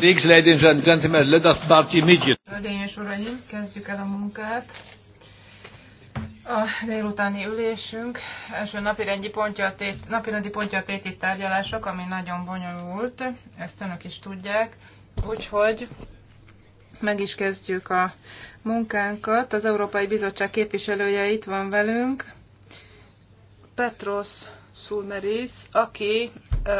Colleagues, ladies and gentlemen, let us start immediately. Hölgyeim uraim, kezdjük el a munkát. A délutáni ülésünk első napirendi pontja a, tét, napirendi pontja a téti tárgyalások, ami nagyon bonyolult, ezt önök is tudják. Úgyhogy meg is kezdjük a munkánkat. Az Európai Bizottság képviselője itt van velünk, Petros Szulmeris, aki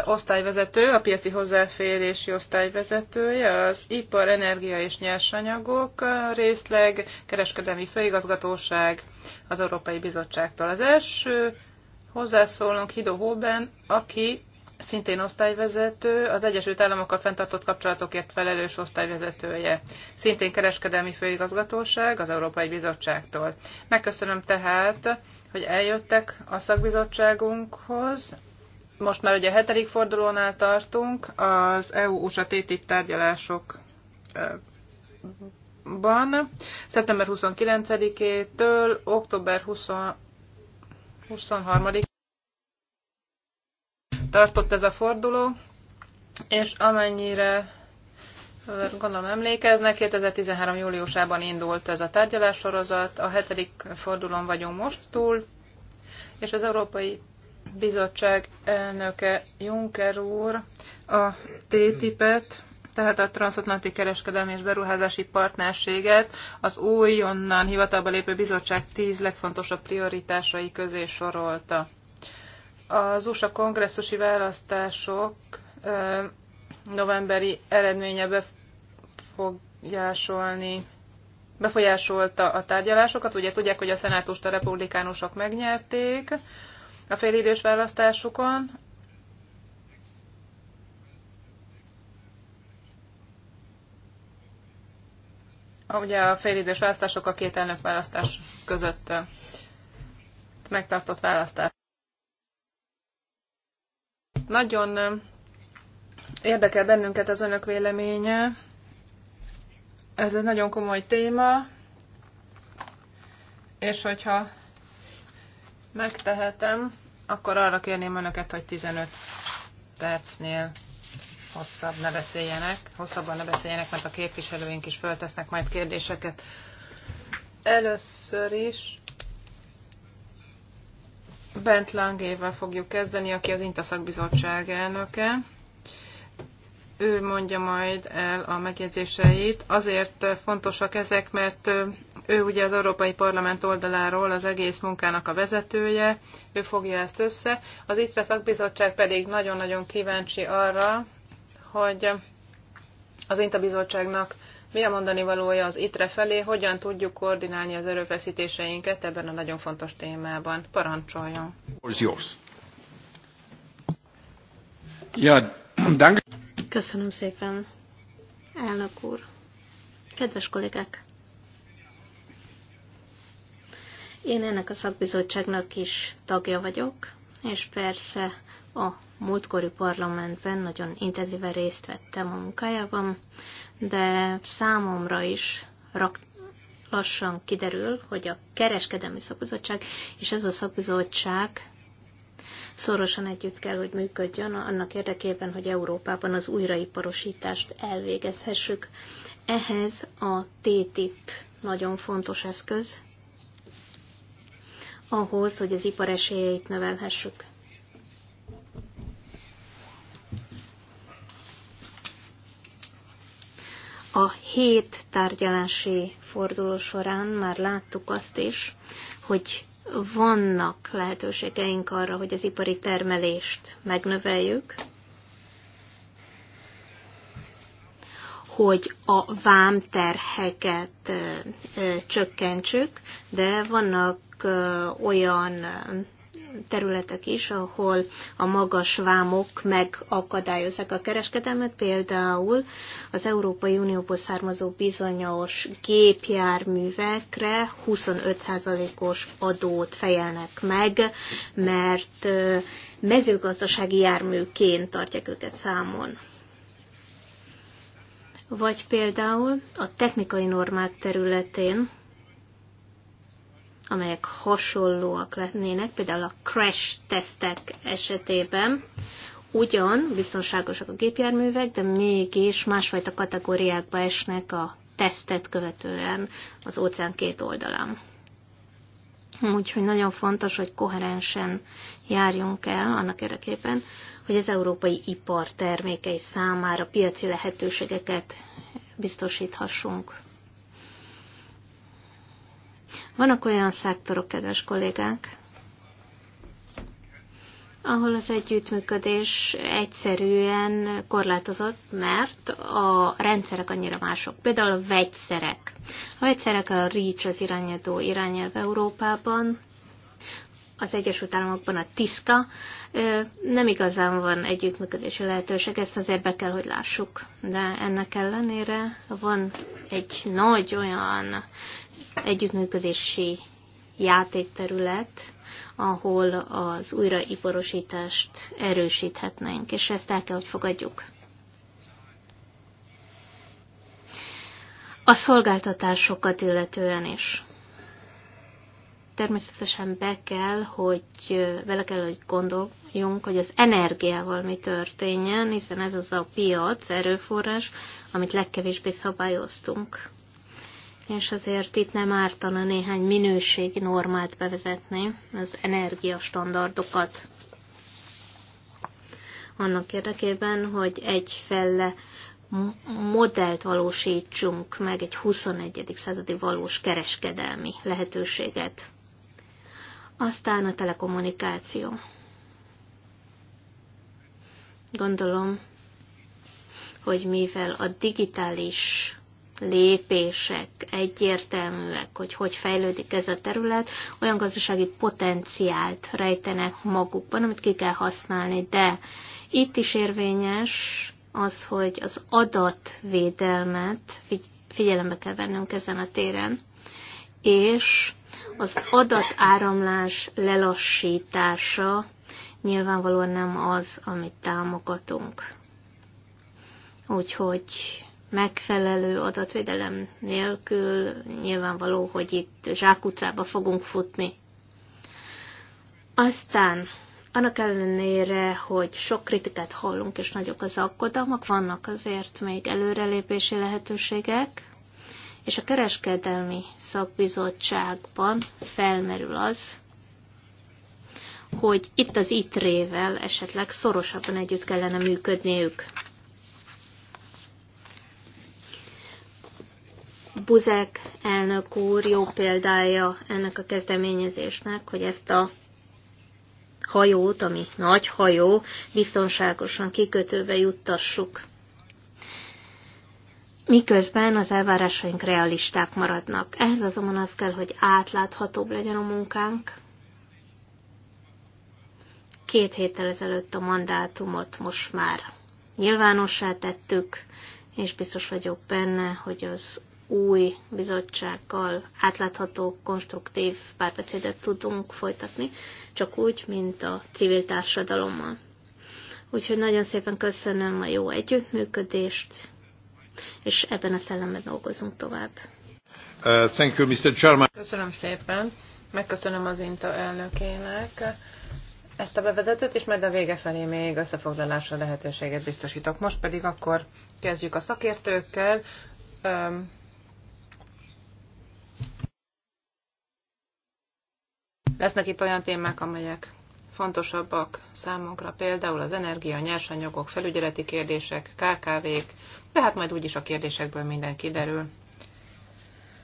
osztályvezető, a piaci hozzáférési osztályvezetője, az Ipar, Energia és Nyersanyagok részleg, Kereskedelmi Főigazgatóság az Európai Bizottságtól. Az első hozzászólunk Hido Hóben, aki szintén osztályvezető, az Egyesült Államokkal fenntartott kapcsolatokért felelős osztályvezetője, szintén kereskedelmi főigazgatóság az Európai Bizottságtól. Megköszönöm tehát, hogy eljöttek a szakbizottságunkhoz, most már ugye a hetedik fordulónál tartunk, az EU-USA TTIP tárgyalásokban. Szeptember 29-től október 20, 23 tartott ez a forduló, és amennyire gondolom emlékeznek, 2013. júliusában indult ez a tárgyalássorozat, a hetedik fordulón vagyunk most túl, és az Európai bizottság elnöke Juncker úr a TTIP-et, tehát a Transatlanti Kereskedelmi és Beruházási Partnerséget az újonnan hivatalba lépő bizottság tíz legfontosabb prioritásai közé sorolta. Az USA kongresszusi választások novemberi eredménye befolyásolni befolyásolta a tárgyalásokat. Ugye tudják, hogy a szenátust a republikánusok megnyerték, a félidős választásukon. Ugye a félidős választások a két elnök választás között megtartott választás. Nagyon érdekel bennünket az önök véleménye. Ez egy nagyon komoly téma, és hogyha megtehetem, akkor arra kérném önöket, hogy 15 percnél hosszabb ne beszéljenek, hosszabban ne beszéljenek, mert a képviselőink is föltesznek majd kérdéseket. Először is Bent Langével fogjuk kezdeni, aki az INTA szakbizottság elnöke. Ő mondja majd el a megjegyzéseit. Azért fontosak ezek, mert ő ugye az Európai Parlament oldaláról az egész munkának a vezetője, ő fogja ezt össze. Az ITRE szakbizottság pedig nagyon-nagyon kíváncsi arra, hogy az INTA bizottságnak mi a mondani valója az ITRE felé, hogyan tudjuk koordinálni az erőfeszítéseinket ebben a nagyon fontos témában. Parancsoljon! Ja, Köszönöm szépen, elnök úr. Kedves kollégák! Én ennek a szakbizottságnak is tagja vagyok, és persze a múltkori parlamentben nagyon intenzíven részt vettem a munkájában, de számomra is rak, lassan kiderül, hogy a kereskedelmi szakbizottság és ez a szakbizottság szorosan együtt kell, hogy működjön annak érdekében, hogy Európában az újraiparosítást elvégezhessük. Ehhez a TTIP nagyon fontos eszköz, ahhoz, hogy az ipar esélyeit növelhessük. A hét tárgyalási forduló során már láttuk azt is, hogy vannak lehetőségeink arra, hogy az ipari termelést megnöveljük, hogy a vámterheket ö, ö, csökkentsük, de vannak olyan területek is, ahol a magas vámok megakadályozzák a kereskedelmet, például az Európai Unióból származó bizonyos gépjárművekre 25%-os adót fejelnek meg, mert mezőgazdasági járműként tartják őket számon. Vagy például a technikai normák területén amelyek hasonlóak lennének, például a crash tesztek esetében, ugyan biztonságosak a gépjárművek, de mégis másfajta kategóriákba esnek a tesztet követően az óceán két oldalán. Úgyhogy nagyon fontos, hogy koherensen járjunk el annak érdekében, hogy az európai ipar termékei számára piaci lehetőségeket biztosíthassunk. Vannak olyan szektorok, kedves kollégánk, ahol az együttműködés egyszerűen korlátozott, mert a rendszerek annyira mások. Például a vegyszerek. A vegyszerek a REACH az irányadó irányelv Európában, az Egyesült Államokban a tiszka, nem igazán van együttműködési lehetőség, ezt azért be kell, hogy lássuk. De ennek ellenére van egy nagy olyan együttműködési játékterület, ahol az újraiparosítást erősíthetnénk, és ezt el kell, hogy fogadjuk. A szolgáltatásokat illetően is természetesen be kell, hogy vele kell, hogy gondoljunk, hogy az energiával mi történjen, hiszen ez az a piac, erőforrás, amit legkevésbé szabályoztunk. És azért itt nem ártana néhány minőségi normát bevezetni, az energiastandardokat. Annak érdekében, hogy felle modellt valósítsunk meg egy 21. századi valós kereskedelmi lehetőséget. Aztán a telekommunikáció. Gondolom, hogy mivel a digitális lépések egyértelműek, hogy hogy fejlődik ez a terület, olyan gazdasági potenciált rejtenek magukban, amit ki kell használni, de itt is érvényes az, hogy az adatvédelmet figyelembe kell vennünk ezen a téren, és az adatáramlás lelassítása nyilvánvalóan nem az, amit támogatunk. Úgyhogy megfelelő adatvédelem nélkül nyilvánvaló, hogy itt zsákutcába fogunk futni. Aztán annak ellenére, hogy sok kritikát hallunk és nagyok az aggodalmak, vannak azért még előrelépési lehetőségek és a kereskedelmi szakbizottságban felmerül az, hogy itt az ITRÉ-vel esetleg szorosabban együtt kellene működniük. Buzek elnök úr jó példája ennek a kezdeményezésnek, hogy ezt a hajót, ami nagy hajó, biztonságosan kikötőbe juttassuk miközben az elvárásaink realisták maradnak. Ehhez azonban az kell, hogy átláthatóbb legyen a munkánk. Két héttel ezelőtt a mandátumot most már nyilvánossá tettük, és biztos vagyok benne, hogy az új bizottsággal átlátható, konstruktív párbeszédet tudunk folytatni, csak úgy, mint a civil társadalommal. Úgyhogy nagyon szépen köszönöm a jó együttműködést, és ebben a szellemben dolgozunk tovább. Uh, thank you, Mr. Chairman. Köszönöm szépen. Megköszönöm az INTA elnökének ezt a bevezetőt, és majd a vége felé még összefoglalásra lehetőséget biztosítok. Most pedig akkor kezdjük a szakértőkkel. Um, lesznek itt olyan témák, amelyek fontosabbak számunkra, például az energia, nyersanyagok, felügyeleti kérdések, KKV-k, de hát majd úgyis a kérdésekből minden kiderül.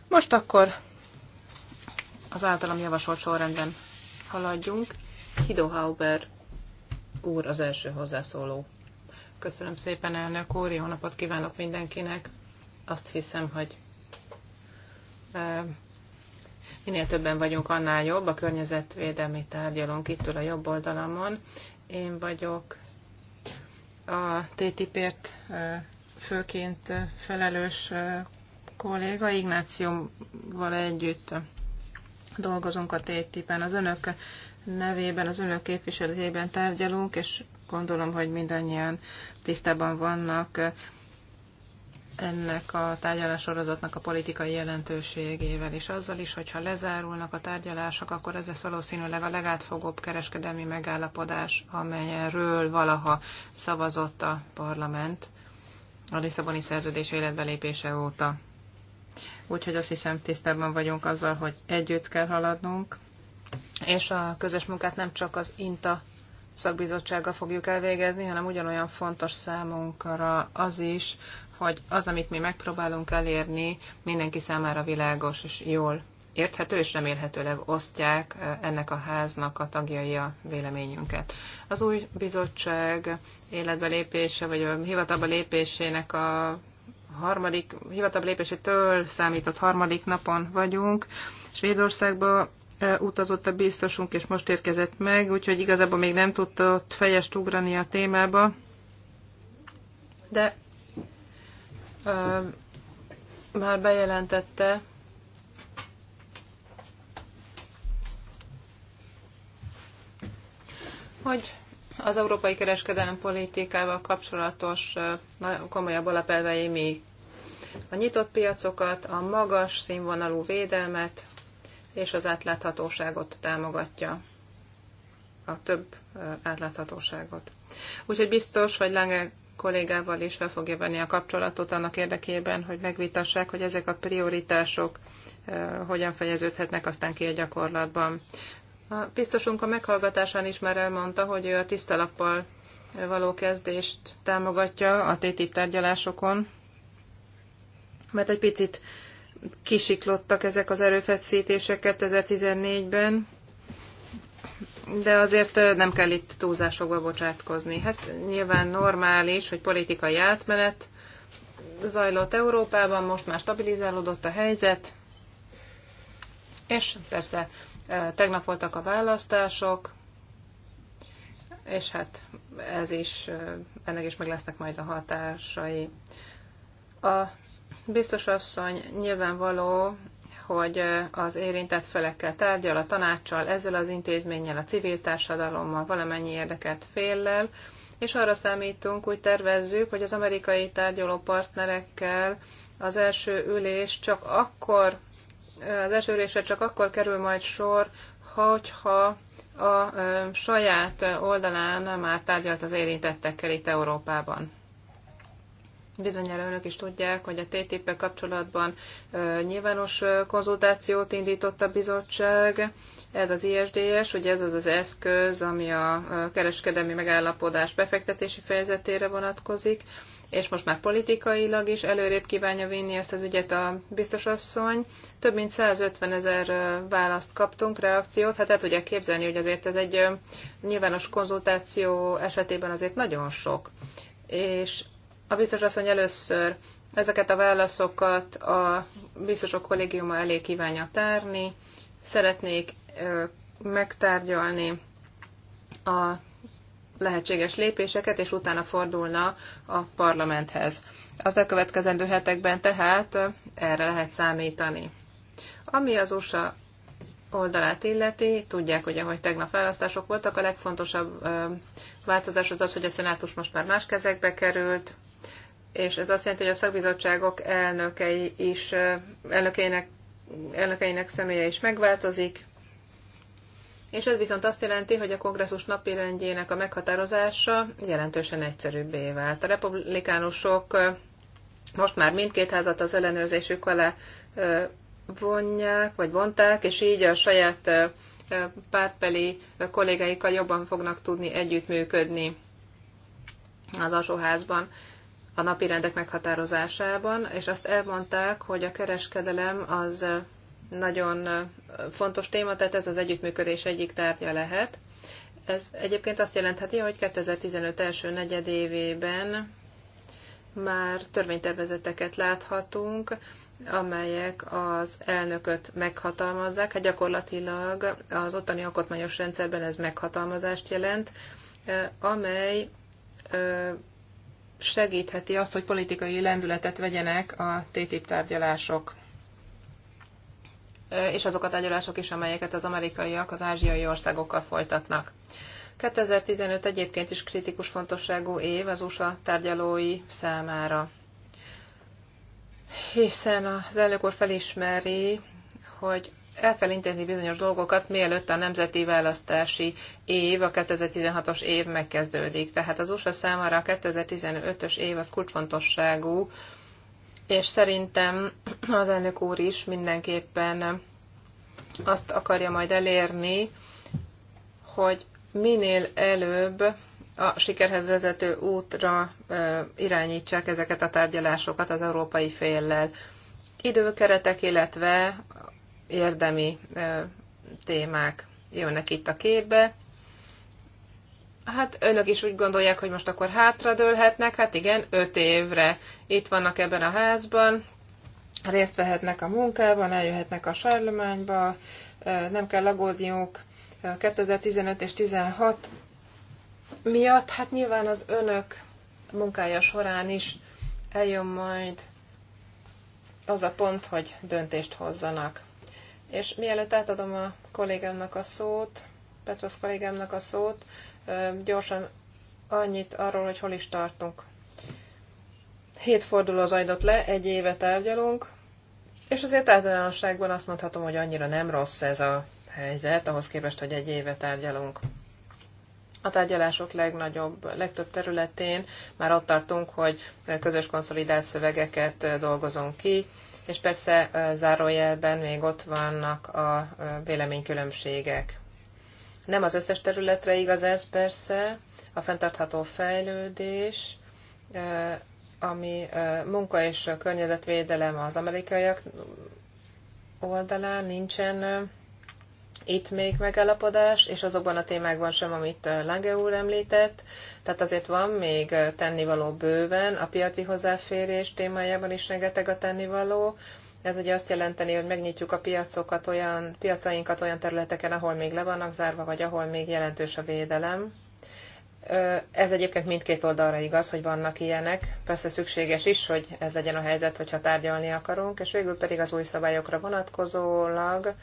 Most akkor az általam javasolt sorrendben haladjunk. Hido Hauber úr az első hozzászóló. Köszönöm szépen, elnök úr, jó napot kívánok mindenkinek. Azt hiszem, hogy Minél többen vagyunk, annál jobb. A környezetvédelmi tárgyalunk itt ül a jobb oldalamon. Én vagyok a TTIP-ért főként felelős kolléga, Ignációval együtt dolgozunk a TTIP-en. Az önök nevében, az önök képviseletében tárgyalunk, és gondolom, hogy mindannyian tisztában vannak ennek a tárgyalássorozatnak a politikai jelentőségével, és azzal is, hogyha lezárulnak a tárgyalások, akkor ez lesz valószínűleg a legátfogóbb kereskedelmi megállapodás, amelyről valaha szavazott a parlament a Lisszaboni szerződés életbelépése óta. Úgyhogy azt hiszem tisztában vagyunk azzal, hogy együtt kell haladnunk, és a közös munkát nem csak az INTA szakbizottsággal fogjuk elvégezni, hanem ugyanolyan fontos számunkra az is, hogy az, amit mi megpróbálunk elérni, mindenki számára világos és jól érthető, és remélhetőleg osztják ennek a háznak a tagjai a véleményünket. Az új bizottság életbe lépése, vagy a hivatalba lépésének a harmadik, hivatalba lépésétől számított harmadik napon vagyunk. Svédországba utazott a biztosunk, és most érkezett meg, úgyhogy igazából még nem tudta ott fejest ugrani a témába, de már bejelentette, hogy az európai kereskedelem politikával kapcsolatos komolyabb alapelvei mi? A nyitott piacokat, a magas színvonalú védelmet és az átláthatóságot támogatja. A több átláthatóságot. Úgyhogy biztos, hogy Lange kollégával is fel fogja venni a kapcsolatot annak érdekében, hogy megvitassák, hogy ezek a prioritások hogyan fejeződhetnek aztán ki a gyakorlatban. A biztosunk a meghallgatásán is már elmondta, hogy ő a tisztalappal való kezdést támogatja a TTIP tárgyalásokon, mert egy picit kisiklottak ezek az erőfeszítések 2014-ben, de azért nem kell itt túlzásokba bocsátkozni. Hát nyilván normális, hogy politikai átmenet zajlott Európában, most már stabilizálódott a helyzet, és persze tegnap voltak a választások, és hát ez is, ennek is meg lesznek majd a hatásai. A biztos asszony nyilvánvaló, hogy az érintett felekkel tárgyal, a tanácssal, ezzel az intézménnyel, a civil társadalommal, valamennyi érdekelt féllel, és arra számítunk, úgy tervezzük, hogy az amerikai tárgyaló partnerekkel az első ülés csak akkor, az első ülésre csak akkor kerül majd sor, hogyha a saját oldalán már tárgyalt az érintettekkel itt Európában. Bizonyára önök is tudják, hogy a ttip kapcsolatban nyilvános konzultációt indított a bizottság. Ez az ISDS, ugye ez az az eszköz, ami a kereskedelmi megállapodás befektetési fejezetére vonatkozik, és most már politikailag is előrébb kívánja vinni ezt az ügyet a biztosasszony. Több mint 150 ezer választ kaptunk, reakciót, hát el tudják képzelni, hogy azért ez egy nyilvános konzultáció esetében azért nagyon sok. És a biztos asszony először ezeket a válaszokat a biztosok kollégiuma elé kívánja tárni. Szeretnék megtárgyalni a lehetséges lépéseket, és utána fordulna a parlamenthez. Az elkövetkezendő hetekben tehát erre lehet számítani. Ami az USA oldalát illeti, tudják, hogy ahogy tegnap választások voltak, a legfontosabb változás az az, hogy a szenátus most már más kezekbe került, és ez azt jelenti, hogy a szakbizottságok elnökei is, elnökeinek, elnökeinek személye is megváltozik, és ez viszont azt jelenti, hogy a kongresszus napirendjének a meghatározása jelentősen egyszerűbbé vált. A republikánusok most már mindkét házat az ellenőrzésük alá vonják, vagy vonták, és így a saját pártbeli kollégáikkal jobban fognak tudni együttműködni az alsóházban a napirendek meghatározásában, és azt elmondták, hogy a kereskedelem az nagyon fontos téma, tehát ez az együttműködés egyik tárgya lehet. Ez egyébként azt jelentheti, hogy 2015 első negyedévében már törvénytervezeteket láthatunk, amelyek az elnököt meghatalmazzák. Hát gyakorlatilag az ottani alkotmányos rendszerben ez meghatalmazást jelent, amely segítheti azt, hogy politikai lendületet vegyenek a TTIP tárgyalások és azok a tárgyalások is, amelyeket az amerikaiak az ázsiai országokkal folytatnak. 2015 egyébként is kritikus fontosságú év az USA tárgyalói számára, hiszen az elnök úr felismeri, hogy el kell intézni bizonyos dolgokat, mielőtt a nemzeti választási év, a 2016-os év megkezdődik. Tehát az USA számára a 2015-ös év az kulcsfontosságú, és szerintem az elnök úr is mindenképpen azt akarja majd elérni, hogy minél előbb a sikerhez vezető útra irányítsák ezeket a tárgyalásokat az európai féllel. Időkeretek, illetve érdemi témák jönnek itt a képbe. Hát önök is úgy gondolják, hogy most akkor hátradőlhetnek, hát igen, öt évre itt vannak ebben a házban, részt vehetnek a munkában, eljöhetnek a Sárlományba, nem kell aggódniuk 2015 és 16 miatt, hát nyilván az önök munkája során is eljön majd az a pont, hogy döntést hozzanak. És mielőtt átadom a kollégámnak a szót, Petros kollégámnak a szót, gyorsan annyit arról, hogy hol is tartunk. Hét forduló zajlott le, egy éve tárgyalunk, és azért általánosságban azt mondhatom, hogy annyira nem rossz ez a helyzet, ahhoz képest, hogy egy éve tárgyalunk. A tárgyalások legnagyobb, legtöbb területén már ott tartunk, hogy közös konszolidált szövegeket dolgozunk ki, és persze zárójelben még ott vannak a véleménykülönbségek. Nem az összes területre igaz ez persze, a fenntartható fejlődés, ami munka és környezetvédelem az amerikaiak oldalán nincsen itt még megállapodás, és azokban a témákban sem, amit Lange úr említett. Tehát azért van még tennivaló bőven, a piaci hozzáférés témájában is rengeteg a tennivaló. Ez ugye azt jelenteni, hogy megnyitjuk a piacokat olyan, piacainkat olyan területeken, ahol még le vannak zárva, vagy ahol még jelentős a védelem. Ez egyébként mindkét oldalra igaz, hogy vannak ilyenek. Persze szükséges is, hogy ez legyen a helyzet, hogyha tárgyalni akarunk, és végül pedig az új szabályokra vonatkozólag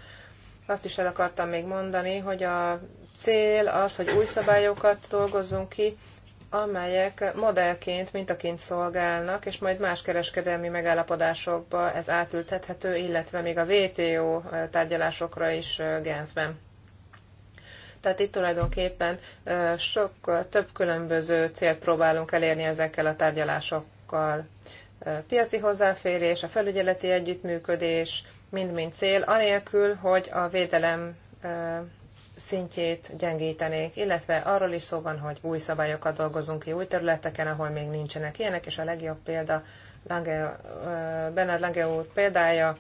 azt is el akartam még mondani, hogy a cél az, hogy új szabályokat dolgozzunk ki, amelyek modellként, mintaként szolgálnak, és majd más kereskedelmi megállapodásokba ez átültethető, illetve még a WTO tárgyalásokra is Genfben. Tehát itt tulajdonképpen sok több különböző célt próbálunk elérni ezekkel a tárgyalásokkal. Piaci hozzáférés, a felügyeleti együttműködés, mind-mind cél, anélkül, hogy a védelem szintjét gyengítenék, illetve arról is szó van, hogy új szabályokat dolgozunk ki új területeken, ahol még nincsenek ilyenek, és a legjobb példa Lange, Bernard Lange úr példája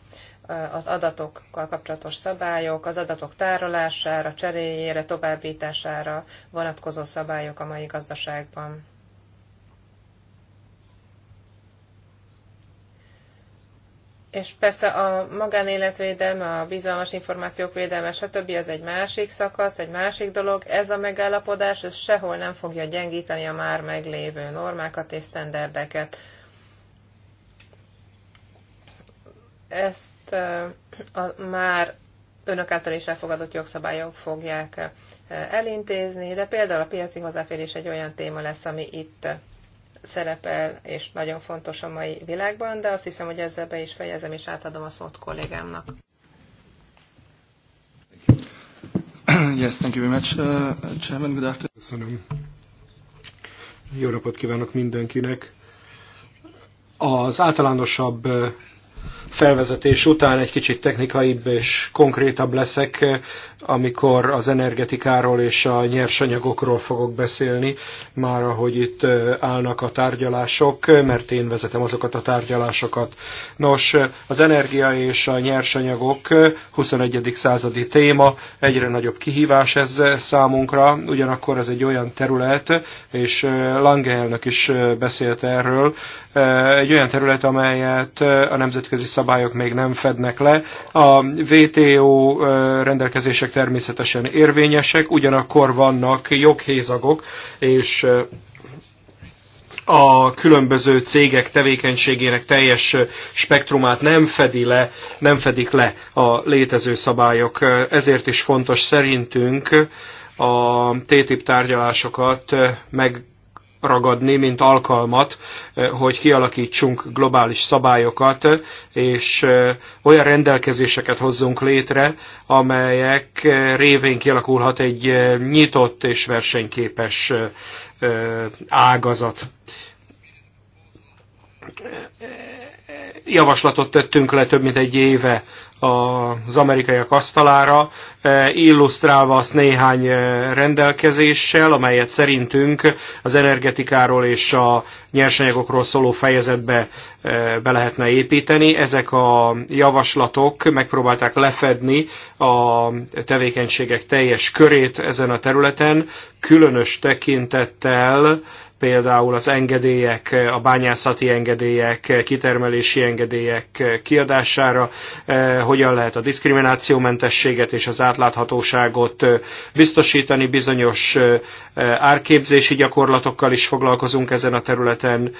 az adatokkal kapcsolatos szabályok, az adatok tárolására, cseréjére, továbbítására vonatkozó szabályok a mai gazdaságban. És persze a magánéletvédelme, a bizalmas információk védelme, stb. az egy másik szakasz, egy másik dolog. Ez a megállapodás ez sehol nem fogja gyengíteni a már meglévő normákat és sztenderdeket. Ezt a már önök által is elfogadott jogszabályok fogják elintézni, de például a piaci hozzáférés egy olyan téma lesz, ami itt szerepel, és nagyon fontos a mai világban, de azt hiszem, hogy ezzel be is fejezem, és átadom a szót kollégámnak. Yes, thank you very much, uh, Chairman. Good afternoon. Köszönöm. Jó napot kívánok mindenkinek. Az általánosabb felvezetés után egy kicsit technikaibb és konkrétabb leszek, amikor az energetikáról és a nyersanyagokról fogok beszélni, már ahogy itt állnak a tárgyalások, mert én vezetem azokat a tárgyalásokat. Nos, az energia és a nyersanyagok 21. századi téma, egyre nagyobb kihívás ez számunkra, ugyanakkor ez egy olyan terület, és Lange elnök is beszélt erről, egy olyan terület, amelyet a nemzetközi nemzetközi szabályok még nem fednek le. A WTO rendelkezések természetesen érvényesek, ugyanakkor vannak joghézagok, és a különböző cégek tevékenységének teljes spektrumát nem, fedi le, nem fedik le a létező szabályok. Ezért is fontos szerintünk a TTIP tárgyalásokat meg ragadni, mint alkalmat, eh, hogy kialakítsunk globális szabályokat, és eh, olyan rendelkezéseket hozzunk létre, amelyek eh, révén kialakulhat egy nyitott és versenyképes ágazat javaslatot tettünk le több mint egy éve az amerikaiak asztalára, eh, illusztrálva azt néhány eh, rendelkezéssel, amelyet szerintünk az energetikáról és a nyersanyagokról szóló fejezetbe eh, be lehetne építeni. Ezek a javaslatok megpróbálták lefedni a tevékenységek teljes körét ezen a területen, különös tekintettel például az engedélyek, a bányászati engedélyek, kitermelési engedélyek kiadására, eh, hogyan lehet a diszkriminációmentességet és az átláthatóságot eh, biztosítani, bizonyos eh, árképzési gyakorlatokkal is foglalkozunk ezen a területen,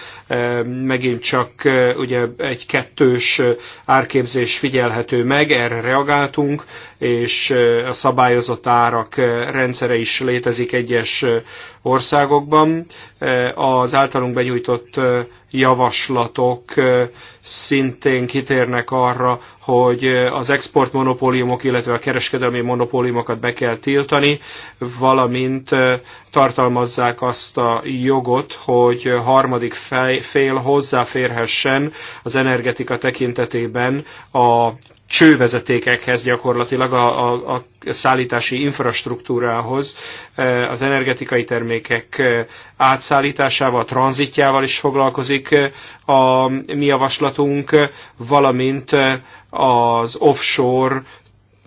megint csak ugye egy kettős árképzés figyelhető meg, erre reagáltunk, és a szabályozott árak rendszere is létezik egyes országokban az általunk benyújtott javaslatok szintén kitérnek arra, hogy az exportmonopóliumok, illetve a kereskedelmi monopóliumokat be kell tiltani, valamint tartalmazzák azt a jogot, hogy harmadik fél hozzáférhessen az energetika tekintetében a csővezetékekhez gyakorlatilag a, a, a szállítási infrastruktúrához, e, az energetikai termékek e, átszállításával, tranzitjával is foglalkozik e, a mi javaslatunk, valamint az offshore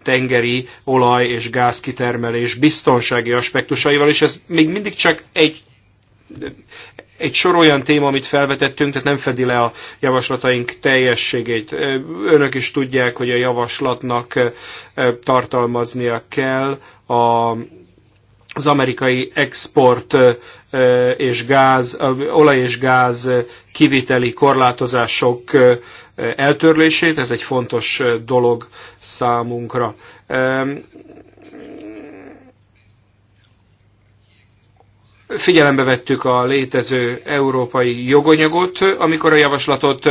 tengeri olaj- és gázkitermelés biztonsági aspektusaival, és ez még mindig csak egy egy sor olyan téma, amit felvetettünk, tehát nem fedi le a javaslataink teljességét. Önök is tudják, hogy a javaslatnak tartalmaznia kell a az amerikai export és gáz, olaj és gáz kiviteli korlátozások eltörlését, ez egy fontos dolog számunkra. figyelembe vettük a létező európai joganyagot, amikor a javaslatot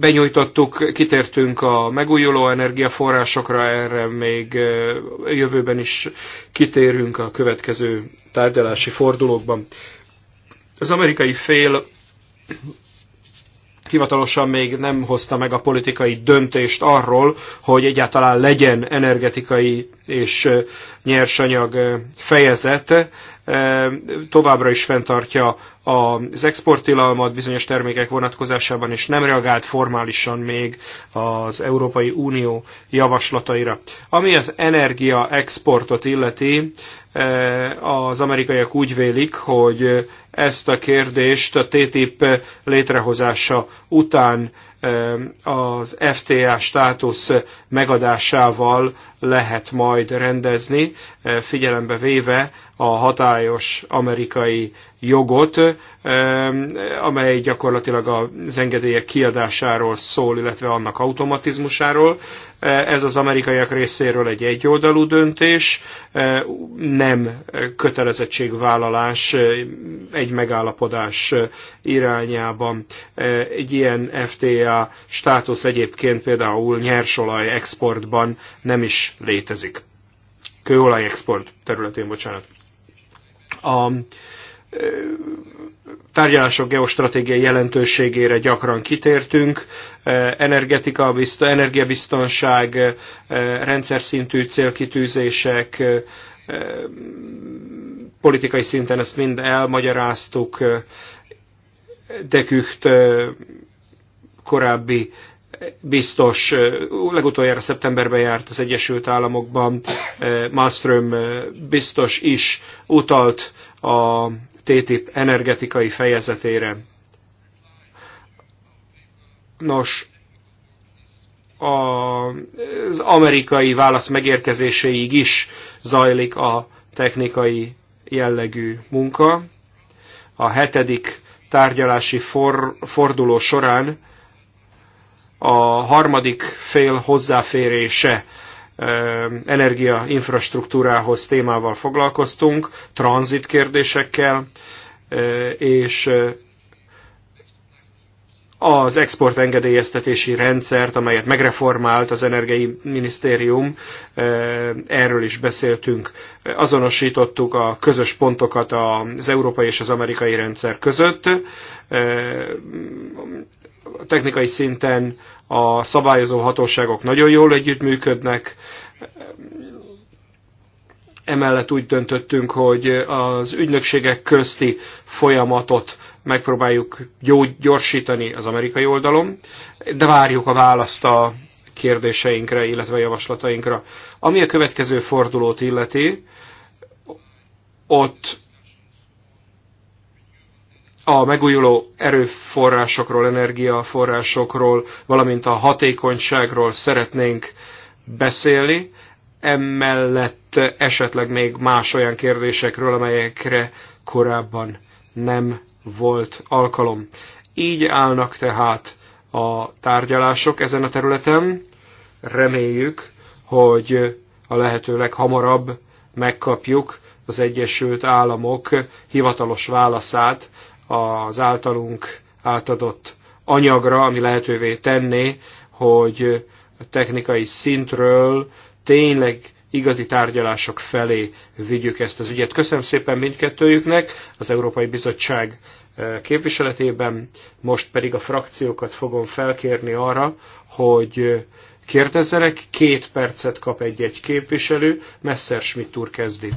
benyújtottuk, kitértünk a megújuló energiaforrásokra, erre még jövőben is kitérünk a következő tárgyalási fordulókban. Az amerikai fél hivatalosan még nem hozta meg a politikai döntést arról, hogy egyáltalán legyen energetikai és nyersanyag fejezet, továbbra is fenntartja az exporttilalmat bizonyos termékek vonatkozásában, és nem reagált formálisan még az Európai Unió javaslataira. Ami az energia exportot illeti, az amerikaiak úgy vélik, hogy ezt a kérdést a TTIP létrehozása után eh, az FTA státusz megadásával lehet majd rendezni, eh, figyelembe véve a hatályos amerikai jogot, eh, amely gyakorlatilag az engedélyek kiadásáról szól, illetve annak automatizmusáról. Eh, ez az amerikaiak részéről egy egyoldalú döntés, eh, nem kötelezettségvállalás egy megállapodás irányában. Egy ilyen FTA státusz egyébként például nyersolaj exportban nem is létezik kőolaj export területén, bocsánat a tárgyalások geostratégiai jelentőségére gyakran kitértünk, energetika, energiabiztonság, rendszer szintű célkitűzések, politikai szinten ezt mind elmagyaráztuk, Dekücht korábbi biztos legutoljára szeptemberben járt az Egyesült Államokban, Malmström biztos is utalt a TTIP energetikai fejezetére. Nos, az amerikai válasz megérkezéséig is zajlik a technikai jellegű munka. A hetedik tárgyalási for, forduló során a harmadik fél hozzáférése energiainfrastruktúrához témával foglalkoztunk, tranzit kérdésekkel, és az exportengedélyeztetési rendszert, amelyet megreformált az Energiai Minisztérium, erről is beszéltünk. Azonosítottuk a közös pontokat az európai és az amerikai rendszer között technikai szinten a szabályozó hatóságok nagyon jól együttműködnek. Emellett úgy döntöttünk, hogy az ügynökségek közti folyamatot megpróbáljuk gyorsítani az amerikai oldalon, de várjuk a választ a kérdéseinkre, illetve a javaslatainkra. Ami a következő fordulót illeti, ott a megújuló erőforrásokról, energiaforrásokról, valamint a hatékonyságról szeretnénk beszélni, emellett esetleg még más olyan kérdésekről, amelyekre korábban nem volt alkalom. Így állnak tehát a tárgyalások ezen a területen. Reméljük, hogy a lehető leghamarabb megkapjuk az Egyesült Államok hivatalos válaszát az általunk átadott anyagra, ami lehetővé tenné, hogy a technikai szintről tényleg igazi tárgyalások felé vigyük ezt az ügyet. Köszönöm szépen mindkettőjüknek az Európai Bizottság eh, képviseletében, most pedig a frakciókat fogom felkérni arra, hogy eh, kérdezzenek, két percet kap egy-egy képviselő, Messerschmitt úr kezdi.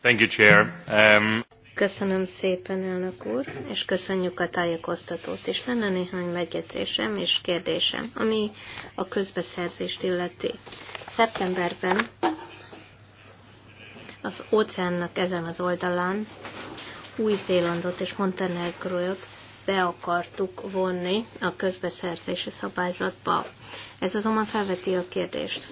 Thank you, Chair. Um... Köszönöm szépen, elnök úr, és köszönjük a tájékoztatót. És lenne néhány megjegyzésem és kérdésem, ami a közbeszerzést illeti. Szeptemberben az óceánnak ezen az oldalán Új-Zélandot és Montenegrót be akartuk vonni a közbeszerzési szabályzatba. Ez azonban felveti a kérdést.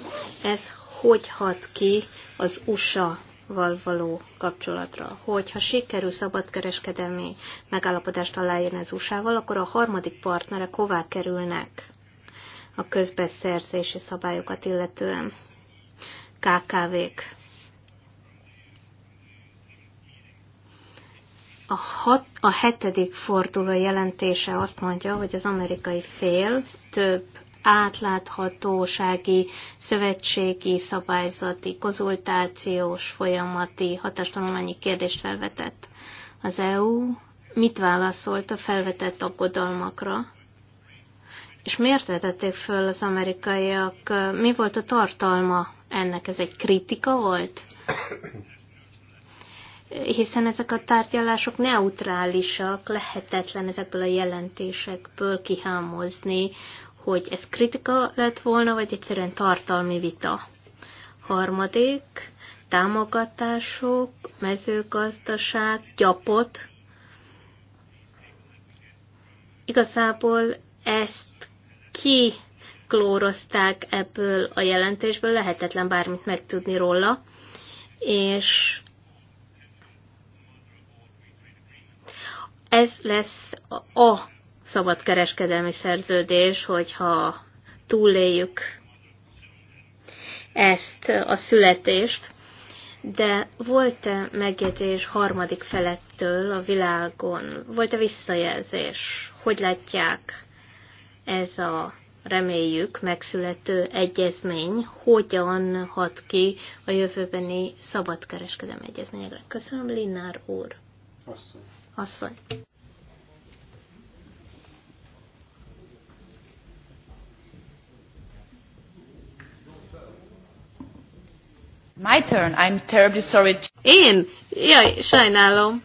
Ez hogy hat ki az USA val való kapcsolatra. Hogyha sikerül szabadkereskedelmi megállapodást aláírni az USA-val, akkor a harmadik partnerek hová kerülnek a közbeszerzési szabályokat illetően? KKV-k. A, hat, a hetedik forduló jelentése azt mondja, hogy az amerikai fél több átláthatósági, szövetségi, szabályzati, konzultációs, folyamati hatástanulmányi kérdést felvetett. Az EU mit válaszolt a felvetett aggodalmakra? És miért vetették föl az amerikaiak? Mi volt a tartalma ennek? Ez egy kritika volt? Hiszen ezek a tárgyalások neutrálisak, lehetetlen ezekből a jelentésekből kihámozni, hogy ez kritika lett volna, vagy egyszerűen tartalmi vita. Harmadik, támogatások, mezőgazdaság, gyapot. Igazából ezt ki klórozták ebből a jelentésből, lehetetlen bármit megtudni róla, és ez lesz a szabadkereskedelmi szerződés, hogyha túléljük ezt a születést, de volt-e megjegyzés harmadik felettől a világon? Volt-e visszajelzés? Hogy látják ez a reméljük megszülető egyezmény, hogyan hat ki a jövőbeni szabadkereskedelmi egyezményekre? Köszönöm, Linár úr. Asszony. Asszony. My turn. I'm terribly sorry. Én? Jaj, sajnálom.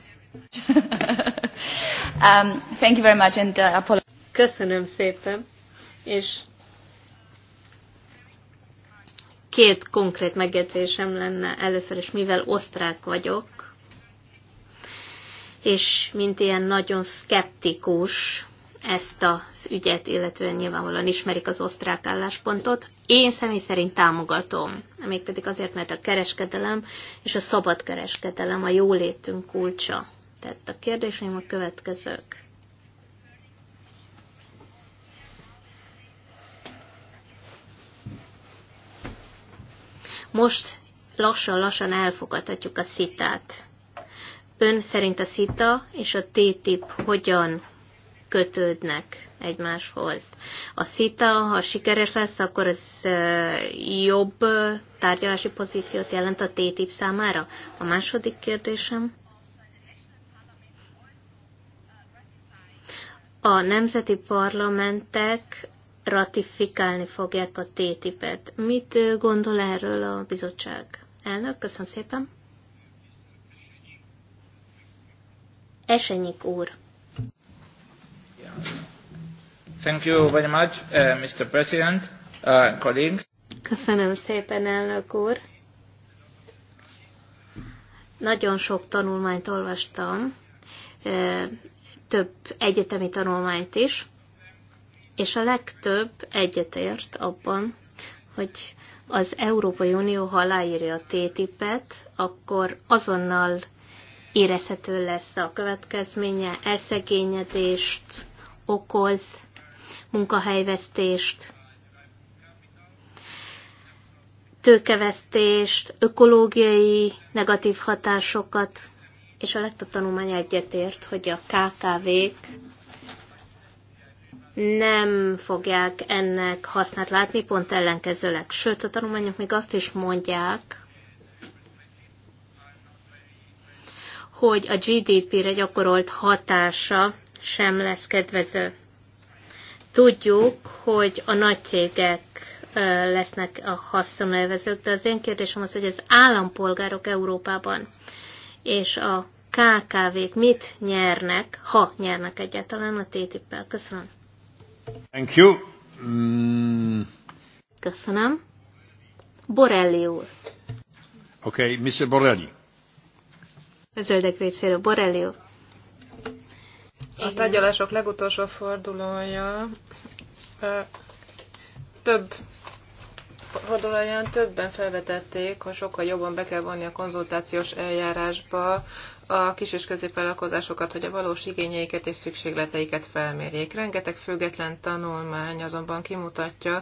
um, thank you very much and uh, apologize. Köszönöm szépen. És két konkrét megjegyzésem lenne először is, mivel osztrák vagyok, és mint ilyen nagyon szkeptikus ezt az ügyet, illetve nyilvánvalóan ismerik az osztrák álláspontot. Én személy szerint támogatom, mégpedig azért, mert a kereskedelem és a szabad kereskedelem a jólétünk kulcsa. Tehát a kérdéseim a következők. Most lassan-lassan elfogadhatjuk a szitát. Ön szerint a szita és a TTIP hogyan kötődnek egymáshoz. A szita, ha sikeres lesz, akkor ez jobb tárgyalási pozíciót jelent a TTIP számára? A második kérdésem. A nemzeti parlamentek ratifikálni fogják a TTIP-et. Mit gondol erről a bizottság? Elnök, köszönöm szépen. Esenyik úr. Thank you very much, uh, Mr. President, uh, colleagues. Köszönöm szépen, elnök úr. Nagyon sok tanulmányt olvastam, több egyetemi tanulmányt is, és a legtöbb egyetért abban, hogy az Európai Unió, ha aláírja a TTIP-et, akkor azonnal érezhető lesz a következménye, elszegényedést okoz, munkahelyvesztést, tőkevesztést, ökológiai negatív hatásokat, és a legtöbb tanulmány egyetért, hogy a KKV-k nem fogják ennek hasznát látni, pont ellenkezőleg. Sőt, a tanulmányok még azt is mondják, hogy a GDP-re gyakorolt hatása sem lesz kedvező. Tudjuk, hogy a nagy cégek lesznek a haszonélvezők, de az én kérdésem az, hogy az állampolgárok Európában és a KKV-k mit nyernek, ha nyernek egyáltalán a TTIP-el. Köszönöm. Thank you. Mm. Köszönöm. Borelli úr. Oké, okay, Mr. Borelli. A zöldek részéről Borelli úr. A tárgyalások legutolsó fordulója több fordulóján többen felvetették, hogy sokkal jobban be kell vonni a konzultációs eljárásba a kis és középvállalkozásokat, hogy a valós igényeiket és szükségleteiket felmérjék. Rengeteg független tanulmány azonban kimutatja,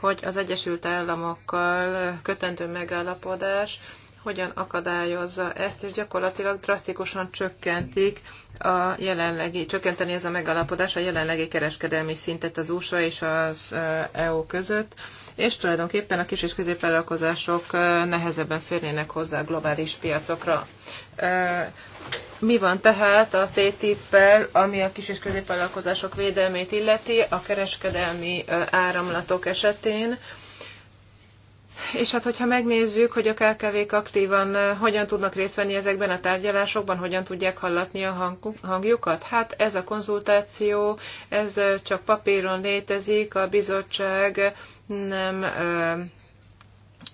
hogy az Egyesült Államokkal kötendő megállapodás hogyan akadályozza ezt, és gyakorlatilag drasztikusan csökkentik a jelenlegi, csökkenteni ez a megalapodás a jelenlegi kereskedelmi szintet az USA és az EU között, és tulajdonképpen a kis és középvállalkozások nehezebben férnének hozzá a globális piacokra. Mi van tehát a TTIP-pel, ami a kis és középvállalkozások védelmét illeti a kereskedelmi áramlatok esetén? És hát, hogyha megnézzük, hogy a KKV-k aktívan hogyan tudnak részt venni ezekben a tárgyalásokban, hogyan tudják hallatni a hangjukat, hát ez a konzultáció, ez csak papíron létezik, a bizottság nem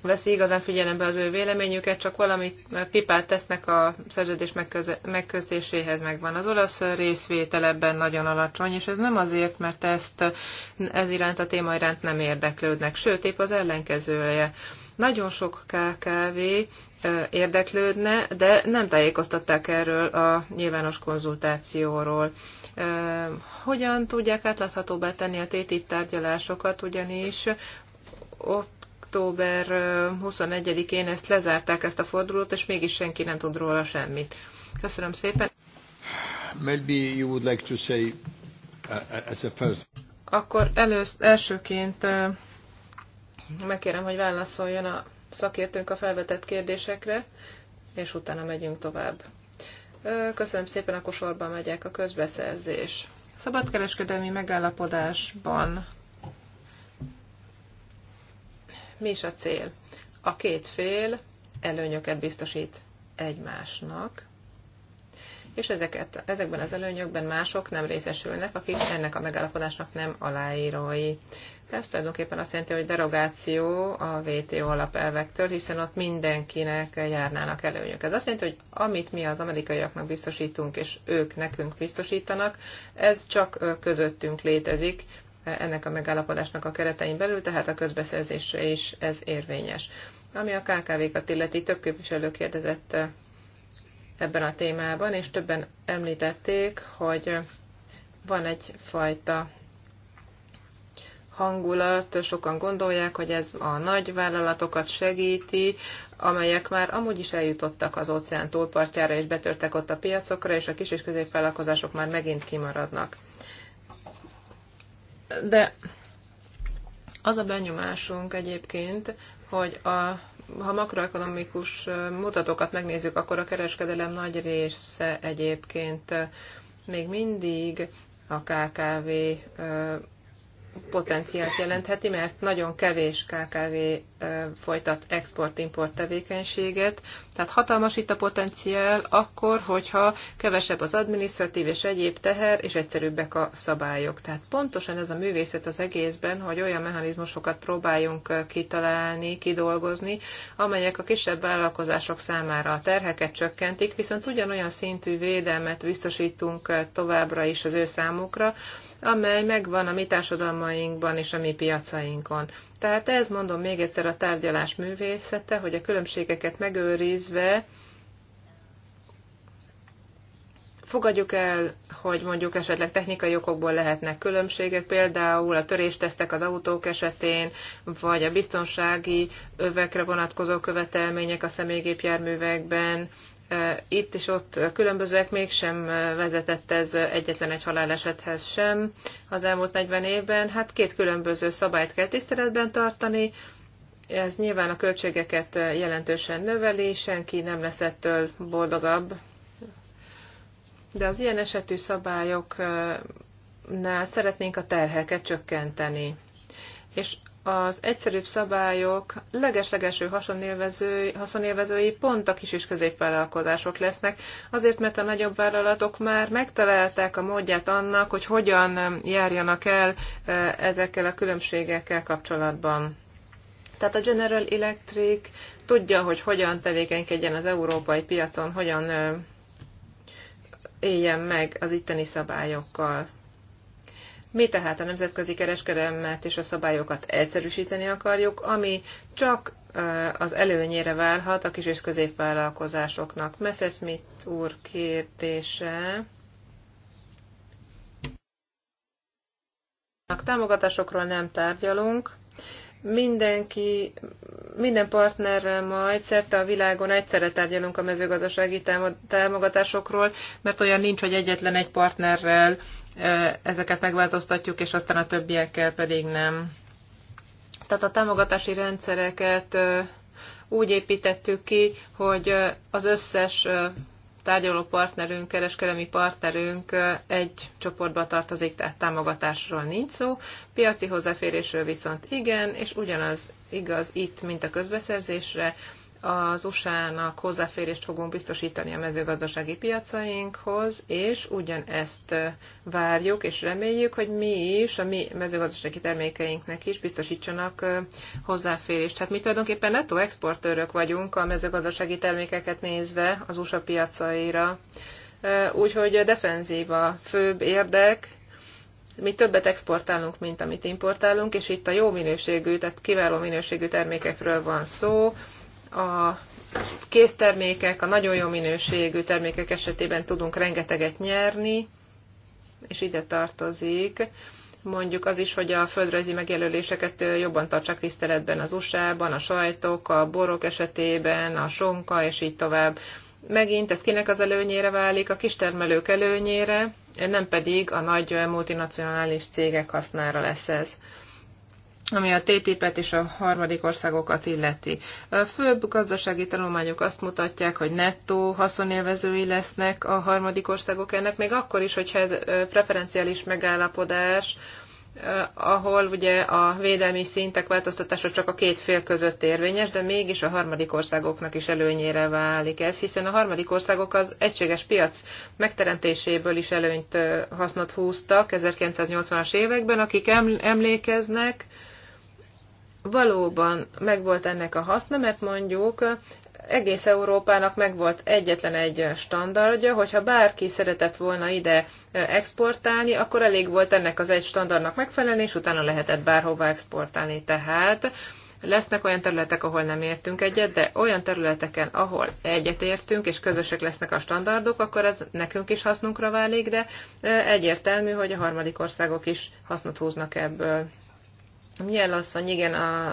veszi igazán figyelembe az ő véleményüket, csak valamit pipát tesznek a szerződés megközdéséhez megvan. Az olasz részvétel ebben nagyon alacsony, és ez nem azért, mert ezt ez iránt a téma iránt nem érdeklődnek, sőt, épp az ellenkezője. Nagyon sok KKV érdeklődne, de nem tájékoztatták erről a nyilvános konzultációról. Hogyan tudják átláthatóbbá tenni a TTIP tárgyalásokat, ugyanis ott október 21-én ezt lezárták, ezt a fordulót, és mégis senki nem tud róla semmit. Köszönöm szépen. Maybe you would like to say uh, uh, as a first. Akkor elősz, elsőként megkérem, hogy válaszoljon a szakértőnk a felvetett kérdésekre, és utána megyünk tovább. Köszönöm szépen, akkor sorban megyek a közbeszerzés. Szabadkereskedelmi megállapodásban mi is a cél? A két fél előnyöket biztosít egymásnak, és ezeket, ezekben az előnyökben mások nem részesülnek, akik ennek a megállapodásnak nem aláírói. Ez tulajdonképpen azt jelenti, hogy derogáció a WTO alapelvektől, hiszen ott mindenkinek járnának előnyök. Ez azt jelenti, hogy amit mi az amerikaiaknak biztosítunk, és ők nekünk biztosítanak, ez csak közöttünk létezik, ennek a megállapodásnak a keretein belül, tehát a közbeszerzésre is ez érvényes. Ami a KKV-kat illeti, több képviselő kérdezett eh, ebben a témában, és többen említették, hogy van egyfajta hangulat, sokan gondolják, hogy ez a nagy vállalatokat segíti, amelyek már amúgy is eljutottak az óceán túlpartjára, és betörtek ott a piacokra, és a kis és középvállalkozások már megint kimaradnak. De az a benyomásunk egyébként, hogy a, ha makroekonomikus mutatókat megnézzük, akkor a kereskedelem nagy része egyébként még mindig a KKV potenciált jelentheti, mert nagyon kevés KKV folytat export-import tevékenységet, tehát hatalmas itt a potenciál akkor, hogyha kevesebb az adminisztratív és egyéb teher, és egyszerűbbek a szabályok. Tehát pontosan ez a művészet az egészben, hogy olyan mechanizmusokat próbáljunk kitalálni, kidolgozni, amelyek a kisebb vállalkozások számára a terheket csökkentik, viszont ugyanolyan szintű védelmet biztosítunk továbbra is az ő számukra, amely megvan a mi társadalmainkban és a mi piacainkon. Tehát ez mondom még egyszer a tárgyalás művészete, hogy a különbségeket megőrizve fogadjuk el, hogy mondjuk esetleg technikai okokból lehetnek különbségek, például a töréstesztek az autók esetén, vagy a biztonsági övekre vonatkozó követelmények a személygépjárművekben, itt és ott különbözőek, mégsem vezetett ez egyetlen egy halálesethez sem az elmúlt 40 évben. Hát két különböző szabályt kell tiszteletben tartani, ez nyilván a költségeket jelentősen növeli, senki nem lesz ettől boldogabb. De az ilyen esetű szabályoknál szeretnénk a terheket csökkenteni. És az egyszerűbb szabályok legeslegeső haszonélvezői, haszonélvezői pont a kis és középvállalkozások lesznek, azért mert a nagyobb vállalatok már megtalálták a módját annak, hogy hogyan járjanak el e, ezekkel a különbségekkel kapcsolatban. Tehát a General Electric tudja, hogy hogyan tevékenykedjen az európai piacon, hogyan éljen meg az itteni szabályokkal. Mi tehát a nemzetközi kereskedelmet és a szabályokat egyszerűsíteni akarjuk, ami csak az előnyére válhat a kis és középvállalkozásoknak. Messerschmitt úr kérdése. A támogatásokról nem tárgyalunk mindenki, minden partnerrel majd szerte a világon egyszerre tárgyalunk a mezőgazdasági támogatásokról, mert olyan nincs, hogy egyetlen egy partnerrel ezeket megváltoztatjuk, és aztán a többiekkel pedig nem. Tehát a támogatási rendszereket úgy építettük ki, hogy az összes tárgyaló partnerünk, kereskedelmi partnerünk egy csoportba tartozik, tehát támogatásról nincs szó, piaci hozzáférésről viszont igen, és ugyanaz igaz itt, mint a közbeszerzésre, az USA-nak hozzáférést fogunk biztosítani a mezőgazdasági piacainkhoz, és ugyanezt várjuk és reméljük, hogy mi is, a mi mezőgazdasági termékeinknek is biztosítsanak hozzáférést. Hát mi tulajdonképpen netto exportőrök vagyunk a mezőgazdasági termékeket nézve az USA piacaira. Úgyhogy defenzív a főbb érdek, mi többet exportálunk, mint amit importálunk, és itt a jó minőségű, tehát kiváló minőségű termékekről van szó, a késztermékek, a nagyon jó minőségű termékek esetében tudunk rengeteget nyerni, és ide tartozik mondjuk az is, hogy a földrajzi megjelöléseket jobban tartsák tiszteletben az USA-ban, a sajtok, a borok esetében, a sonka, és így tovább. Megint ez kinek az előnyére válik? A kistermelők előnyére, nem pedig a nagy multinacionális cégek hasznára lesz ez ami a TTIP-et és a harmadik országokat illeti. A főbb gazdasági tanulmányok azt mutatják, hogy nettó haszonélvezői lesznek a harmadik országok ennek, még akkor is, hogyha ez preferenciális megállapodás, ahol ugye a védelmi szintek változtatása csak a két fél között érvényes, de mégis a harmadik országoknak is előnyére válik ez, hiszen a harmadik országok az egységes piac megteremtéséből is előnyt hasznot húztak 1980-as években, akik emlékeznek, valóban megvolt ennek a haszna, mert mondjuk egész Európának megvolt egyetlen egy standardja, hogyha bárki szeretett volna ide exportálni, akkor elég volt ennek az egy standardnak megfelelni, és utána lehetett bárhova exportálni. Tehát lesznek olyan területek, ahol nem értünk egyet, de olyan területeken, ahol egyet értünk, és közösek lesznek a standardok, akkor ez nekünk is hasznunkra válik, de egyértelmű, hogy a harmadik országok is hasznot húznak ebből. Milyen asszony, igen, a,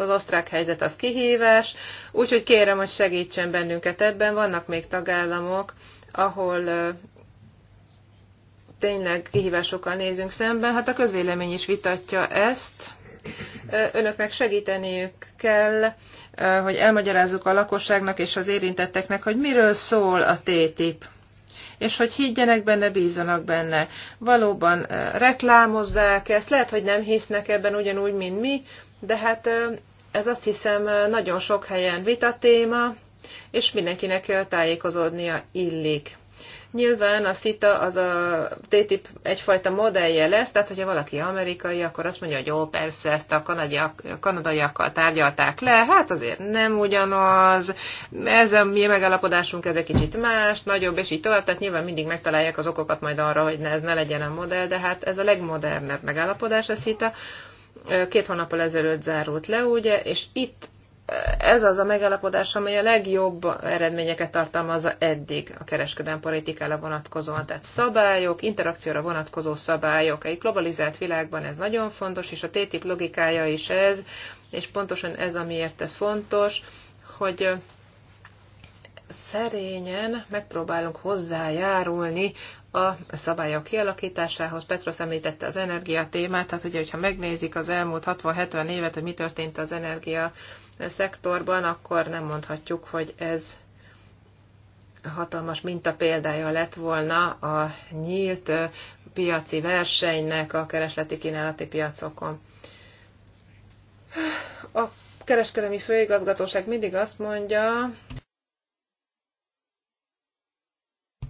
az osztrák helyzet az kihívás, úgyhogy kérem, hogy segítsen bennünket ebben. Vannak még tagállamok, ahol tényleg kihívásokkal nézünk szemben. Hát a közvélemény is vitatja ezt. Önöknek segíteniük kell, hogy elmagyarázzuk a lakosságnak és az érintetteknek, hogy miről szól a TTIP és hogy higgyenek benne, bízanak benne. Valóban reklámozzák ezt, lehet, hogy nem hisznek ebben ugyanúgy, mint mi, de hát ez azt hiszem nagyon sok helyen vita téma, és mindenkinek tájékozódnia illik. Nyilván a szita az a TTIP egyfajta modellje lesz, tehát hogyha valaki amerikai, akkor azt mondja, hogy jó, persze, ezt a kanadiak, kanadaiakkal tárgyalták le, hát azért nem ugyanaz, ez a mi megállapodásunk, ez egy kicsit más, nagyobb, és így tovább, tehát nyilván mindig megtalálják az okokat majd arra, hogy ne, ez ne legyen a modell, de hát ez a legmodernebb megállapodás a szita. két hónappal ezelőtt zárult le, ugye, és itt ez az a megállapodás, amely a legjobb eredményeket tartalmazza eddig a kereskedelmi politikára vonatkozóan. Tehát szabályok, interakcióra vonatkozó szabályok. Egy globalizált világban ez nagyon fontos, és a TTIP logikája is ez, és pontosan ez, amiért ez fontos, hogy szerényen megpróbálunk hozzájárulni a szabályok kialakításához. Petros említette az energia témát, tehát ugye, hogyha megnézik az elmúlt 60-70 évet, hogy mi történt az energia szektorban, akkor nem mondhatjuk, hogy ez hatalmas mintapéldája lett volna a nyílt piaci versenynek a keresleti kínálati piacokon. A kereskedelmi főigazgatóság mindig azt mondja,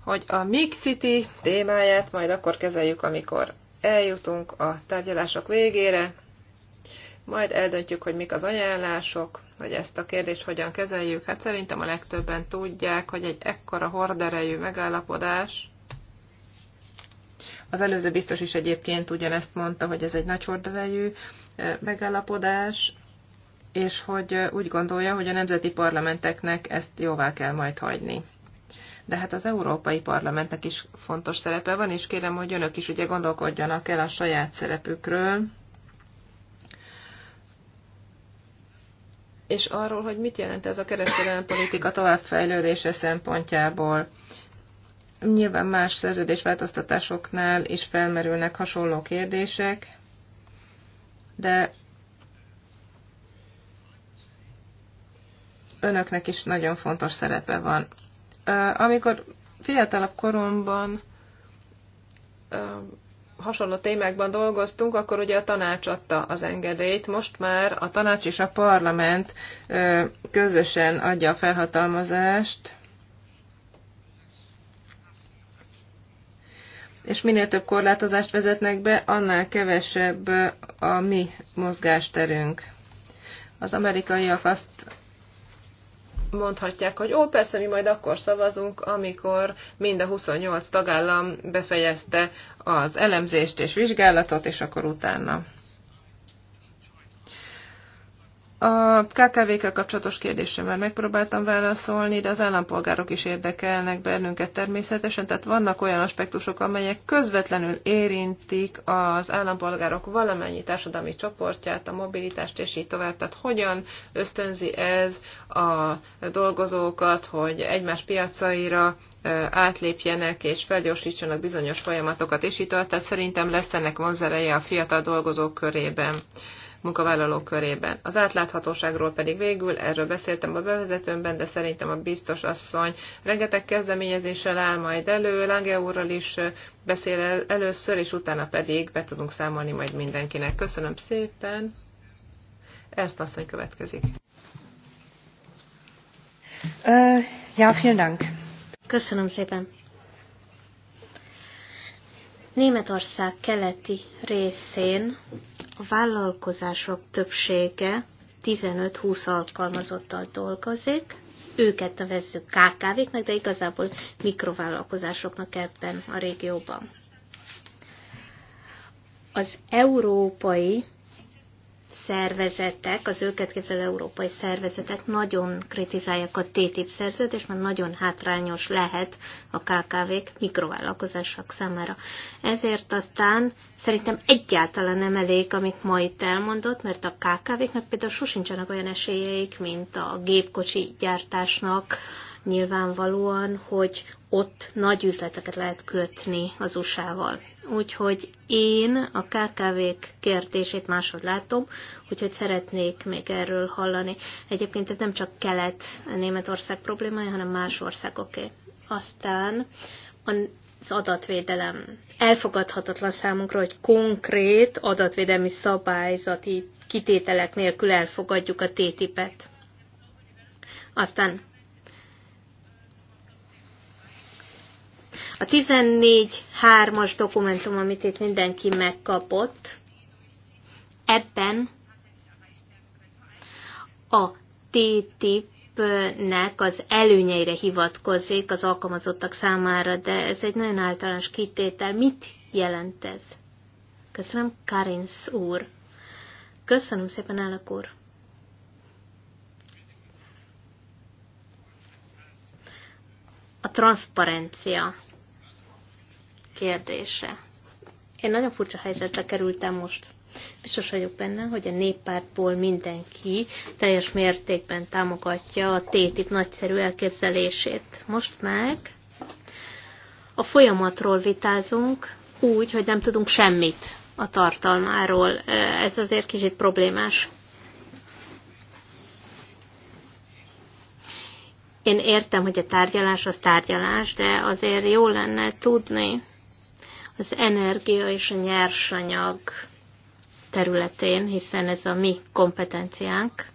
hogy a Mix City témáját majd akkor kezeljük, amikor eljutunk a tárgyalások végére, majd eldöntjük, hogy mik az ajánlások, hogy ezt a kérdést hogyan kezeljük. Hát szerintem a legtöbben tudják, hogy egy ekkora horderejű megállapodás, az előző biztos is egyébként ugyanezt mondta, hogy ez egy nagy horderejű e, megállapodás, és hogy e, úgy gondolja, hogy a nemzeti parlamenteknek ezt jóvá kell majd hagyni. De hát az Európai Parlamentnek is fontos szerepe van, és kérem, hogy önök is ugye gondolkodjanak el a saját szerepükről, és arról, hogy mit jelent ez a kereskedelmi politika továbbfejlődése szempontjából. Nyilván más szerződésváltoztatásoknál is felmerülnek hasonló kérdések, de önöknek is nagyon fontos szerepe van. Amikor fiatalabb koromban hasonló témákban dolgoztunk, akkor ugye a tanács adta az engedélyt, most már a tanács és a parlament közösen adja a felhatalmazást, és minél több korlátozást vezetnek be, annál kevesebb a mi mozgásterünk. Az amerikaiak azt mondhatják, hogy ó, persze mi majd akkor szavazunk, amikor mind a 28 tagállam befejezte az elemzést és vizsgálatot, és akkor utána a KKV-kkel kapcsolatos kérdésre már megpróbáltam válaszolni, de az állampolgárok is érdekelnek bennünket természetesen, tehát vannak olyan aspektusok, amelyek közvetlenül érintik az állampolgárok valamennyi társadalmi csoportját, a mobilitást és így tovább. Tehát hogyan ösztönzi ez a dolgozókat, hogy egymás piacaira átlépjenek és felgyorsítsanak bizonyos folyamatokat, és így tovább. Tehát szerintem lesz ennek vonzereje a fiatal dolgozók körében munkavállalók körében. Az átláthatóságról pedig végül, erről beszéltem a bevezetőmben, de szerintem a biztos asszony rengeteg kezdeményezéssel áll majd elő, Lange úrral is beszél először, és utána pedig be tudunk számolni majd mindenkinek. Köszönöm szépen! a asszony következik. Uh, ja, vielen Dank. Köszönöm szépen. Németország keleti részén a vállalkozások többsége 15-20 alkalmazottal dolgozik, őket nevezzük KKV-knek, de igazából mikrovállalkozásoknak ebben a régióban. Az európai szervezetek, az őket képzelő európai szervezetek nagyon kritizálják a TTIP szerződést, mert nagyon hátrányos lehet a KKV-k mikrovállalkozások számára. Ezért aztán szerintem egyáltalán nem elég, amit ma itt elmondott, mert a kkv knek például sosincsenek olyan esélyeik, mint a gépkocsi gyártásnak, nyilvánvalóan, hogy ott nagy üzleteket lehet kötni az USA-val úgyhogy én a KKV-k kérdését máshogy látom, úgyhogy szeretnék még erről hallani. Egyébként ez nem csak Kelet-Németország problémája, hanem más országoké. Aztán az adatvédelem. Elfogadhatatlan számunkra, hogy konkrét adatvédelmi szabályzati kitételek nélkül elfogadjuk a TTIP-et. Aztán A 14.3-as dokumentum, amit itt mindenki megkapott, ebben a TTIP-nek az előnyeire hivatkozik az alkalmazottak számára, de ez egy nagyon általános kitétel. Mit jelent ez? Köszönöm, Karinsz úr. Köszönöm szépen, állak úr. A transzparencia kérdése. Én nagyon furcsa helyzetbe kerültem most. Biztos vagyok benne, hogy a néppártból mindenki teljes mértékben támogatja a TTIP nagyszerű elképzelését. Most meg a folyamatról vitázunk úgy, hogy nem tudunk semmit a tartalmáról. Ez azért kicsit problémás. Én értem, hogy a tárgyalás az tárgyalás, de azért jó lenne tudni, az energia és a nyersanyag területén, hiszen ez a mi kompetenciánk,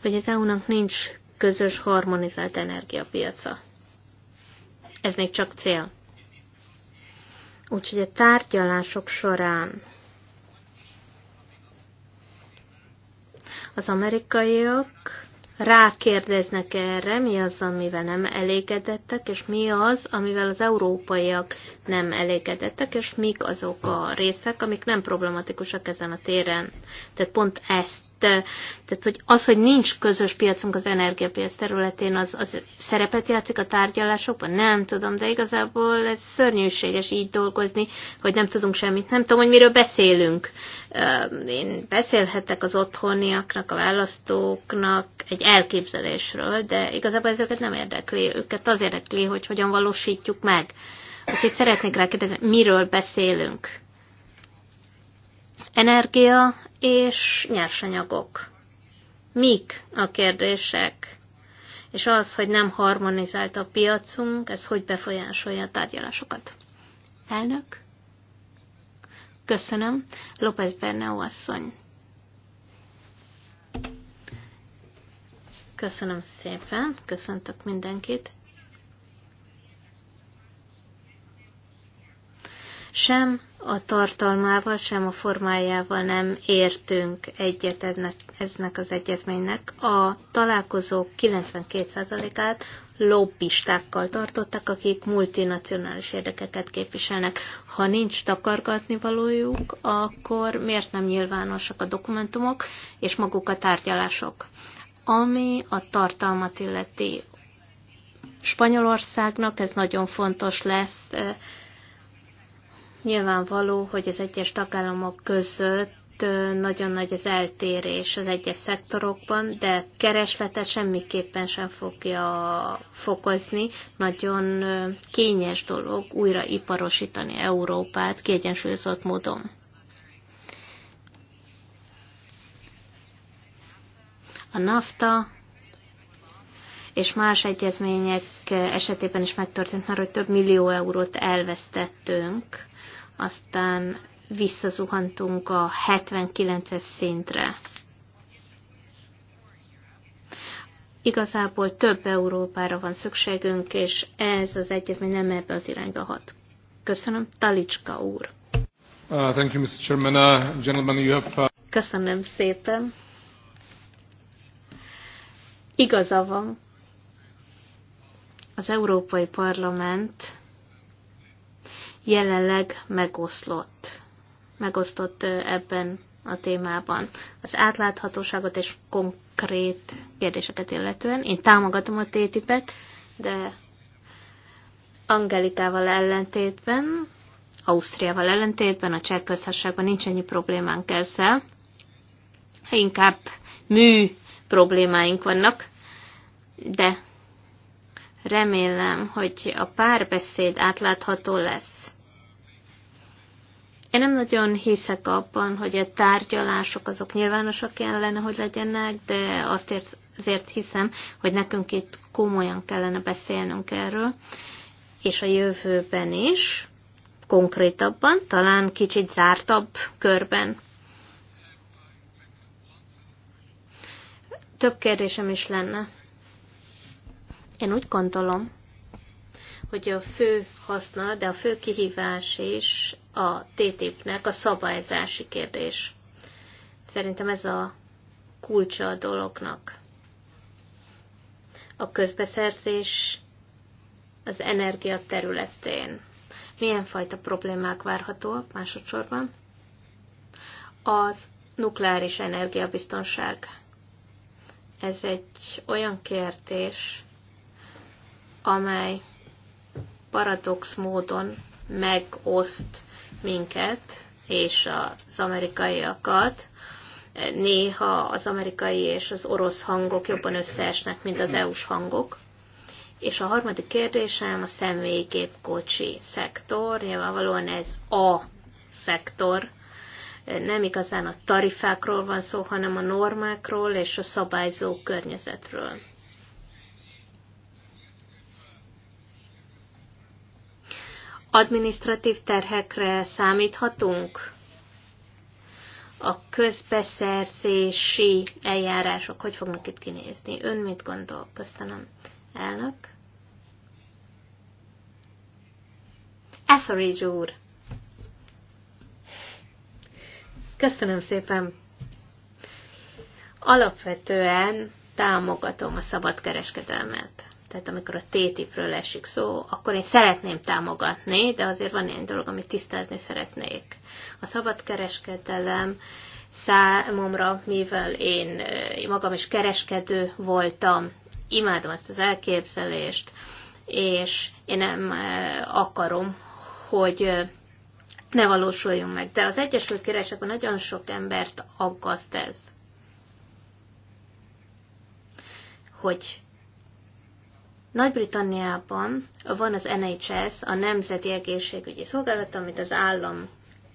hogy az EU-nak nincs közös harmonizált energiapiaca. Ez még csak cél. Úgyhogy a tárgyalások során az amerikaiak rákérdeznek erre, mi az, amivel nem elégedettek, és mi az, amivel az európaiak nem elégedettek, és mik azok a részek, amik nem problematikusak ezen a téren. Tehát pont ezt tehát hogy az, hogy nincs közös piacunk az energiapiac területén, az, az szerepet játszik a tárgyalásokban? Nem tudom, de igazából ez szörnyűséges így dolgozni, hogy nem tudunk semmit. Nem tudom, hogy miről beszélünk. Én beszélhetek az otthoniaknak, a választóknak egy elképzelésről, de igazából ez őket nem érdekli. Őket az érdekli, hogy hogyan valósítjuk meg. Úgyhogy szeretnék kérdezni, miről beszélünk energia és nyersanyagok. Mik a kérdések? És az, hogy nem harmonizált a piacunk, ez hogy befolyásolja a tárgyalásokat? Elnök? Köszönöm. López Bernau asszony. Köszönöm szépen, köszöntök mindenkit. Sem a tartalmával, sem a formájával nem értünk egyet eznek eznek az egyezménynek. A találkozók 92%-át lobbistákkal tartottak, akik multinacionális érdekeket képviselnek. Ha nincs takargatni valójuk, akkor miért nem nyilvánosak a dokumentumok és maguk a tárgyalások? Ami a tartalmat illeti, Spanyolországnak ez nagyon fontos lesz Nyilvánvaló, hogy az egyes tagállamok között nagyon nagy az eltérés az egyes szektorokban, de keresletet semmiképpen sem fogja fokozni. Nagyon kényes dolog újra iparosítani Európát kiegyensúlyozott módon. A NAFTA és más egyezmények esetében is megtörtént már, hogy több millió eurót elvesztettünk aztán visszazuhantunk a 79-es szintre. Igazából több Európára van szükségünk, és ez az egyezmény nem ebbe az irányba hat. Köszönöm, Talicska úr. Uh, thank you, Mr. Chairman. Uh, gentlemen, you have, uh... Köszönöm szépen. Igaza van. Az Európai Parlament jelenleg megoszlott, megosztott ebben a témában. Az átláthatóságot és konkrét kérdéseket illetően. Én támogatom a tétipet, de Angelikával ellentétben, Ausztriával ellentétben, a cseh köztársaságban nincs ennyi problémánk ezzel. Inkább mű problémáink vannak, de remélem, hogy a párbeszéd átlátható lesz én nem nagyon hiszek abban, hogy a tárgyalások azok nyilvánosak kellene, hogy legyenek, de azt ért, azért hiszem, hogy nekünk itt komolyan kellene beszélnünk erről, és a jövőben is, konkrétabban, talán kicsit zártabb körben. Több kérdésem is lenne. Én úgy gondolom, hogy a fő haszna, de a fő kihívás is a TTIP-nek a szabályzási kérdés. Szerintem ez a kulcsa a dolognak. A közbeszerzés az energia területén. Milyen fajta problémák várhatóak másodszorban? Az nukleáris energiabiztonság. Ez egy olyan kérdés, amely paradox módon megoszt minket és az amerikaiakat. Néha az amerikai és az orosz hangok jobban összeesnek, mint az EU-s hangok. És a harmadik kérdésem a személygépkocsi szektor. Nyilvánvalóan ez a szektor. Nem igazán a tarifákról van szó, hanem a normákról és a szabályzó környezetről. Administratív terhekre számíthatunk? A közbeszerzési eljárások hogy fognak itt kinézni? Ön mit gondol? Köszönöm. Elnök? Etheridge úr. Köszönöm szépen. Alapvetően támogatom a szabadkereskedelmet. Tehát amikor a TTIP-ről esik szó, akkor én szeretném támogatni, de azért van ilyen dolog, amit tisztázni szeretnék. A szabadkereskedelem számomra, mivel én eh, magam is kereskedő voltam, imádom ezt az elképzelést, és én nem eh, akarom, hogy eh, ne valósuljon meg. De az Egyesült Királyságban nagyon sok embert aggaszt ez. Hogy nagy-Britanniában van az NHS, a Nemzeti Egészségügyi Szolgálat, amit az állam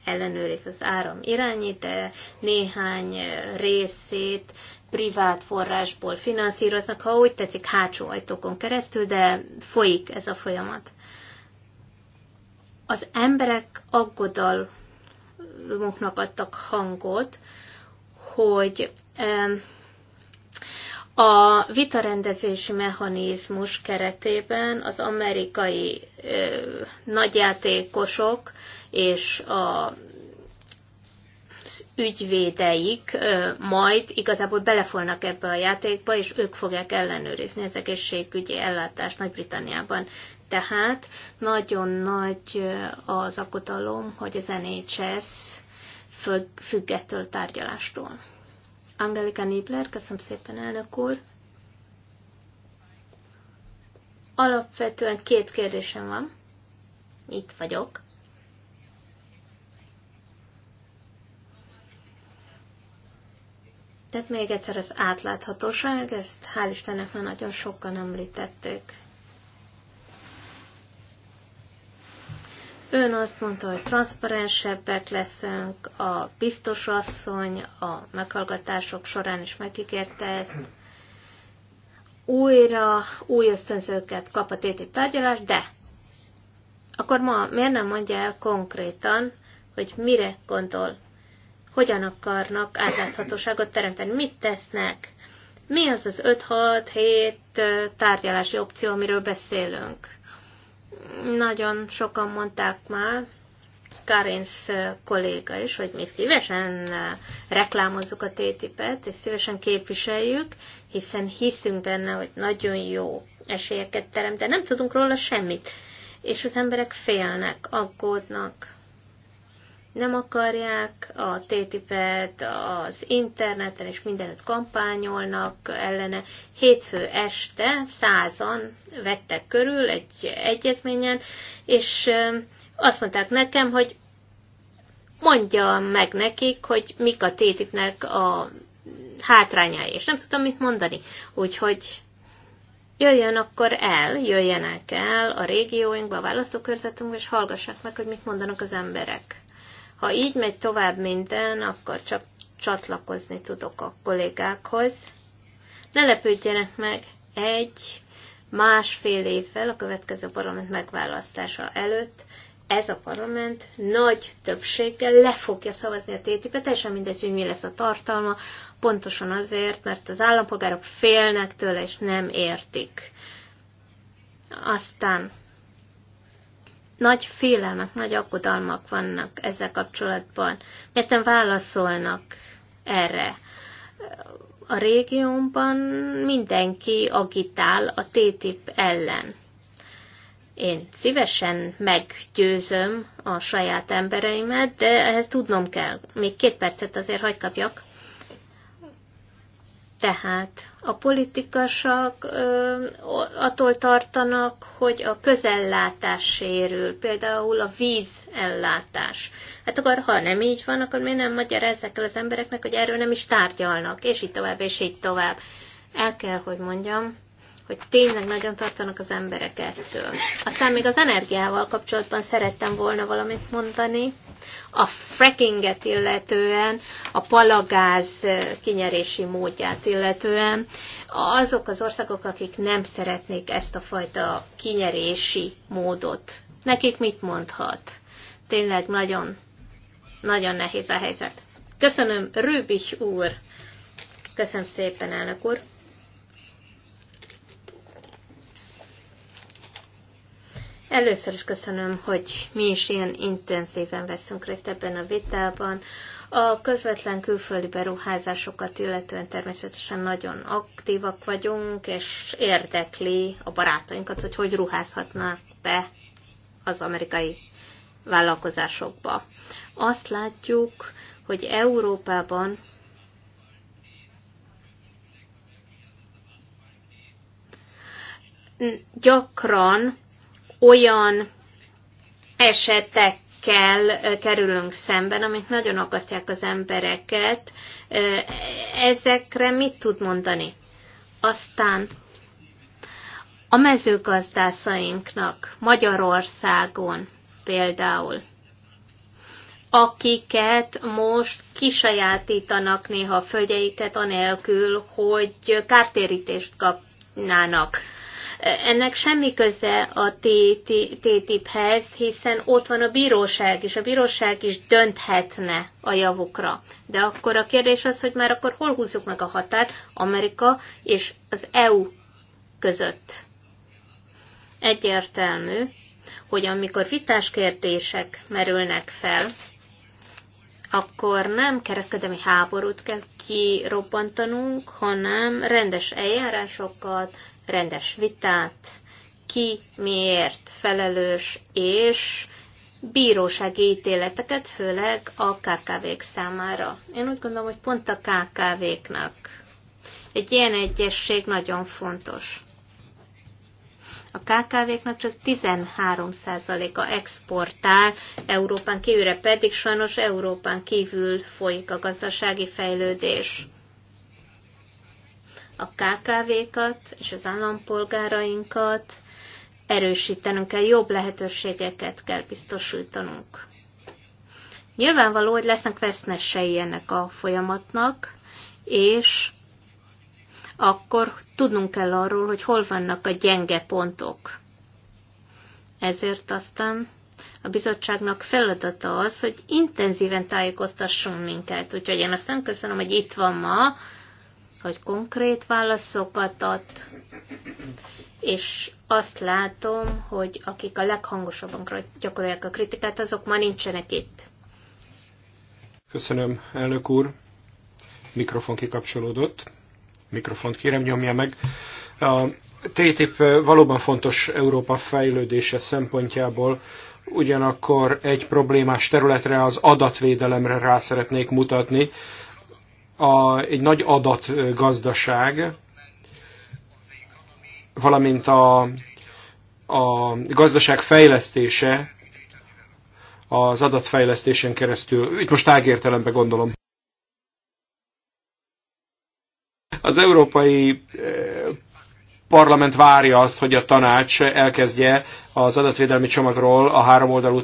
ellenőriz, az áram irányít, de néhány részét privát forrásból finanszíroznak, ha úgy tetszik, hátsó ajtókon keresztül, de folyik ez a folyamat. Az emberek aggodalmunknak adtak hangot, hogy a vitarendezési mechanizmus keretében az amerikai ö, nagyjátékosok és a ügyvédeik ö, majd igazából belefolnak ebbe a játékba, és ők fogják ellenőrizni az egészségügyi ellátást Nagy-Britanniában. Tehát nagyon nagy az akadalom, hogy az NHS függ, függettől tárgyalástól. Angelika Nibler, köszönöm szépen, elnök úr. Alapvetően két kérdésem van. Itt vagyok. Tehát még egyszer az átláthatóság, ezt hál' Istennek már nagyon sokan említették. Ön azt mondta, hogy transzparensebbek leszünk, a biztos asszony a meghallgatások során is megígérte ezt. Újra új ösztönzőket kap a téti tárgyalás, de akkor ma miért nem mondja el konkrétan, hogy mire gondol, hogyan akarnak átláthatóságot teremteni, mit tesznek, mi az az 5-6-7 tárgyalási opció, amiről beszélünk nagyon sokan mondták már, Karinsz kolléga is, hogy mi szívesen reklámozzuk a TTIP-et, és szívesen képviseljük, hiszen hiszünk benne, hogy nagyon jó esélyeket teremt, de nem tudunk róla semmit. És az emberek félnek, aggódnak nem akarják a TTIP-et, az interneten és mindenütt kampányolnak ellene. Hétfő este százan vettek körül egy egyezményen, és azt mondták nekem, hogy mondja meg nekik, hogy mik a TTIP-nek a hátrányai, és nem tudtam mit mondani. Úgyhogy jöjjön akkor el, jöjjenek el a régióinkba, a választókörzetünkbe, és hallgassák meg, hogy mit mondanak az emberek. Ha így megy tovább minden, akkor csak csatlakozni tudok a kollégákhoz. Ne lepődjenek meg egy másfél évvel a következő parlament megválasztása előtt ez a parlament nagy többséggel le fogja szavazni a TTIP-et, teljesen mindegy, hogy mi lesz a tartalma, pontosan azért, mert az állampolgárok félnek tőle, és nem értik. Aztán nagy félelmek, nagy aggodalmak vannak ezzel kapcsolatban. Miért nem válaszolnak erre? A régiónban mindenki agitál a TTIP ellen. Én szívesen meggyőzöm a saját embereimet, de ehhez tudnom kell. Még két percet azért hagy kapjak. Tehát a politikasak attól tartanak, hogy a közellátás sérül, például a vízellátás. Hát akkor, ha nem így van, akkor miért nem magyar ezekkel az embereknek, hogy erről nem is tárgyalnak, és így tovább, és így tovább. El kell, hogy mondjam, hogy tényleg nagyon tartanak az emberek ettől. Aztán még az energiával kapcsolatban szerettem volna valamit mondani. A frackinget illetően, a palagáz kinyerési módját illetően, azok az országok, akik nem szeretnék ezt a fajta kinyerési módot, nekik mit mondhat? Tényleg nagyon, nagyon nehéz a helyzet. Köszönöm, Rübis úr! Köszönöm szépen, elnök úr! Először is köszönöm, hogy mi is ilyen intenzíven veszünk részt ebben a vitában. A közvetlen külföldi beruházásokat illetően természetesen nagyon aktívak vagyunk, és érdekli a barátainkat, hogy hogy ruházhatnak be az amerikai vállalkozásokba. Azt látjuk, hogy Európában gyakran olyan esetekkel kerülünk szemben, amik nagyon akasztják az embereket. Ezekre mit tud mondani? Aztán a mezőgazdászainknak Magyarországon például, akiket most kisajátítanak néha a földjeiket anélkül, hogy kártérítést kapnának ennek semmi köze a TTIP-hez, hiszen ott van a bíróság, és a bíróság is dönthetne a javukra. De akkor a kérdés az, hogy már akkor hol húzzuk meg a határt Amerika és az EU között. Egyértelmű, hogy amikor vitás kérdések merülnek fel, akkor nem kereskedelmi háborút kell kirobbantanunk, hanem rendes eljárásokat, rendes vitát, ki miért felelős, és bírósági ítéleteket, főleg a KKV-k számára. Én úgy gondolom, hogy pont a KKV-knak egy ilyen egyesség nagyon fontos. A KKV-knak csak 13%-a exportál Európán kívülre, pedig sajnos Európán kívül folyik a gazdasági fejlődés. A KKV-kat és az állampolgárainkat erősítenünk kell, jobb lehetőségeket kell biztosítanunk. Nyilvánvaló, hogy lesznek vesznesei ennek a folyamatnak, és akkor tudnunk kell arról, hogy hol vannak a gyenge pontok. Ezért aztán a bizottságnak feladata az, hogy intenzíven tájékoztasson minket. Úgyhogy én azt nem köszönöm, hogy itt van ma, hogy konkrét válaszokat ad, és azt látom, hogy akik a leghangosabban gyakorolják a kritikát, azok ma nincsenek itt. Köszönöm, elnök úr. Mikrofon kikapcsolódott mikrofont kérem nyomja meg. A TTIP valóban fontos Európa fejlődése szempontjából, ugyanakkor egy problémás területre, az adatvédelemre rá szeretnék mutatni. A, egy nagy adatgazdaság, valamint a, a gazdaság fejlesztése az adatfejlesztésen keresztül, itt most tágértelemben gondolom, Az Európai eh, Parlament várja azt, hogy a tanács elkezdje az adatvédelmi csomagról a három háromoldalú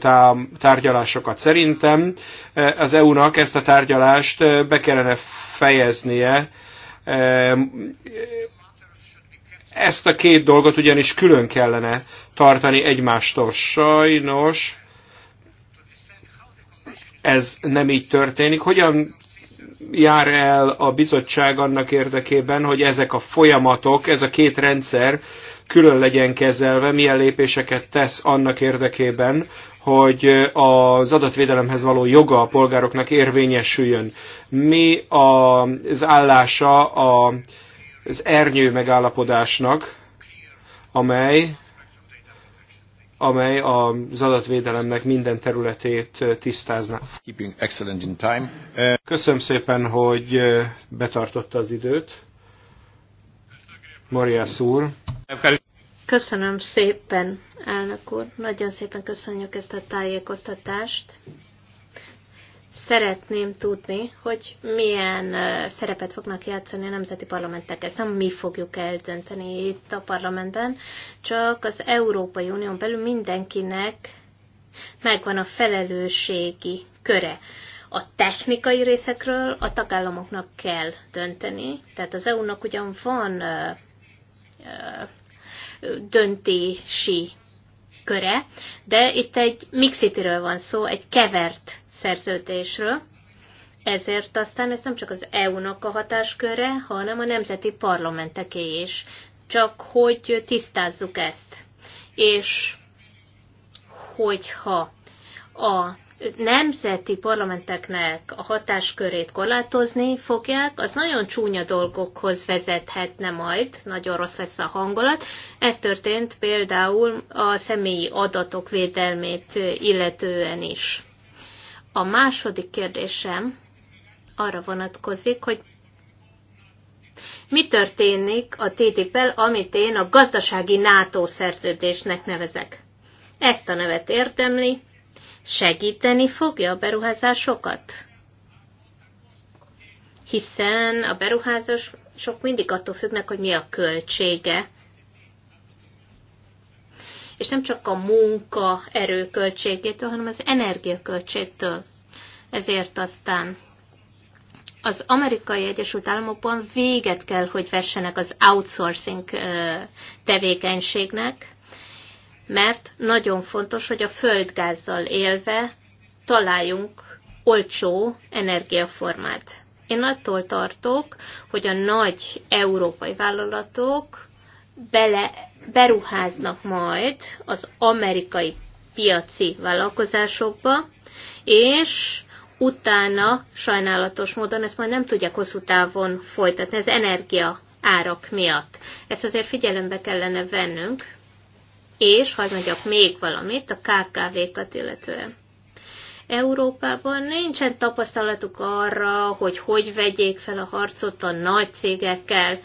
tárgyalásokat. Szerintem eh, az EU-nak ezt a tárgyalást eh, be kellene fejeznie. Ezt a két dolgot ugyanis külön kellene tartani egymástól. Sajnos ez nem így történik. Hogyan jár el a bizottság annak érdekében, hogy ezek a folyamatok, ez a két rendszer külön legyen kezelve, milyen lépéseket tesz annak érdekében, hogy az adatvédelemhez való joga a polgároknak érvényesüljön. Mi az állása az ernyő megállapodásnak, amely amely az adatvédelemnek minden területét tisztázná. Keeping excellent in time. Uh, Köszönöm szépen, hogy betartotta az időt. Maria úr. Köszönöm szépen, elnök úr. Nagyon szépen köszönjük ezt a tájékoztatást szeretném tudni, hogy milyen szerepet fognak játszani a nemzeti parlamentek. Ezt nem mi fogjuk eldönteni itt a parlamentben, csak az Európai Unión belül mindenkinek megvan a felelősségi köre. A technikai részekről a tagállamoknak kell dönteni. Tehát az EU-nak ugyan van ö, ö, döntési köre, de itt egy mixitiről van szó, egy kevert szerződésről, ezért aztán ez nem csak az EU-nak a hatásköre, hanem a nemzeti parlamenteké is. Csak hogy tisztázzuk ezt. És hogyha a nemzeti parlamenteknek a hatáskörét korlátozni fogják, az nagyon csúnya dolgokhoz vezethetne majd, nagyon rossz lesz a hangulat. Ez történt például a személyi adatok védelmét illetően is. A második kérdésem arra vonatkozik, hogy mi történik a TTIP-el, amit én a gazdasági NATO szerződésnek nevezek. Ezt a nevet érdemli, segíteni fogja a beruházásokat? Hiszen a beruházások mindig attól függnek, hogy mi a költsége és nem csak a munka erőköltségétől, hanem az energiaköltségtől. Ezért aztán az amerikai Egyesült Államokban véget kell, hogy vessenek az outsourcing tevékenységnek, mert nagyon fontos, hogy a földgázzal élve találjunk olcsó energiaformát. Én attól tartok, hogy a nagy európai vállalatok bele, beruháznak majd az amerikai piaci vállalkozásokba, és utána sajnálatos módon ezt majd nem tudják hosszú távon folytatni, az energia árak miatt. Ezt azért figyelembe kellene vennünk, és hadd mondjak még valamit a KKV-kat illetően. Európában nincsen tapasztalatuk arra, hogy hogy vegyék fel a harcot a nagy cégekkel,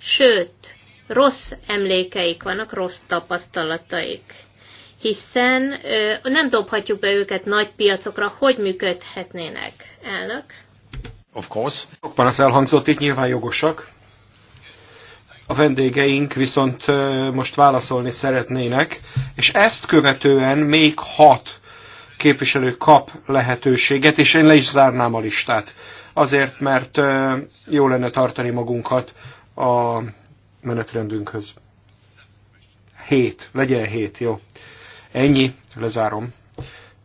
sőt, rossz emlékeik vannak, rossz tapasztalataik. Hiszen ö, nem dobhatjuk be őket nagy piacokra, hogy működhetnének, elnök? Of course. Sokban az elhangzott, itt nyilván jogosak. A vendégeink viszont most válaszolni szeretnének, és ezt követően még hat képviselő kap lehetőséget, és én le is zárnám a listát. Azért, mert jó lenne tartani magunkat a menetrendünkhöz. Hét, legyen hét, jó. Ennyi, lezárom.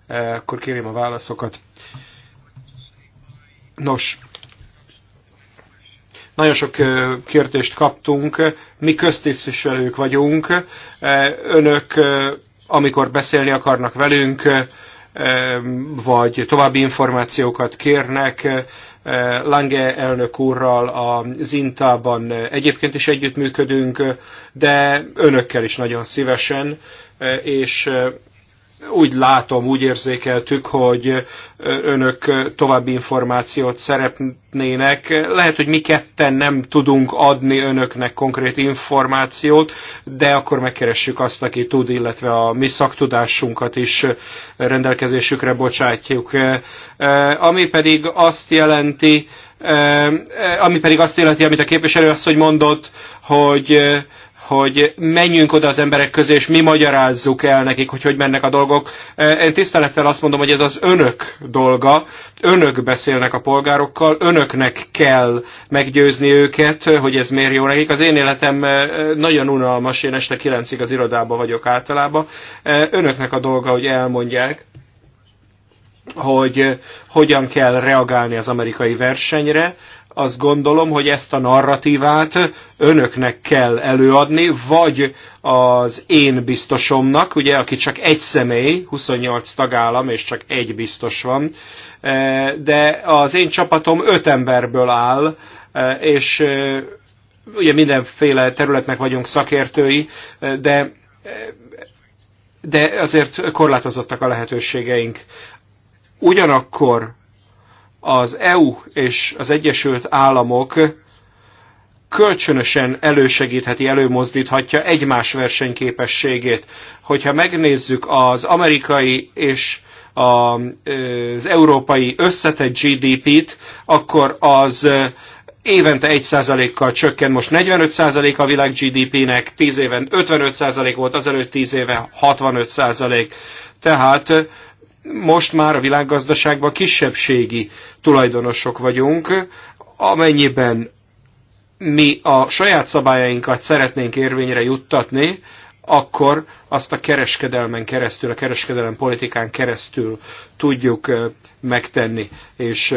Akkor kérjem a válaszokat. Nos, nagyon sok kérdést kaptunk, mi köztisztviselők vagyunk, önök, amikor beszélni akarnak velünk, vagy további információkat kérnek, Lange elnök úrral a zintában. egyébként is együttműködünk, de önökkel is nagyon szívesen, és úgy látom, úgy érzékeltük, hogy önök további információt szeretnének. Lehet, hogy mi ketten nem tudunk adni önöknek konkrét információt, de akkor megkeressük azt, aki tud, illetve a mi szaktudásunkat is rendelkezésükre bocsátjuk. Ami pedig azt jelenti, ami pedig azt illeti, amit a képviselő azt, hogy mondott, hogy hogy menjünk oda az emberek közé, és mi magyarázzuk el nekik, hogy hogy mennek a dolgok. Eh, én tisztelettel azt mondom, hogy ez az önök dolga, önök beszélnek a polgárokkal, önöknek kell meggyőzni őket, hogy ez miért jó nekik. Az én életem eh, nagyon unalmas, én este kilencig az irodában vagyok általában. Eh, önöknek a dolga, hogy elmondják, hogy hogyan kell reagálni az amerikai versenyre, azt gondolom, hogy ezt a narratívát önöknek kell előadni, vagy az én biztosomnak, ugye, aki csak egy személy, 28 tagállam, és csak egy biztos van, e, de az én csapatom öt emberből áll, e, és e, ugye mindenféle területnek vagyunk szakértői, de de azért korlátozottak a lehetőségeink. Ugyanakkor az EU és az Egyesült Államok kölcsönösen elősegítheti, előmozdíthatja egymás versenyképességét. Hogyha megnézzük az amerikai és az európai összetett GDP-t, akkor az évente 1%-kal csökken, most 45% a világ GDP-nek, 10 éven 55% volt, azelőtt 10 éve 65%. Tehát most már a világgazdaságban kisebbségi tulajdonosok vagyunk, amennyiben mi a saját szabályainkat szeretnénk érvényre juttatni, akkor azt a kereskedelmen keresztül, a kereskedelem politikán keresztül tudjuk megtenni. És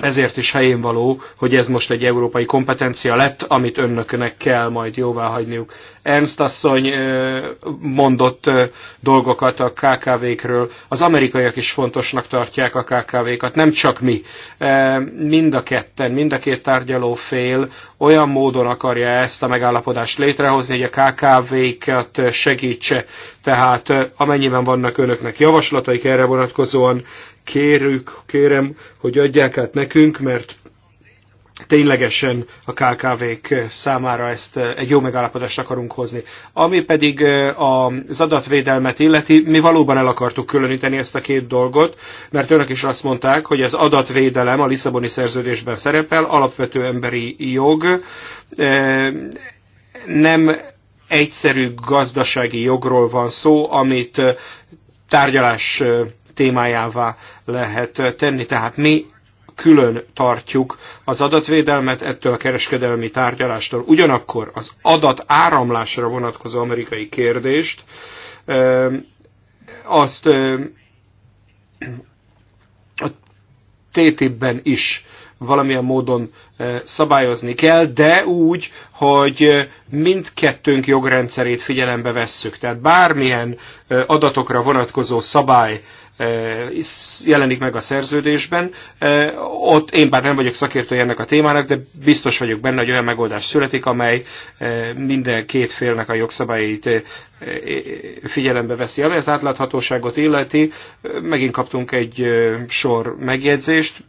ezért is helyén való, hogy ez most egy európai kompetencia lett, amit önnökönek kell majd jóvá hagyniuk. Ernst asszony mondott dolgokat a KKV-kről. Az amerikaiak is fontosnak tartják a KKV-kat, nem csak mi. Mind a ketten, mind a két tárgyaló fél olyan módon akarja ezt a megállapodást létrehozni, hogy a KKV-kat segítse. Tehát amennyiben vannak önöknek javaslataik erre vonatkozóan, kérjük, kérem, hogy adják át nekünk, mert ténylegesen a KKV-k számára ezt eh, egy jó megállapodást akarunk hozni. Ami pedig eh, az adatvédelmet illeti, mi valóban el akartuk különíteni ezt a két dolgot, mert önök is azt mondták, hogy az adatvédelem a Lisszaboni szerződésben szerepel, alapvető emberi jog, eh, nem egyszerű gazdasági jogról van szó, amit tárgyalás témájává lehet tenni. Tehát mi külön tartjuk az adatvédelmet ettől a kereskedelmi tárgyalástól. Ugyanakkor az adat áramlásra vonatkozó amerikai kérdést azt a TTIP-ben is valamilyen módon szabályozni kell, de úgy, hogy mindkettőnk jogrendszerét figyelembe vesszük. Tehát bármilyen adatokra vonatkozó szabály jelenik meg a szerződésben. Ott én bár nem vagyok szakértő ennek a témának, de biztos vagyok benne, hogy olyan megoldás születik, amely minden két félnek a jogszabályait figyelembe veszi. Ami az átláthatóságot illeti, megint kaptunk egy sor megjegyzést.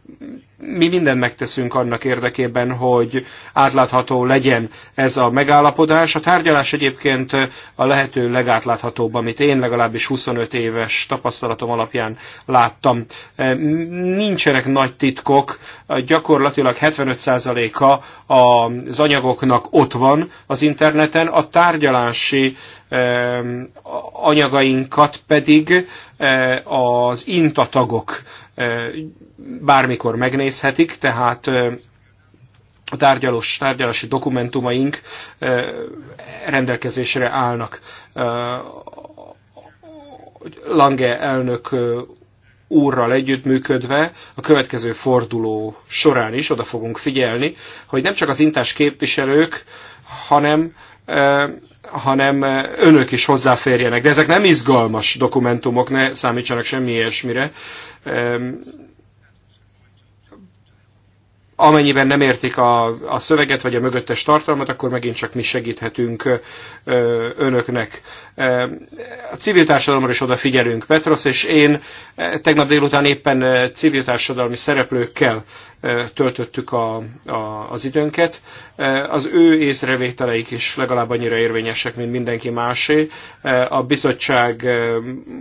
Mi mindent megteszünk annak érdekében, hogy átlátható legyen ez a megállapodás. A tárgyalás egyébként a lehető legátláthatóbb, amit én legalábbis 25 éves tapasztalatom alapján láttam. Nincsenek nagy titkok, gyakorlatilag 75%-a az anyagoknak ott van az interneten. A tárgyalási anyagainkat pedig e, az intatagok e, bármikor megnézhetik, tehát e, a tárgyalós, tárgyalási dokumentumaink rendelkezésre állnak. Lange elnök úrral együttműködve a következő forduló során is oda fogunk figyelni, hogy nem csak az intás képviselők, hanem hanem eh, önök is hozzáférjenek. De ezek nem izgalmas dokumentumok, ne számítsanak semmi ilyesmire. Amennyiben nem értik a, a szöveget vagy a mögöttes tartalmat, akkor megint csak mi segíthetünk eh, önöknek. A civil társadalomra is odafigyelünk, Petros, és én eh, tegnap délután éppen eh, civil társadalmi szereplőkkel eh, töltöttük a, a, az időnket. Az ő észrevételeik is legalább annyira érvényesek, mint mindenki másé. A bizottság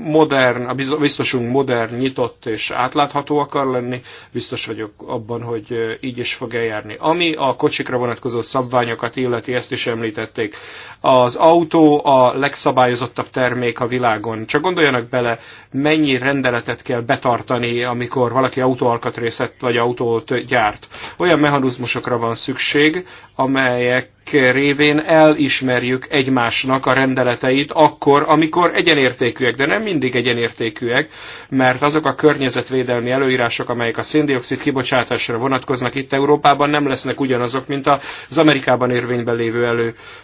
modern, a biztosunk modern, nyitott és átlátható akar lenni. Biztos vagyok abban, hogy így is fog eljárni. Ami a kocsikra vonatkozó szabványokat illeti, ezt is említették. Az autó a legszabály szabályozottabb termék a világon. Csak gondoljanak bele, mennyi rendeletet kell betartani, amikor valaki autóalkatrészet vagy autót gyárt. Olyan mechanizmusokra van szükség, amelyek révén elismerjük egymásnak a rendeleteit akkor, amikor egyenértékűek, de nem mindig egyenértékűek, mert azok a környezetvédelmi előírások, amelyek a széndiokszid kibocsátásra vonatkoznak itt Európában, nem lesznek ugyanazok, mint az Amerikában érvényben lévő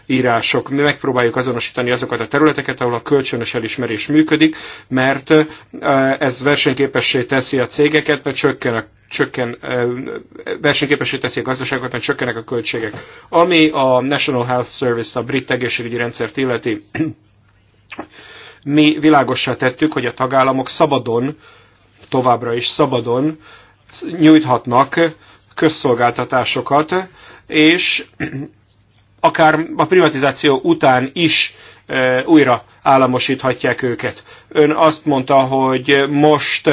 előírások. Mi megpróbáljuk azonosítani azokat a területeket, ahol a kölcsönös elismerés működik, mert eh, ez versenyképessé teszi a cégeket, mert csökken a csökken, versenyképesé teszi a gazdaságot, mert csökkenek a költségek. Ami a National Health Service, a brit egészségügyi rendszert illeti, mi világossá tettük, hogy a tagállamok szabadon, továbbra is szabadon nyújthatnak közszolgáltatásokat, és akár a privatizáció után is újra államosíthatják őket. Ön azt mondta, hogy most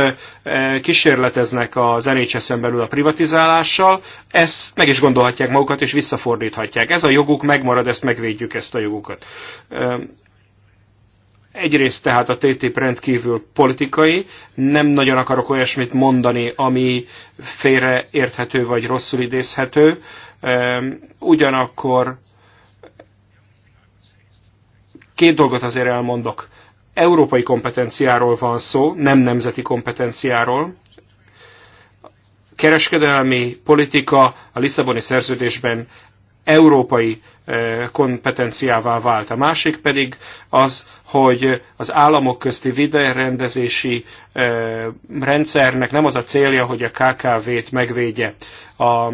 kísérleteznek az NHS-en belül a privatizálással, ezt meg is gondolhatják magukat, és visszafordíthatják. Ez a joguk megmarad, ezt megvédjük, ezt a jogukat. Egyrészt tehát a TTIP rendkívül politikai, nem nagyon akarok olyasmit mondani, ami félreérthető vagy rosszul idézhető, ugyanakkor Két dolgot azért elmondok. Európai kompetenciáról van szó, nem nemzeti kompetenciáról. Kereskedelmi politika a Lisszaboni szerződésben európai eh, kompetenciává vált. A másik pedig az, hogy az államok közti viderendezési eh, rendszernek nem az a célja, hogy a KKV-t megvédje. A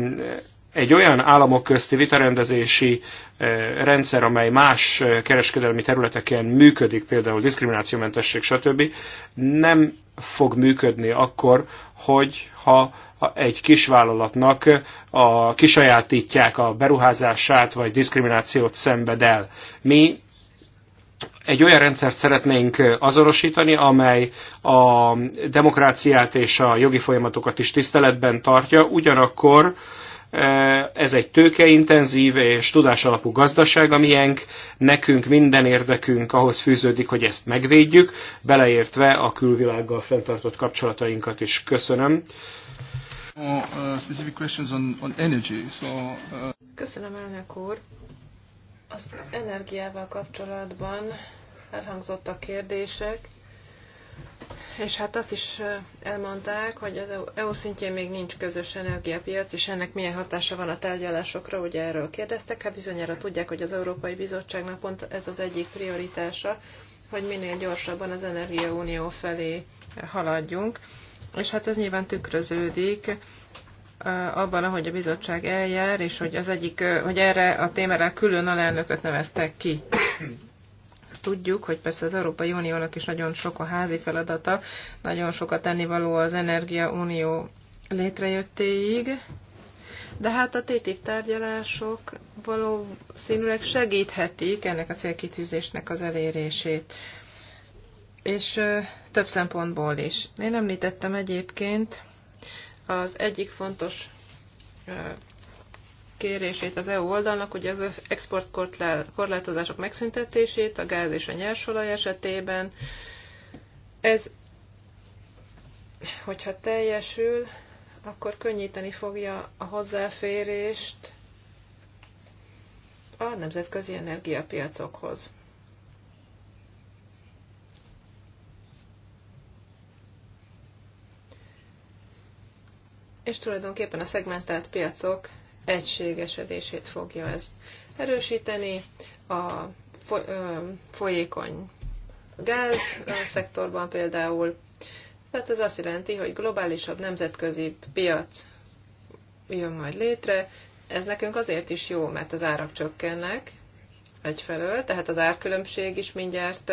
egy olyan államok közti vitarendezési eh, rendszer, amely más eh, kereskedelmi területeken működik, például diszkriminációmentesség, stb., nem fog működni akkor, hogy ha egy kisvállalatnak eh, a kisajátítják a beruházását, vagy diszkriminációt szenved el. Mi egy olyan rendszert szeretnénk azonosítani, amely a demokráciát és a jogi folyamatokat is tiszteletben tartja, ugyanakkor Eh, ez egy tőkeintenzív és tudásalapú gazdaság, amilyenk nekünk minden érdekünk ahhoz fűződik, hogy ezt megvédjük, beleértve a külvilággal fenntartott kapcsolatainkat is. Köszönöm. Uh, uh, Köszönöm, elnök úr. Az energiával kapcsolatban elhangzottak kérdések és hát azt is elmondták, hogy az EU e szintjén még nincs közös energiapiac, és ennek milyen hatása van a tárgyalásokra, ugye erről kérdeztek, hát bizonyára tudják, hogy az Európai Bizottságnak pont ez az egyik prioritása, hogy minél gyorsabban az Energiaunió felé haladjunk. És hát ez nyilván tükröződik abban, ahogy a bizottság eljár, és hogy az egyik, hogy erre a témára külön alelnököt neveztek ki tudjuk, hogy persze az Európai Uniónak is nagyon sok a házi feladata, nagyon sokat tennivaló az Energia Unió létrejöttéig, de hát a TTIP tárgyalások valószínűleg segíthetik ennek a célkitűzésnek az elérését, és több szempontból is. Én említettem egyébként az egyik fontos kérését az EU oldalnak, hogy az exportkorlátozások megszüntetését a gáz és a nyersolaj esetében. Ez, hogyha teljesül, akkor könnyíteni fogja a hozzáférést a nemzetközi energiapiacokhoz. És tulajdonképpen a szegmentált piacok egységesedését fogja ez erősíteni. A folyékony gáz szektorban például. Tehát ez azt jelenti, hogy globálisabb nemzetközi piac jön majd létre. Ez nekünk azért is jó, mert az árak csökkennek egyfelől, tehát az árkülönbség is mindjárt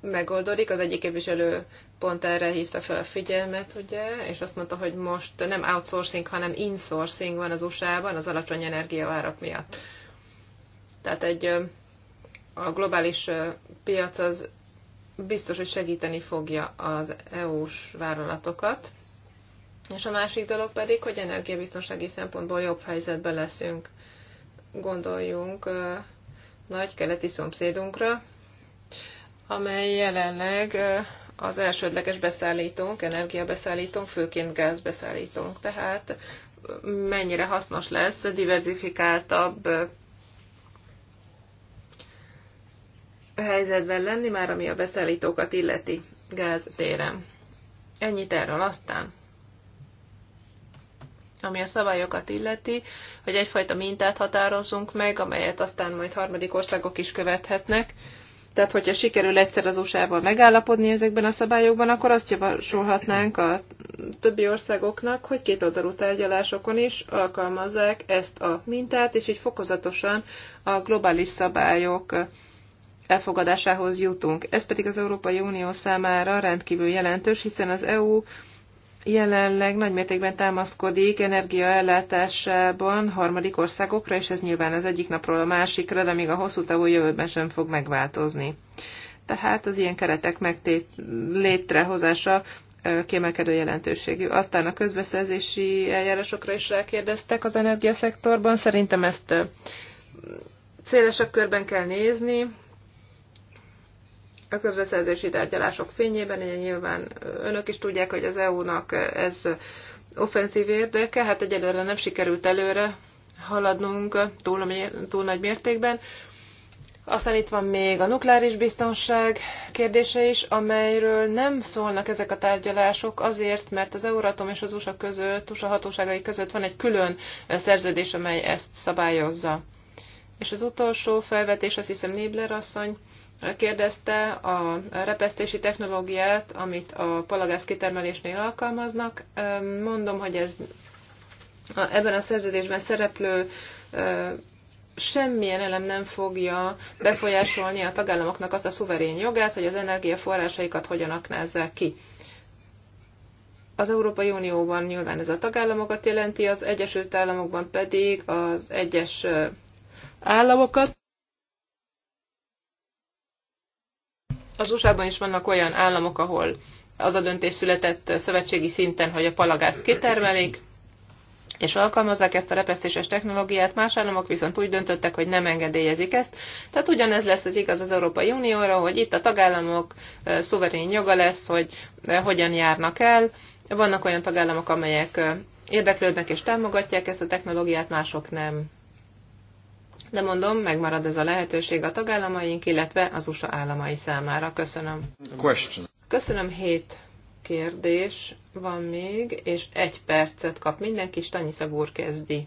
megoldódik. Az egyik képviselő pont erre hívta fel a figyelmet, ugye, és azt mondta, hogy most nem outsourcing, hanem insourcing van az USA-ban az alacsony energiaárak miatt. Tehát egy a globális piac az biztos, hogy segíteni fogja az EU-s vállalatokat. És a másik dolog pedig, hogy energiabiztonsági szempontból jobb helyzetben leszünk. Gondoljunk nagy keleti szomszédunkra, amely jelenleg az elsődleges beszállítónk, energiabeszállítónk, főként gázbeszállítónk. Tehát mennyire hasznos lesz a diversifikáltabb helyzetben lenni, már ami a beszállítókat illeti gáztéren. Ennyit erről aztán. Ami a szabályokat illeti, hogy egyfajta mintát határozzunk meg, amelyet aztán majd harmadik országok is követhetnek, tehát, hogyha sikerül egyszer az USA-val megállapodni ezekben a szabályokban, akkor azt javasolhatnánk a többi országoknak, hogy kétoldalú tárgyalásokon is alkalmazzák ezt a mintát, és így fokozatosan a globális szabályok elfogadásához jutunk. Ez pedig az Európai Unió számára rendkívül jelentős, hiszen az EU jelenleg nagymértékben támaszkodik energiaellátásában harmadik országokra, és ez nyilván az egyik napról a másikra, de még a hosszú távú jövőben sem fog megváltozni. Tehát az ilyen keretek megtét, létrehozása kiemelkedő jelentőségű. Aztán a közbeszerzési eljárásokra is rákérdeztek az energiaszektorban. Szerintem ezt szélesebb körben kell nézni, a közbeszerzési tárgyalások fényében, ugye nyilván önök is tudják, hogy az EU-nak ez offenzív érdeke, hát egyelőre nem sikerült előre haladnunk túl, túl nagy mértékben. Aztán itt van még a nukleáris biztonság kérdése is, amelyről nem szólnak ezek a tárgyalások azért, mert az Euratom és az USA között, USA hatóságai között van egy külön szerződés, amely ezt szabályozza. És az utolsó felvetés, azt hiszem Nébler asszony kérdezte a repesztési technológiát, amit a palagász kitermelésnél alkalmaznak. Mondom, hogy ez ebben a szerződésben szereplő semmilyen elem nem fogja befolyásolni a tagállamoknak azt a szuverén jogát, hogy az energiaforrásaikat hogyan aknázzák ki. Az Európai Unióban nyilván ez a tagállamokat jelenti, az Egyesült Államokban pedig az egyes államokat. Az USA-ban is vannak olyan államok, ahol az a döntés született szövetségi szinten, hogy a palagázt kitermelik, és alkalmazzák ezt a repesztéses technológiát, más államok viszont úgy döntöttek, hogy nem engedélyezik ezt. Tehát ugyanez lesz az igaz az Európai Unióra, hogy itt a tagállamok szuverén joga lesz, hogy hogyan járnak el. Vannak olyan tagállamok, amelyek érdeklődnek és támogatják ezt a technológiát, mások nem de mondom, megmarad ez a lehetőség a tagállamaink, illetve az USA államai számára. Köszönöm. Question. Köszönöm, hét kérdés van még, és egy percet kap mindenki, Stanyi Szabúr kezdi.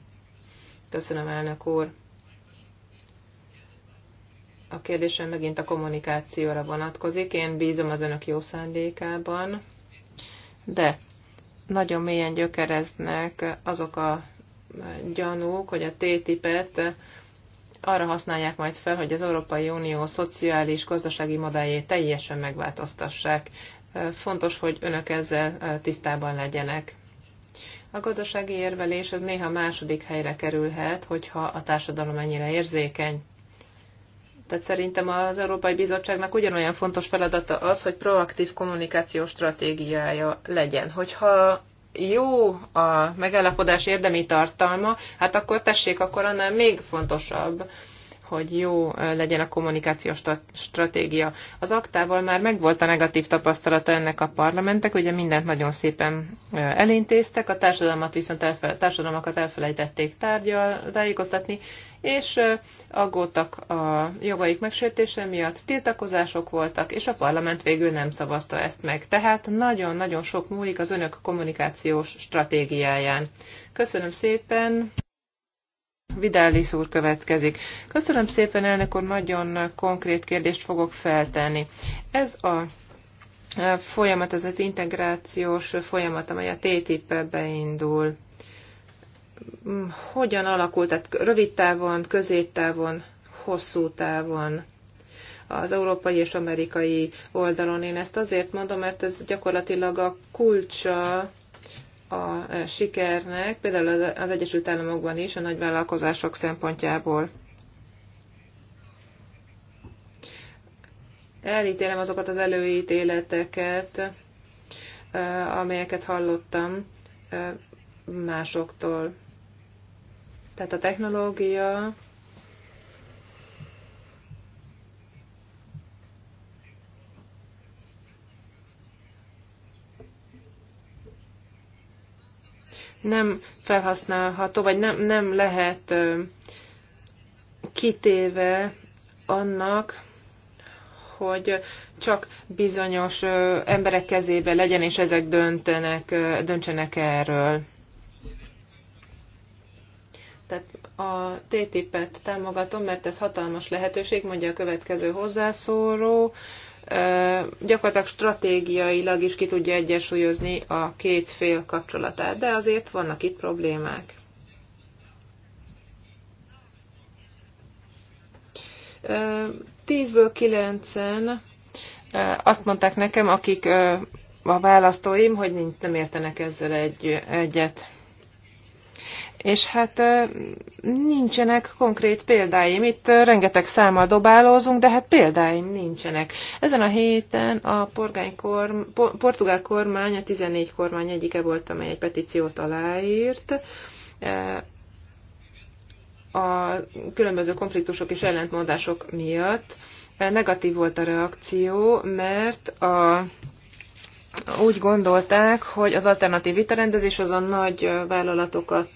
Köszönöm, elnök úr. A kérdésem megint a kommunikációra vonatkozik. Én bízom az önök jó szándékában, de nagyon mélyen gyökereznek azok a gyanúk, hogy a TTIP-et arra használják majd fel, hogy az Európai Unió szociális, gazdasági modelljét teljesen megváltoztassák. Fontos, hogy önök ezzel tisztában legyenek. A gazdasági érvelés az néha második helyre kerülhet, hogyha a társadalom ennyire érzékeny. Tehát szerintem az Európai Bizottságnak ugyanolyan fontos feladata az, hogy proaktív kommunikációs stratégiája legyen. Hogyha jó a megállapodás érdemi tartalma, hát akkor tessék, akkor annál még fontosabb hogy jó legyen a kommunikációs stratégia. Az aktával már megvolt a negatív tapasztalata ennek a parlamentek, ugye mindent nagyon szépen elintéztek, a társadalmat viszont elfele, társadalmakat elfelejtették tárgyal, tájékoztatni, és aggódtak a jogaik megsértése miatt, tiltakozások voltak, és a parlament végül nem szavazta ezt meg. Tehát nagyon-nagyon sok múlik az önök kommunikációs stratégiáján. Köszönöm szépen! Vidális úr következik. Köszönöm szépen, elnök úr, nagyon konkrét kérdést fogok feltenni. Ez a folyamat, ez az integrációs folyamat, amely a TTIP-be beindul hogyan alakult, tehát rövid távon, középtávon, hosszú távon az európai és amerikai oldalon. Én ezt azért mondom, mert ez gyakorlatilag a kulcsa a e, sikernek, például az Egyesült Államokban is, a nagyvállalkozások szempontjából. Elítélem azokat az előítéleteket, e, amelyeket hallottam e, másoktól. Tehát a technológia nem felhasználható, vagy nem, nem lehet kitéve annak, hogy csak bizonyos emberek kezébe legyen, és ezek döntenek, döntsenek erről. Tehát a TTIP-et támogatom, mert ez hatalmas lehetőség, mondja a következő hozzászóló. Gyakorlatilag stratégiailag is ki tudja egyensúlyozni a két fél kapcsolatát, de azért vannak itt problémák. Tízből kilencen azt mondták nekem, akik a választóim, hogy nem értenek ezzel egy, egyet. És hát nincsenek konkrét példáim. Itt rengeteg számmal dobálózunk, de hát példáim nincsenek. Ezen a héten a porgány korm, portugál kormány, a 14 kormány egyike volt, amely egy petíciót aláírt a különböző konfliktusok és ellentmondások miatt. Negatív volt a reakció, mert a úgy gondolták, hogy az alternatív vitarendezés az a nagy vállalatokat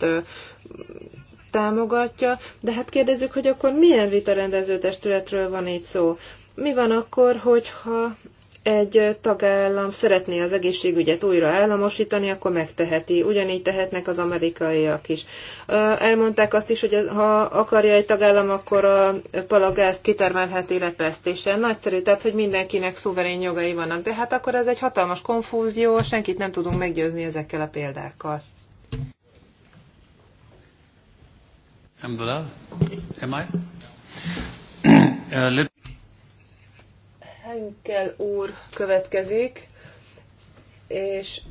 támogatja, de hát kérdezzük, hogy akkor milyen vitarendező testületről van itt szó? Mi van akkor, hogyha egy tagállam szeretné az egészségügyet újra államosítani, akkor megteheti. Ugyanígy tehetnek az amerikaiak is. Elmondták azt is, hogy ha akarja egy tagállam, akkor a palagázt kitermelheti lepesztéssel. Nagyszerű, tehát hogy mindenkinek szuverén jogai vannak. De hát akkor ez egy hatalmas konfúzió, senkit nem tudunk meggyőzni ezekkel a példákkal. Am I? Uh, Henkel úr következik, és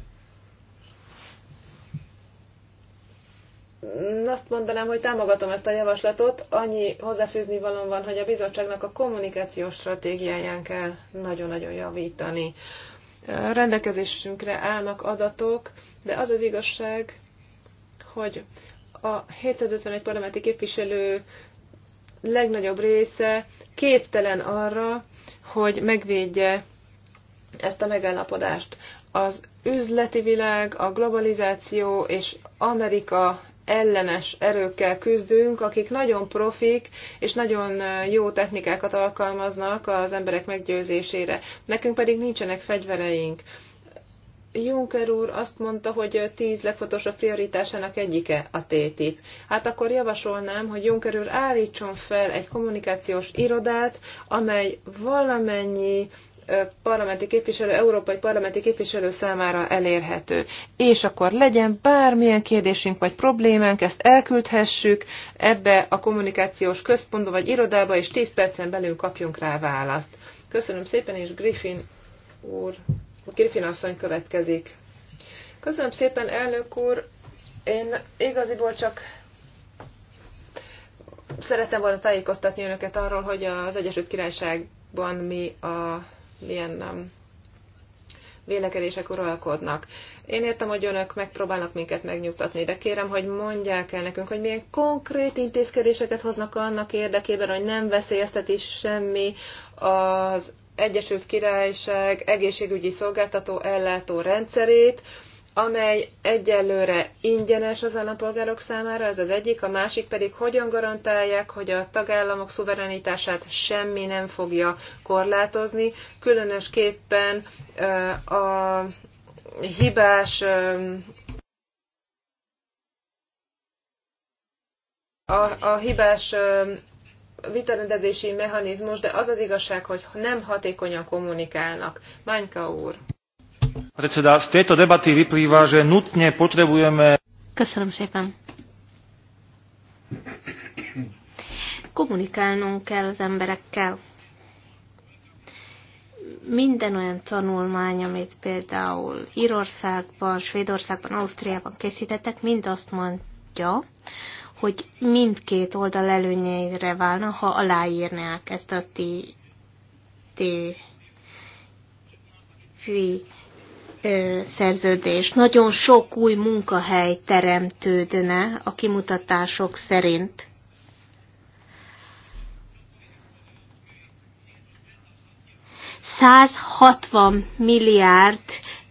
azt mondanám, hogy támogatom ezt a javaslatot. Annyi hozzáfűzni valon van, hogy a bizottságnak a kommunikációs stratégiáján kell nagyon-nagyon javítani. Rendelkezésünkre állnak adatok, de az az igazság, hogy a 751 parlamenti képviselő legnagyobb része képtelen arra, hogy megvédje ezt a megállapodást. Az üzleti világ, a globalizáció és Amerika ellenes erőkkel küzdünk, akik nagyon profik és nagyon jó technikákat alkalmaznak az emberek meggyőzésére. Nekünk pedig nincsenek fegyvereink. Juncker úr azt mondta, hogy tíz legfontosabb prioritásának egyike a TTIP. Hát akkor javasolnám, hogy Juncker úr állítson fel egy kommunikációs irodát, amely valamennyi parlamenti képviselő, európai parlamenti képviselő számára elérhető. És akkor legyen bármilyen kérdésünk vagy problémánk, ezt elküldhessük ebbe a kommunikációs központba vagy irodába, és 10 percen belül kapjunk rá választ. Köszönöm szépen, és Griffin úr Griffin asszony következik. Köszönöm szépen, elnök úr. Én igaziból csak szerettem volna tájékoztatni önöket arról, hogy az Egyesült Királyságban mi a, milyen um, vélekedések uralkodnak. Én értem, hogy önök megpróbálnak minket megnyugtatni, de kérem, hogy mondják el nekünk, hogy milyen konkrét intézkedéseket hoznak annak érdekében, hogy nem veszélyezteti semmi az Egyesült Királyság egészségügyi szolgáltató ellátó rendszerét, amely egyelőre ingyenes az állampolgárok számára, ez az egyik, a másik pedig hogyan garantálják, hogy a tagállamok szuverenitását semmi nem fogja korlátozni, különösképpen a hibás a, a hibás vitarendezési mechanizmus, de az az igazság, hogy nem hatékonyan kommunikálnak. Mányka úr. Predseda, z tejto debaty vyplýva, že nutne potrebujeme... Köszönöm szépen. Kommunikálnunk kell az emberekkel. Minden olyan tanulmány, amit például Írországban, Svédországban, Ausztriában készítettek, mind azt mondja, hogy mindkét oldal előnyeire válna, ha aláírnák ezt a TV szerződést. Nagyon sok új munkahely teremtődne a kimutatások szerint. ...160 milliárd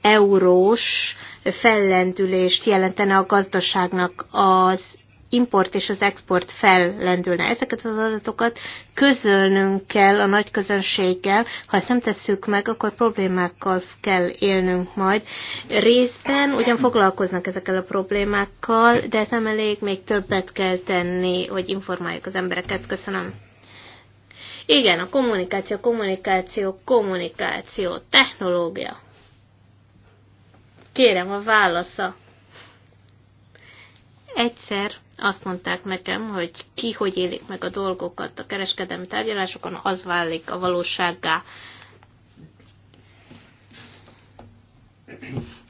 eurós fellendülést jelentene a gazdaságnak az import és az export fellendülne. Ezeket az adatokat közölnünk kell a nagy közönséggel. Ha ezt nem tesszük meg, akkor problémákkal kell élnünk majd. Részben ugyan foglalkoznak ezekkel a problémákkal, de ez nem elég, még többet kell tenni, hogy informáljuk az embereket. Köszönöm. Igen, a kommunikáció, kommunikáció, kommunikáció, technológia. Kérem a válasza. Egyszer azt mondták nekem, hogy ki hogy élik meg a dolgokat a kereskedelmi tárgyalásokon, az válik a valósággá.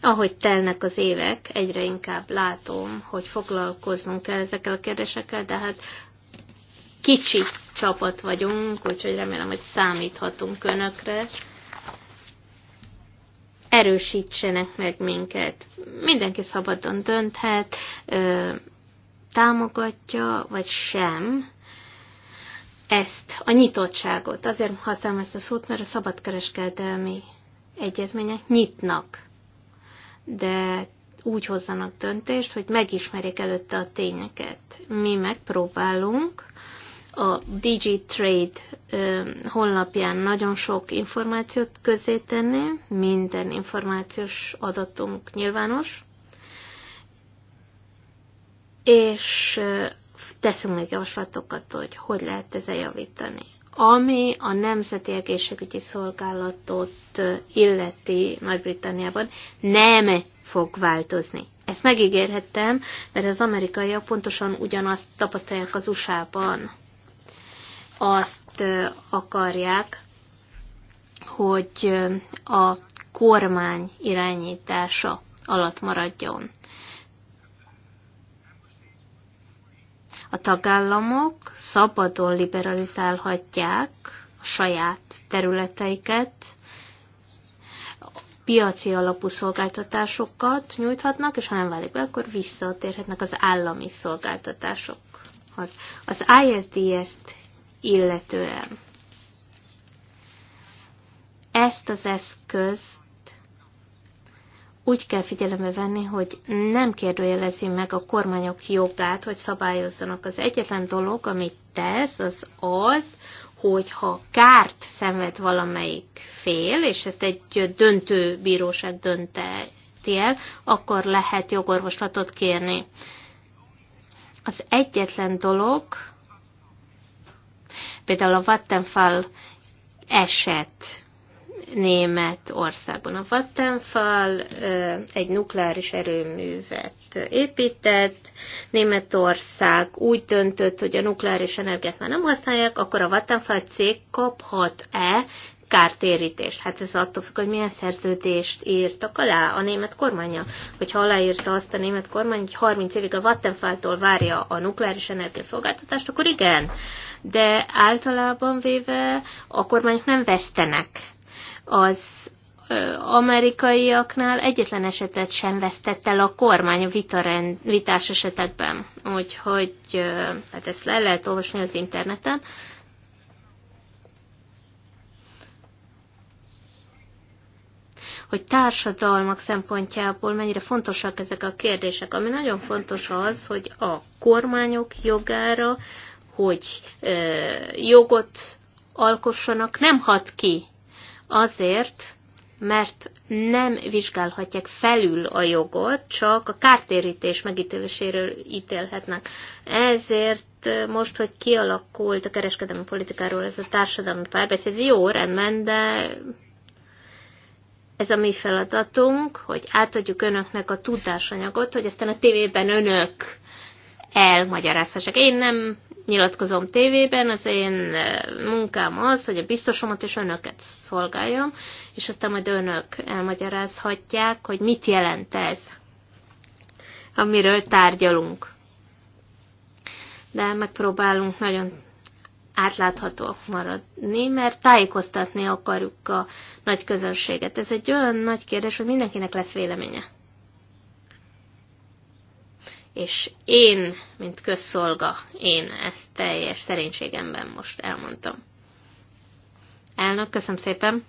Ahogy telnek az évek, egyre inkább látom, hogy foglalkoznunk kell ezekkel a kérdésekkel, de hát kicsi csapat vagyunk, úgyhogy remélem, hogy számíthatunk önökre, erősítsenek meg minket. Mindenki szabadon dönthet, támogatja, vagy sem ezt, a nyitottságot. Azért használom ezt a szót, mert a szabadkereskedelmi egyezmények nyitnak, de úgy hozzanak döntést, hogy megismerik előtte a tényeket. Mi megpróbálunk a DigiTrade honlapján nagyon sok információt tenni, minden információs adatunk nyilvános, és teszünk még javaslatokat, hogy hogy lehet ezzel javítani. Ami a Nemzeti Egészségügyi Szolgálatot illeti Nagy-Britanniában, nem fog változni. Ezt megígérhettem, mert az amerikaiak pontosan ugyanazt tapasztalják az USA-ban azt akarják, hogy a kormány irányítása alatt maradjon. A tagállamok szabadon liberalizálhatják a saját területeiket, piaci alapú szolgáltatásokat nyújthatnak, és ha nem válik be, akkor visszatérhetnek az állami szolgáltatásokhoz. Az ISDS-t illetően. Ezt az eszközt úgy kell figyelembe venni, hogy nem kérdőjelezi meg a kormányok jogát, hogy szabályozzanak. Az egyetlen dolog, amit tesz, az az, hogy ha kárt szenved valamelyik fél, és ezt egy döntő bíróság dönteti el, akkor lehet jogorvoslatot kérni. Az egyetlen dolog, Például a Vattenfall eset német országban. A Vattenfall egy nukleáris erőművet épített, Németország úgy döntött, hogy a nukleáris energiát már nem használják, akkor a Vattenfall cég kaphat-e kártérítést. Hát ez attól függ, hogy milyen szerződést írtak alá a német kormánya. Hogyha aláírta azt a német kormány, hogy 30 évig a Vattenfalltól várja a nukleáris energiaszolgáltatást, akkor igen. De általában véve a kormányok nem vesztenek. Az amerikaiaknál egyetlen esetet sem vesztett el a kormány a vitarend, vitás esetekben. Úgyhogy hát ezt le lehet olvasni az interneten. hogy társadalmak szempontjából mennyire fontosak ezek a kérdések. Ami nagyon fontos az, hogy a kormányok jogára, hogy ö, jogot alkossanak, nem hat ki. Azért, mert nem vizsgálhatják felül a jogot, csak a kártérítés megítéléséről ítélhetnek. Ezért most, hogy kialakult a kereskedelmi politikáról ez a társadalmi párbeszéd, jó, rendben, de ez a mi feladatunk, hogy átadjuk önöknek a tudásanyagot, hogy aztán a tévében önök elmagyarázhassák. Én nem nyilatkozom tévében, az én eh, munkám az, hogy a biztosomat és önöket szolgáljam, és aztán majd önök elmagyarázhatják, hogy mit jelent ez, amiről tárgyalunk. De megpróbálunk nagyon átláthatóak maradni, mert tájékoztatni akarjuk a nagy közönséget. Ez egy olyan nagy kérdés, hogy mindenkinek lesz véleménye. És én, mint közszolga, én ezt teljes szerénységemben most elmondtam. Elnök, köszönöm szépen!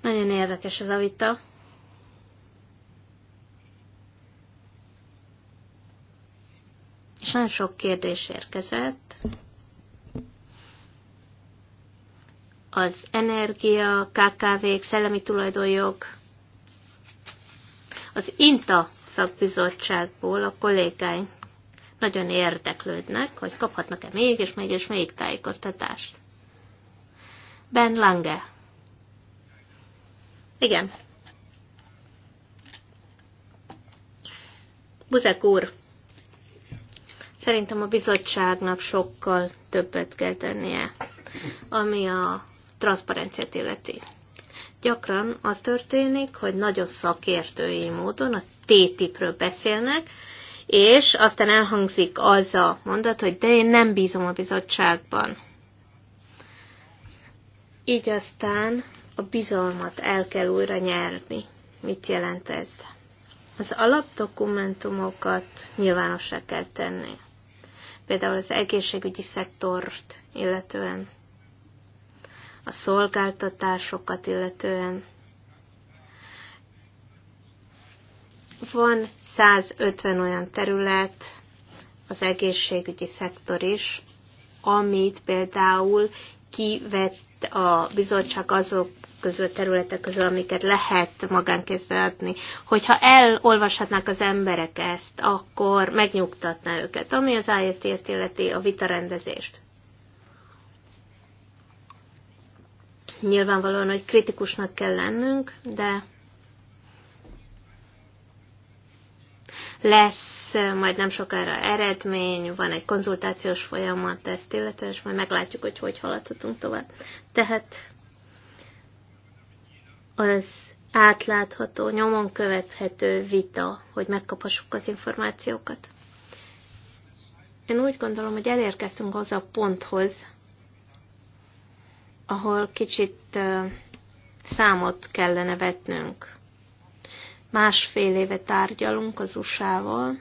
Nagyon érdekes ez a vita. Nagyon sok kérdés érkezett. Az energia, kkv szellemi tulajdonjog, az INTA szakbizottságból a kollégáink nagyon érdeklődnek, hogy kaphatnak-e még és még és még tájékoztatást. Ben Lange. Igen. Buzek úr, Szerintem a bizottságnak sokkal többet kell tennie, ami a transzparenciát illeti. Gyakran az történik, hogy nagyon szakértői módon a TTIP-ről beszélnek, és aztán elhangzik az a mondat, hogy de én nem bízom a bizottságban. Így aztán a bizalmat el kell újra nyerni. Mit jelent ez? Az alapdokumentumokat nyilvánossá kell tenni például az egészségügyi szektort illetően, a szolgáltatásokat illetően. Van 150 olyan terület, az egészségügyi szektor is, amit például kivett a bizottság azok közül, területek közül, amiket lehet magánkézbe adni. Hogyha elolvashatnák az emberek ezt, akkor megnyugtatná őket, ami az ISDS-t illeti a vitarendezést. Nyilvánvalóan, hogy kritikusnak kell lennünk, de lesz majd nem sokára eredmény, van egy konzultációs folyamat ezt illetően, és majd meglátjuk, hogy hogy haladhatunk tovább. Tehát az átlátható, nyomon követhető vita, hogy megkapassuk az információkat. Én úgy gondolom, hogy elérkeztünk az a ponthoz, ahol kicsit számot kellene vetnünk. Másfél éve tárgyalunk az USA-val,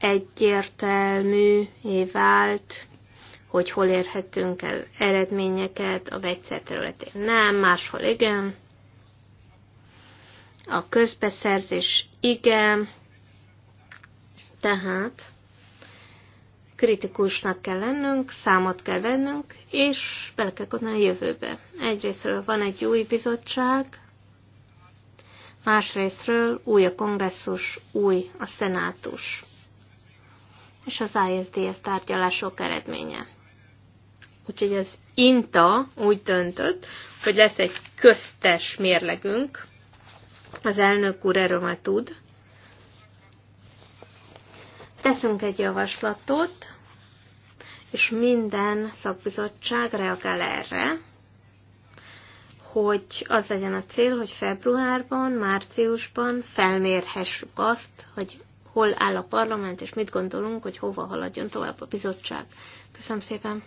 egyértelmű vált hogy hol érhetünk el eredményeket, a vegyszer területén nem, máshol igen, a közbeszerzés igen, tehát kritikusnak kell lennünk, számot kell vennünk, és bele kell gondolni a jövőbe. Egyrésztről van egy új bizottság, másrésztről új a kongresszus, új a szenátus, és az ISDS tárgyalások eredménye. Úgyhogy az INTA úgy döntött, hogy lesz egy köztes mérlegünk. Az elnök úr erről már tud. Teszünk egy javaslatot, és minden szakbizottság reagál erre, hogy az legyen a cél, hogy februárban, márciusban felmérhessük azt, hogy hol áll a parlament, és mit gondolunk, hogy hova haladjon tovább a bizottság. Köszönöm szépen!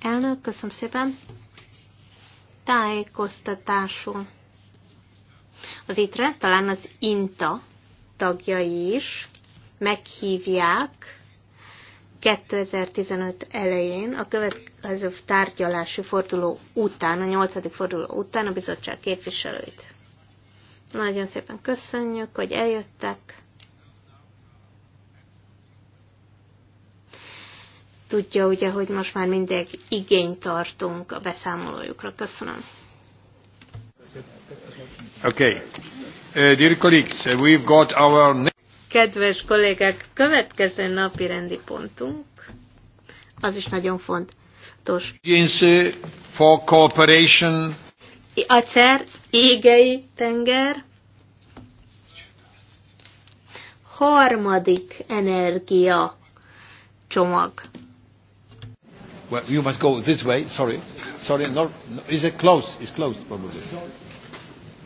Elnök, köszönöm szépen. Tájékoztatásul. Az ITRE, talán az INTA tagjai is meghívják 2015 elején, a következő tárgyalási forduló után, a nyolcadik forduló után a bizottság képviselőit. Nagyon szépen köszönjük, hogy eljöttek. Tudja ugye, hogy most már mindig igényt tartunk a beszámolójukra. Köszönöm. Okay. Uh, dear colleagues, uh, we've got our... Kedves kollégák, következő napi rendi pontunk, az is nagyon fontos. for Cooperation. cser, égei tenger. Harmadik energia csomag. Well, you must go this way. Sorry, sorry. No, no, is it close? It's close, probably.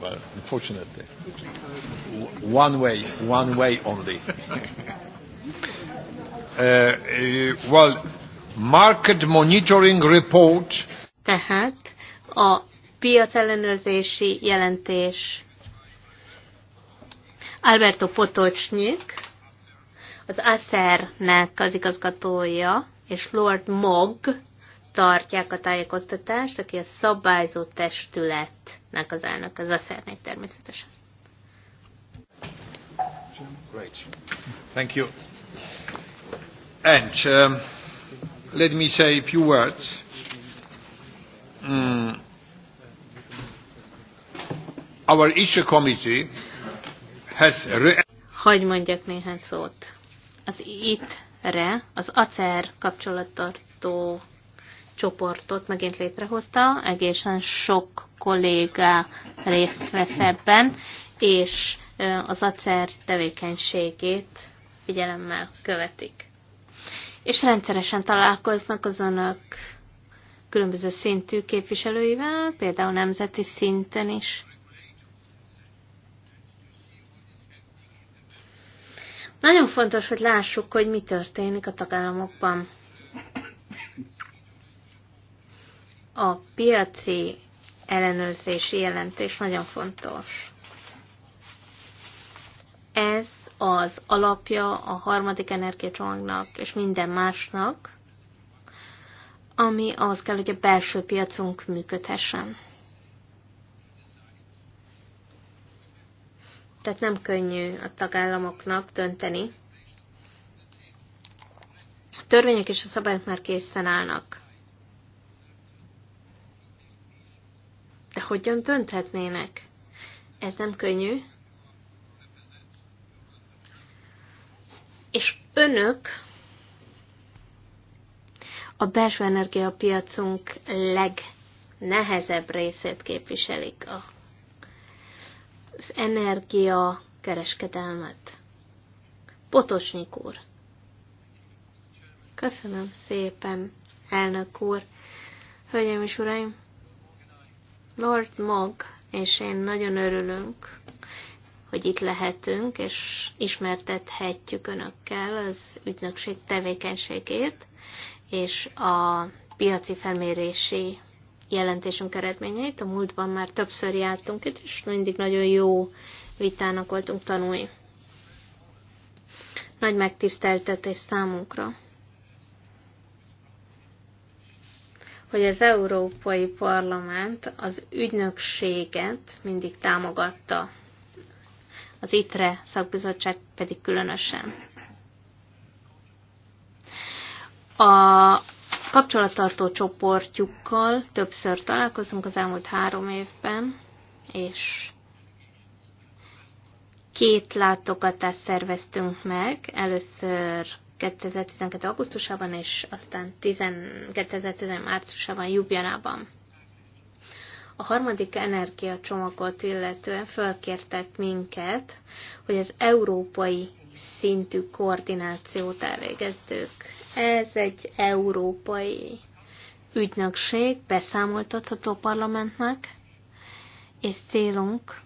Well, unfortunately, one way, one way only. uh, uh, well, market monitoring report. Tehát a piacellenőrzési jelentés. Alberto Potocsnyik, az aser nek az igazgatója, és Lord Mog tartják a tájékoztatást, aki a szabályzó testületnek az elnök, az szernék természetesen. Great. Thank you. And um, let me say a few words. Mm. Our issue committee has. Hagy mondjak néhány szót. Az itt re az ACER kapcsolattartó csoportot megint létrehozta, egészen sok kolléga részt vesz ebben, és az ACER tevékenységét figyelemmel követik. És rendszeresen találkoznak az önök különböző szintű képviselőivel, például nemzeti szinten is. Nagyon fontos, hogy lássuk, hogy mi történik a tagállamokban. A piaci ellenőrzési jelentés nagyon fontos. Ez az alapja a harmadik energiacsomagnak és minden másnak, ami ahhoz kell, hogy a belső piacunk működhessen. Tehát nem könnyű a tagállamoknak dönteni. A törvények és a szabályok már készen állnak. De hogyan dönthetnének? Ez nem könnyű. És önök a belső energiapiacunk legnehezebb részét képviselik a az energia kereskedelmet. Potosnyik úr. Köszönöm szépen, elnök úr. Hölgyeim és uraim, Lord Mog és én nagyon örülünk, hogy itt lehetünk, és ismertethetjük önökkel az ügynökség tevékenységét, és a piaci felmérési jelentésünk eredményeit. A múltban már többször jártunk itt, és mindig nagyon jó vitának voltunk tanulni. Nagy megtiszteltetés számunkra, hogy az Európai Parlament az ügynökséget mindig támogatta, az ITRE szakbizottság pedig különösen. A kapcsolattartó csoportjukkal többször találkozunk az elmúlt három évben, és két látogatást szerveztünk meg, először 2012. augusztusában, és aztán 2010 márciusában Jubjanában. A harmadik energiacsomagot illetően fölkértek minket, hogy az európai szintű koordinációt elvégezzük. Ez egy európai ügynökség, beszámoltatható a parlamentnek, és célunk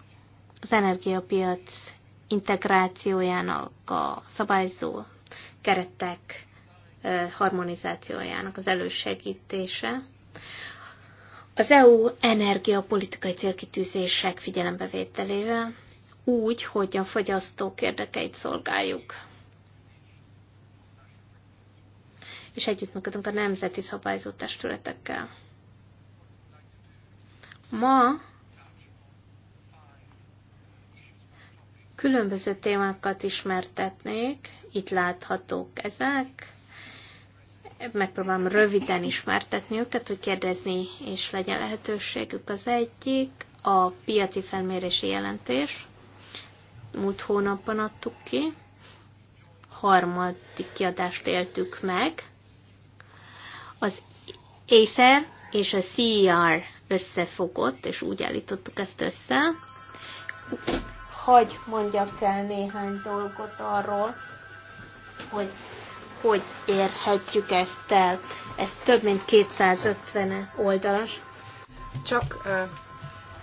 az energiapiac integrációjának, a szabályzó keretek harmonizációjának az elősegítése. Az EU energiapolitikai célkitűzések figyelembevételével úgy, hogy a fogyasztók érdekeit szolgáljuk. és együttműködünk a nemzeti szabályzó testületekkel. Ma különböző témákat ismertetnék, itt láthatók ezek. Megpróbálom röviden ismertetni őket, hogy kérdezni és legyen lehetőségük az egyik. A piaci felmérési jelentés múlt hónapban adtuk ki, harmadik kiadást éltük meg, az ACER és a CER összefogott, és úgy állítottuk ezt össze. Hogy mondjak el néhány dolgot arról, hogy hogy érhetjük ezt el. Ez több mint 250 oldalas. Csak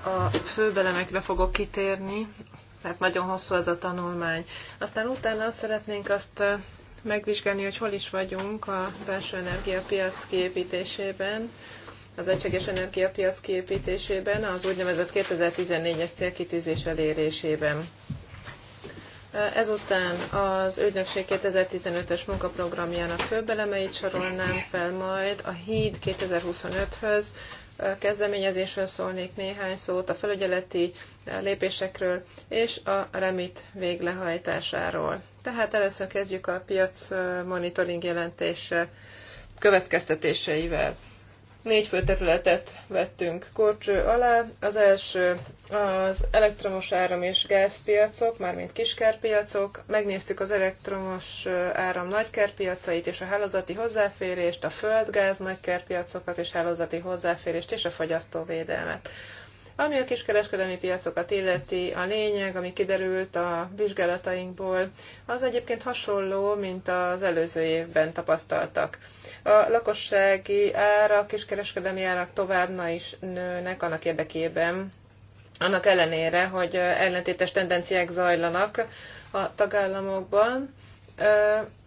a főbelemekre fogok kitérni, mert nagyon hosszú ez a tanulmány. Aztán utána szeretnénk azt megvizsgálni, hogy hol is vagyunk a belső energiapiac kiépítésében, az egységes energiapiac kiépítésében, az úgynevezett 2014-es célkitűzés elérésében. Ezután az ügynökség 2015-ös munkaprogramjának főbb elemeit sorolnám fel majd a HÍD 2025-höz, kezdeményezésről szólnék néhány szót, a felügyeleti lépésekről és a remit véglehajtásáról. Tehát először kezdjük a piac monitoring jelentése következtetéseivel. Négy fő területet vettünk korcső alá. Az első az elektromos áram és gázpiacok, mármint kiskerpiacok. Megnéztük az elektromos áram nagykerpiacait és a hálózati hozzáférést, a földgáz nagykerpiacokat és hálózati hozzáférést és a fogyasztóvédelmet. Ami a kiskereskedelmi piacokat illeti, a lényeg, ami kiderült a vizsgálatainkból, az egyébként hasonló, mint az előző évben tapasztaltak. A lakossági a kiskereskedelmi árak továbbna is nőnek annak érdekében, annak ellenére, hogy ellentétes tendenciák zajlanak a tagállamokban,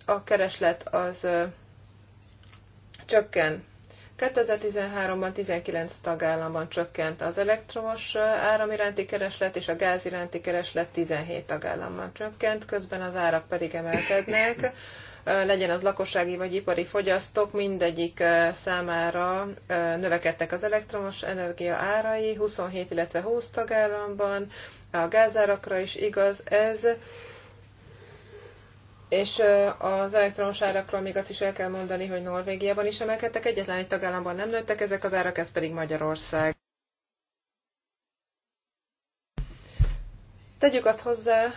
a kereslet az csökken 2013-ban 19 tagállamban csökkent az elektromos áram iránti kereslet, és a gáz iránti kereslet 17 tagállamban csökkent, közben az árak pedig emelkednek legyen az lakossági vagy ipari fogyasztók, mindegyik számára növekedtek az elektromos energia árai, 27, illetve 20 tagállamban, a gázárakra is igaz ez, és az elektromos árakról még azt is el kell mondani, hogy Norvégiában is emelkedtek, egyetlen egy tagállamban nem nőttek ezek az árak, ez pedig Magyarország. Tegyük azt hozzá,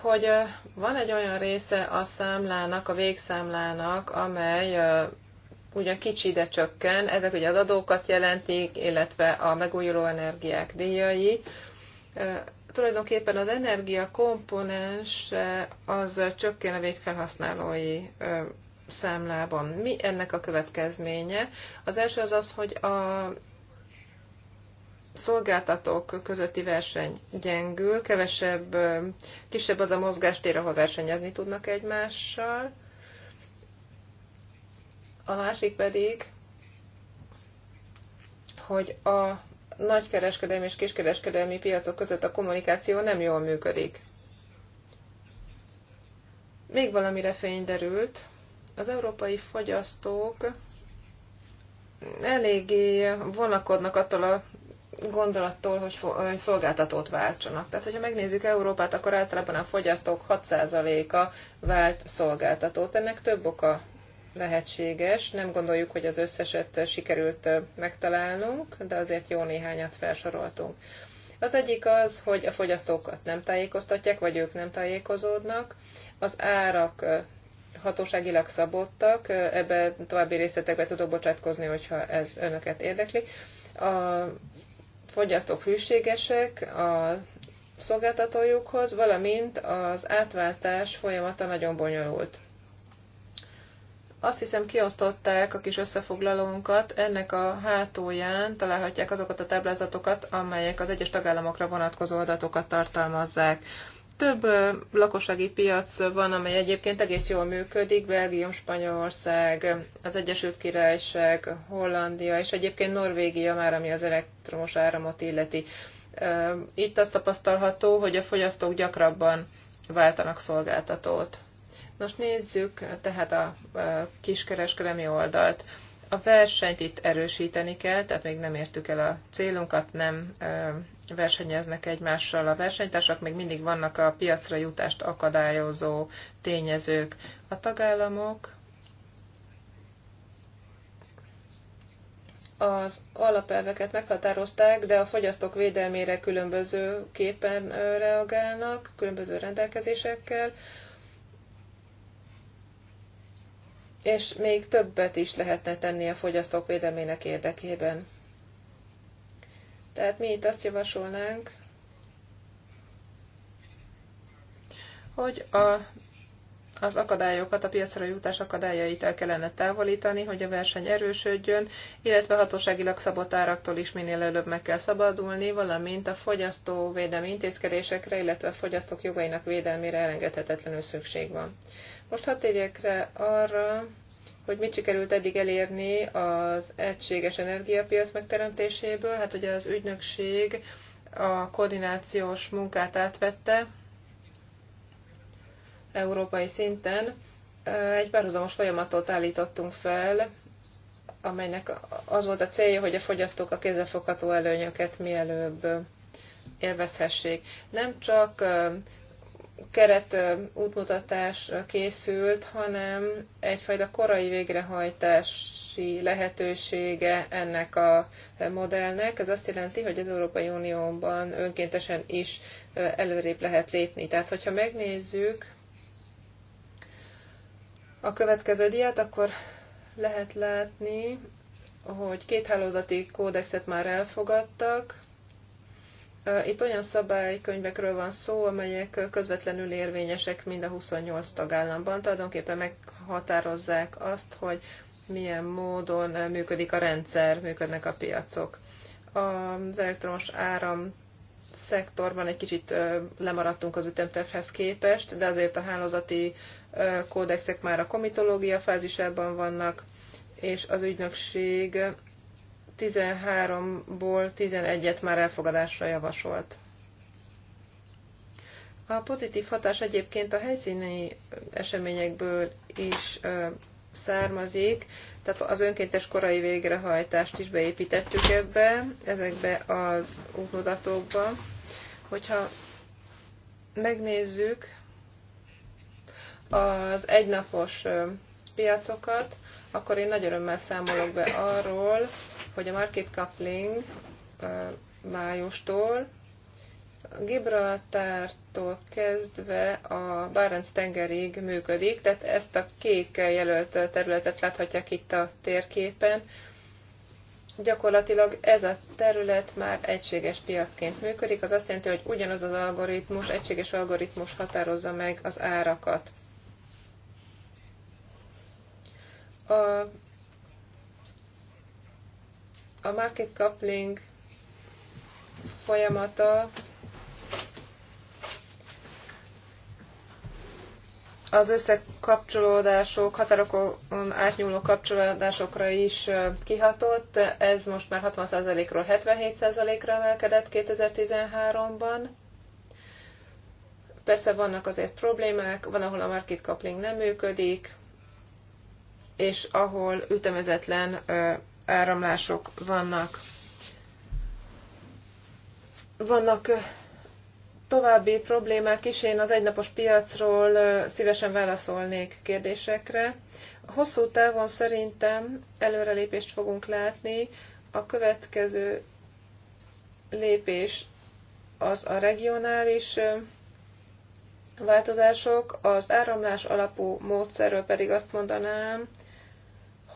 hogy van egy olyan része a számlának, a végszámlának, amely ugyan kicsi, de csökken. Ezek ugye az adókat jelentik, illetve a megújuló energiák díjai tulajdonképpen az energia komponens az csökken a végfelhasználói számlában. Mi ennek a következménye? Az első az az, hogy a szolgáltatók közötti verseny gyengül, kevesebb, kisebb az a mozgástér, ahol versenyezni tudnak egymással. A másik pedig, hogy a nagykereskedelmi és kiskereskedelmi piacok között a kommunikáció nem jól működik. Még valamire fény derült. Az európai fogyasztók eléggé vonakodnak attól a gondolattól, hogy szolgáltatót váltsanak. Tehát, hogyha megnézzük Európát, akkor általában a fogyasztók 6%-a vált szolgáltatót. Ennek több oka lehetséges. Nem gondoljuk, hogy az összeset sikerült megtalálnunk, de azért jó néhányat felsoroltunk. Az egyik az, hogy a fogyasztókat nem tájékoztatják, vagy ők nem tájékozódnak. Az árak hatóságilag szabottak, ebbe további részletekbe tudok bocsátkozni, hogyha ez önöket érdekli. A fogyasztók hűségesek a szolgáltatójukhoz, valamint az átváltás folyamata nagyon bonyolult. Azt hiszem kiosztották a kis összefoglalónkat, ennek a hátulján találhatják azokat a táblázatokat, amelyek az egyes tagállamokra vonatkozó adatokat tartalmazzák. Több lakossági piac van, amely egyébként egész jól működik, Belgium, Spanyolország, az Egyesült Királyság, Hollandia, és egyébként Norvégia már, ami az elektromos áramot illeti. Itt azt tapasztalható, hogy a fogyasztók gyakrabban váltanak szolgáltatót. Most nézzük tehát a kiskereskedelmi oldalt. A versenyt itt erősíteni kell, tehát még nem értük el a célunkat, nem versenyeznek egymással a versenytársak, még mindig vannak a piacra jutást akadályozó tényezők. A tagállamok az alapelveket meghatározták, de a fogyasztók védelmére különböző képen reagálnak, különböző rendelkezésekkel. és még többet is lehetne tenni a fogyasztók védelmének érdekében. Tehát mi itt azt javasolnánk, hogy a, az akadályokat, a piacra jutás akadályait el kellene távolítani, hogy a verseny erősödjön, illetve hatóságilag szabott áraktól is minél előbb meg kell szabadulni, valamint a fogyasztó védelmi intézkedésekre, illetve a fogyasztók jogainak védelmére elengedhetetlenül szükség van. Most hadd térjek rá arra, hogy mit sikerült eddig elérni az egységes energiapiac megteremtéséből. Hát ugye az ügynökség a koordinációs munkát átvette európai szinten. Egy párhuzamos folyamatot állítottunk fel, amelynek az volt a célja, hogy a fogyasztók a kézzelfogható előnyöket mielőbb élvezhessék. Nem csak keret útmutatás készült, hanem egyfajta korai végrehajtási lehetősége ennek a modellnek. Ez azt jelenti, hogy az Európai Unióban önkéntesen is előrébb lehet lépni. Tehát, hogyha megnézzük a következő diát, akkor lehet látni, hogy két hálózati kódexet már elfogadtak, itt olyan szabálykönyvekről van szó, amelyek közvetlenül érvényesek mind a 28 tagállamban. Tulajdonképpen meghatározzák azt, hogy milyen módon működik a rendszer, működnek a piacok. Az elektromos áram szektorban egy kicsit lemaradtunk az ütemtervhez képest, de azért a hálózati kódexek már a komitológia fázisában vannak, és az ügynökség 13-ból 11-et már elfogadásra javasolt. A pozitív hatás egyébként a helyszíni eseményekből is származik, tehát az önkéntes korai végrehajtást is beépítettük ebbe, ezekbe az útmutatókba. Hogyha megnézzük az egynapos piacokat, akkor én nagy örömmel számolok be arról, hogy a market coupling májustól Gibraltártól kezdve a Barents tengerig működik, tehát ezt a kék jelölt területet láthatják itt a térképen. Gyakorlatilag ez a terület már egységes piacként működik, az azt jelenti, hogy ugyanaz az algoritmus, egységes algoritmus határozza meg az árakat. A a market coupling folyamata az összekapcsolódások, határokon átnyúló kapcsolódásokra is kihatott. Ez most már 60%-ról 77%-ra emelkedett 2013-ban. Persze vannak azért problémák, van, ahol a market coupling nem működik, és ahol ütemezetlen áramlások vannak. Vannak további problémák is. Én az egynapos piacról szívesen válaszolnék kérdésekre. Hosszú távon szerintem előrelépést fogunk látni. A következő lépés az a regionális változások, az áramlás alapú módszerről pedig azt mondanám,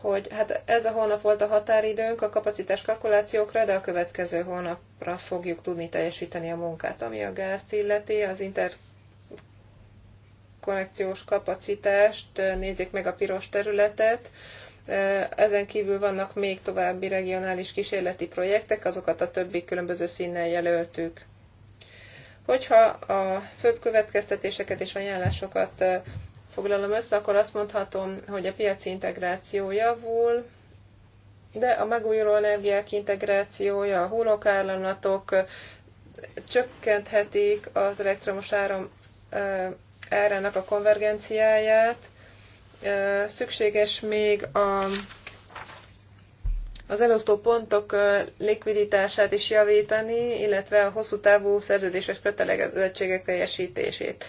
hogy hát ez a hónap volt a határidőnk a kapacitás kalkulációkra, de a következő hónapra fogjuk tudni teljesíteni a munkát, ami a gázt illeti, az interkonnekciós kapacitást, nézzék meg a piros területet. Ezen kívül vannak még további regionális kísérleti projektek, azokat a többi különböző színnel jelöltük. Hogyha a főbb következtetéseket és ajánlásokat foglalom össze, akkor azt mondhatom, hogy a piaci integráció javul, de a megújuló energiák integrációja, a hullókárlanatok csökkenthetik az elektromos áram árának a konvergenciáját. Szükséges még a, az elosztó pontok likviditását is javítani, illetve a hosszú távú szerződéses kötelezettségek teljesítését.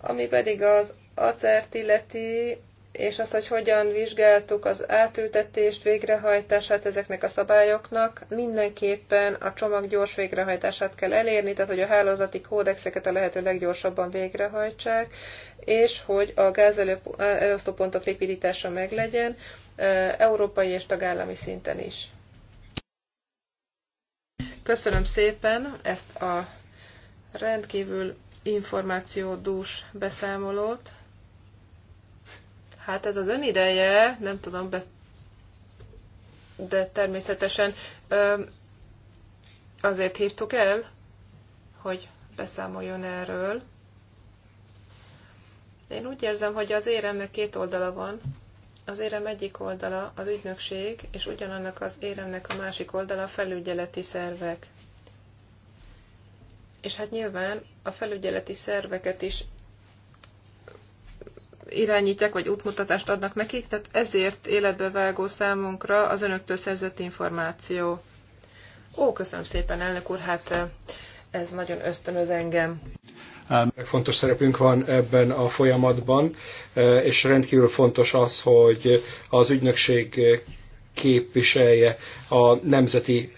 Ami pedig az acert illeti, és az, hogy hogyan vizsgáltuk az átültetést, végrehajtását ezeknek a szabályoknak, mindenképpen a csomag gyors végrehajtását kell elérni, tehát hogy a hálózati kódexeket a lehető leggyorsabban végrehajtsák, és hogy a gázelosztópontok likviditása meglegyen, európai és tagállami szinten is. Köszönöm szépen ezt a rendkívül információdús beszámolót. Hát ez az ön ideje, nem tudom, be, de természetesen azért hívtuk el, hogy beszámoljon erről. Én úgy érzem, hogy az éremnek két oldala van. Az érem egyik oldala az ügynökség, és ugyanannak az éremnek a másik oldala a felügyeleti szervek. És hát nyilván a felügyeleti szerveket is irányítják, vagy útmutatást adnak nekik, tehát ezért életbe vágó számunkra az önöktől szerzett információ. Ó, köszönöm szépen, elnök úr, hát eh, ez nagyon ösztönöz engem. Fontos szerepünk van ebben a folyamatban, eh, és rendkívül fontos az, hogy az ügynökség képviselje a nemzeti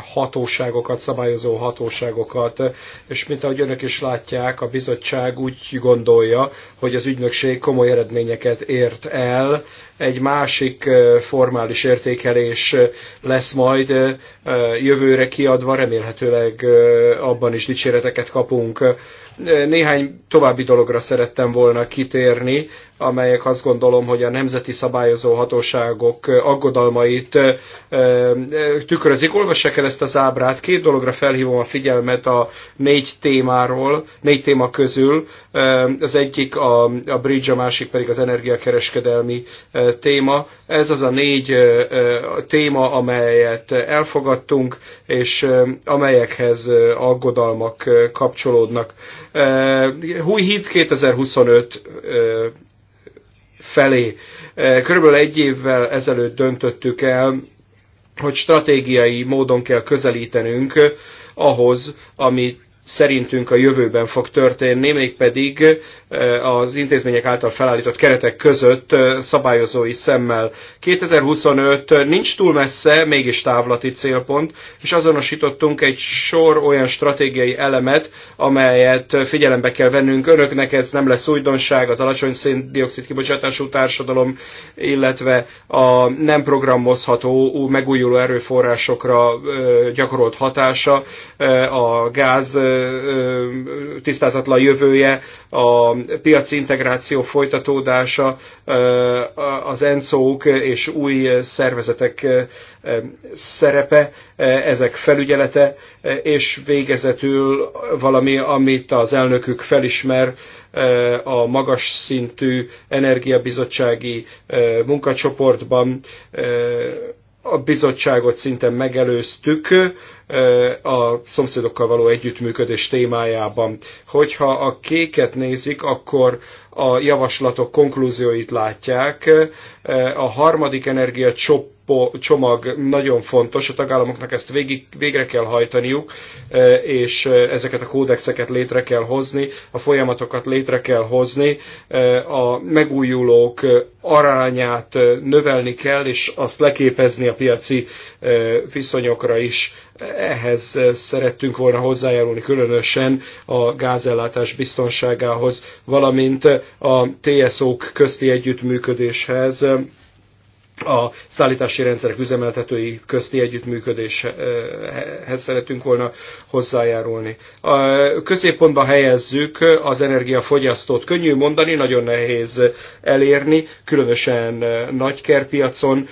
hatóságokat, szabályozó hatóságokat, és mint ahogy önök is látják, a bizottság úgy gondolja, hogy az ügynökség komoly eredményeket ért el. Egy másik formális értékelés lesz majd jövőre kiadva, remélhetőleg abban is dicséreteket kapunk néhány további dologra szerettem volna kitérni, amelyek azt gondolom, hogy a nemzeti szabályozó hatóságok aggodalmait tükrözik. Olvassák el ezt az ábrát. Két dologra felhívom a figyelmet a négy témáról, négy téma közül. Az egyik a, a bridge, a másik pedig az energiakereskedelmi téma. Ez az a négy téma, amelyet elfogadtunk, és amelyekhez aggodalmak kapcsolódnak. Húj Hit 2025 felé. E, körülbelül egy évvel ezelőtt döntöttük el, hogy stratégiai módon kell közelítenünk ahhoz, amit szerintünk a jövőben fog történni, mégpedig eh, az intézmények által felállított keretek között eh, szabályozói szemmel. 2025 nincs túl messze, mégis távlati célpont, és azonosítottunk egy sor olyan stratégiai elemet, amelyet figyelembe kell vennünk önöknek, ez nem lesz újdonság, az alacsony széndiokszid kibocsátású társadalom, illetve a nem programozható megújuló erőforrásokra eh, gyakorolt hatása, a gáz tisztázatlan jövője, a piaci integráció folytatódása, az ENCO-k és új szervezetek szerepe, ezek felügyelete, és végezetül valami, amit az elnökük felismer, a magas szintű energiabizottsági munkacsoportban a bizottságot szinte megelőztük, a szomszédokkal való együttműködés témájában. Hogyha a kéket nézik, akkor a javaslatok konklúzióit látják. A harmadik energia csomag nagyon fontos, a tagállamoknak ezt végig, végre kell hajtaniuk, és ezeket a kódexeket létre kell hozni, a folyamatokat létre kell hozni, a megújulók arányát növelni kell, és azt leképezni a piaci viszonyokra is ehhez eh, szerettünk volna hozzájárulni különösen a gázellátás biztonságához, valamint eh, a TSO-k közti együttműködéshez, a szállítási rendszerek üzemeltetői közti együttműködéshez szeretünk volna hozzájárulni. A középpontba helyezzük az energiafogyasztót. Könnyű mondani, nagyon nehéz elérni, különösen kerpiacon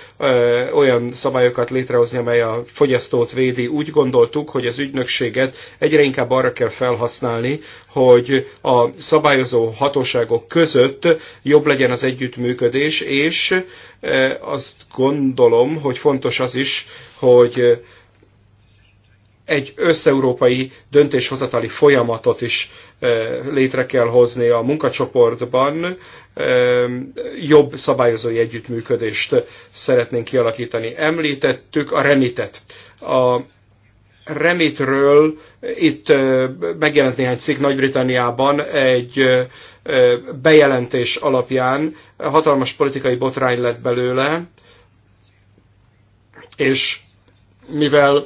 olyan szabályokat létrehozni, amely a fogyasztót védi. Úgy gondoltuk, hogy az ügynökséget egyre inkább arra kell felhasználni, hogy a szabályozó hatóságok között jobb legyen az együttműködés, és azt gondolom, hogy fontos az is, hogy egy összeurópai döntéshozatali folyamatot is e, létre kell hozni a munkacsoportban. E, jobb szabályozói együttműködést szeretnénk kialakítani. Említettük a remitet. A Remitről itt megjelent néhány cikk Nagy-Britanniában egy bejelentés alapján. Hatalmas politikai botrány lett belőle, és mivel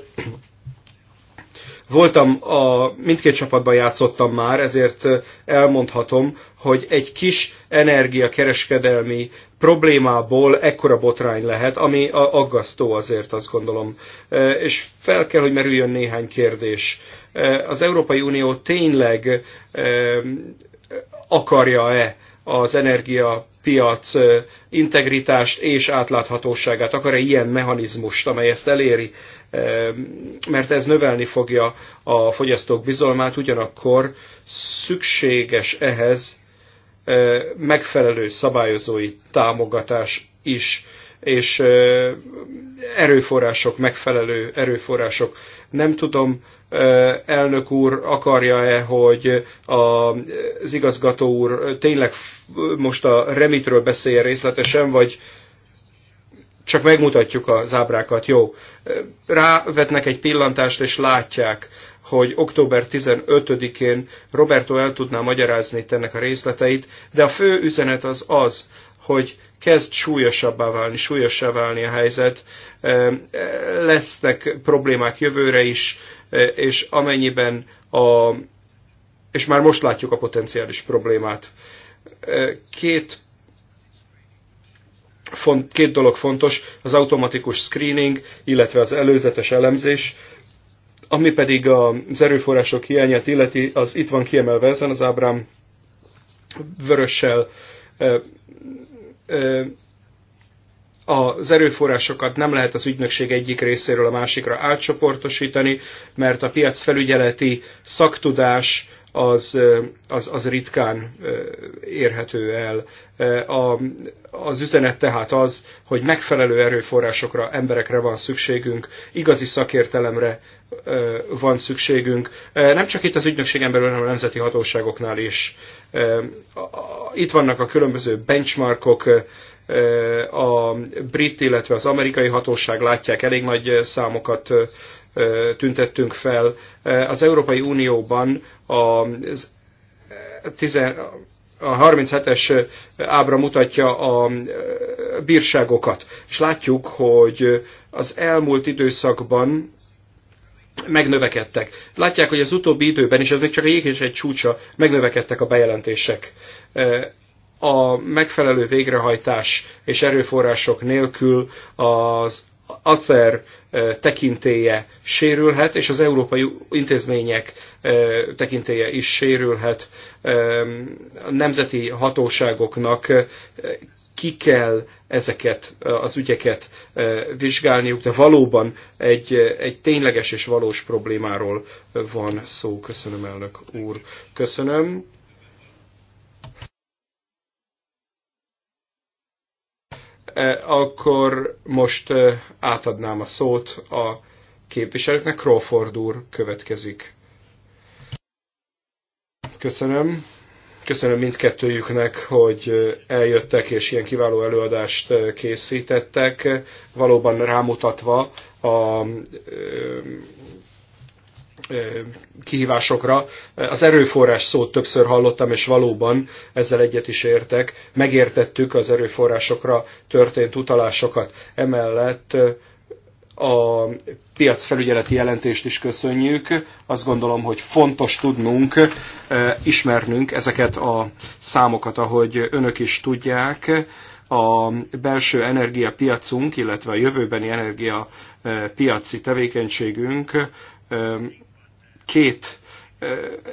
Voltam a, mindkét csapatban játszottam már, ezért elmondhatom, hogy egy kis energiakereskedelmi problémából ekkora botrány lehet, ami aggasztó azért, azt gondolom. És fel kell, hogy merüljön néhány kérdés. Az Európai Unió tényleg akarja-e az energiapiac integritást és átláthatóságát, akar-e ilyen mechanizmust, amely ezt eléri, mert ez növelni fogja a fogyasztók bizalmát, ugyanakkor szükséges ehhez megfelelő szabályozói támogatás is, és erőforrások, megfelelő erőforrások. Nem tudom, elnök úr akarja-e, hogy az igazgató úr tényleg most a remitről beszélje részletesen, vagy csak megmutatjuk az ábrákat, jó. Rávetnek egy pillantást, és látják, hogy október 15-én Roberto el tudná magyarázni itt ennek a részleteit, de a fő üzenet az az, hogy kezd súlyosabbá válni, súlyosabbá válni a helyzet, lesznek problémák jövőre is, E, és amennyiben a, és már most látjuk a potenciális problémát. E, két font, két dolog fontos, az automatikus screening, illetve az előzetes elemzés, ami pedig az erőforrások hiányát illeti, az itt van kiemelve ezen az ábrám vörössel, e, az erőforrásokat nem lehet az ügynökség egyik részéről a másikra átcsoportosítani, mert a piacfelügyeleti szaktudás az, az, az ritkán érhető el. A, az üzenet tehát az, hogy megfelelő erőforrásokra, emberekre van szükségünk, igazi szakértelemre van szükségünk, nem csak itt az ügynökségen belül, hanem a nemzeti hatóságoknál is. Itt vannak a különböző benchmarkok, a brit, illetve az amerikai hatóság látják, elég nagy számokat tüntettünk fel. Az Európai Unióban a 37-es ábra mutatja a bírságokat, és látjuk, hogy az elmúlt időszakban megnövekedtek. Látják, hogy az utóbbi időben, és ez még csak a jég és egy csúcsa, megnövekedtek a bejelentések a megfelelő végrehajtás és erőforrások nélkül az acer tekintéje sérülhet, és az európai intézmények tekintéje is sérülhet. A nemzeti hatóságoknak ki kell ezeket az ügyeket vizsgálniuk, de valóban egy, egy tényleges és valós problémáról van szó. Köszönöm, elnök úr. Köszönöm. Eh, akkor most eh, átadnám a szót a képviselőknek. Crawford úr következik. Köszönöm. Köszönöm mindkettőjüknek, hogy eh, eljöttek és ilyen kiváló előadást készítettek, valóban rámutatva a kihívásokra. Az erőforrás szót többször hallottam, és valóban ezzel egyet is értek. Megértettük az erőforrásokra történt utalásokat. Emellett a piacfelügyeleti jelentést is köszönjük. Azt gondolom, hogy fontos tudnunk, ismernünk ezeket a számokat, ahogy önök is tudják a belső energiapiacunk, illetve a jövőbeni energiapiaci tevékenységünk két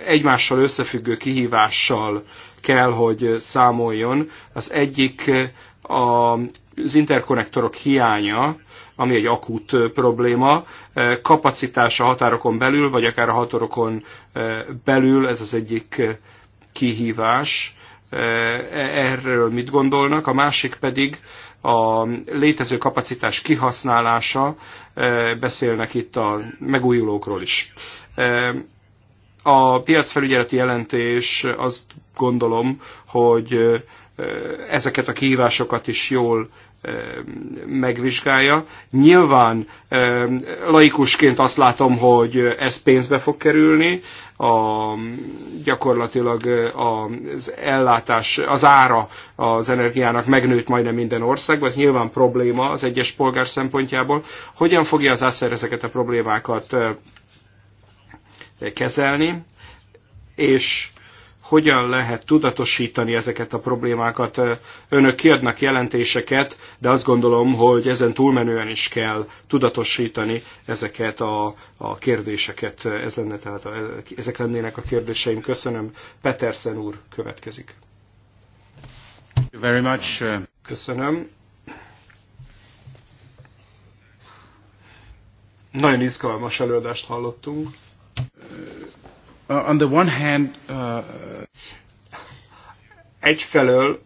egymással összefüggő kihívással kell, hogy számoljon. Az egyik az interkonnektorok hiánya, ami egy akut probléma, kapacitása határokon belül, vagy akár a határokon belül, ez az egyik kihívás erről mit gondolnak, a másik pedig a létező kapacitás kihasználása, beszélnek itt a megújulókról is. A piacfelügyeleti jelentés azt gondolom, hogy ezeket a kihívásokat is jól megvizsgálja. Nyilván laikusként azt látom, hogy ez pénzbe fog kerülni, a, gyakorlatilag az ellátás, az ára az energiának megnőtt majdnem minden országban, ez nyilván probléma az egyes polgár szempontjából. Hogyan fogja az ASZER ezeket a problémákat kezelni, és hogyan lehet tudatosítani ezeket a problémákat. Önök kiadnak jelentéseket, de azt gondolom, hogy ezen túlmenően is kell tudatosítani ezeket a, a kérdéseket. Ez lenne, tehát a, ezek lennének a kérdéseim. Köszönöm. Petersen úr következik. Very much. Uh, Köszönöm. Nagyon izgalmas előadást hallottunk uh, on the one hand, uh... egyfelől,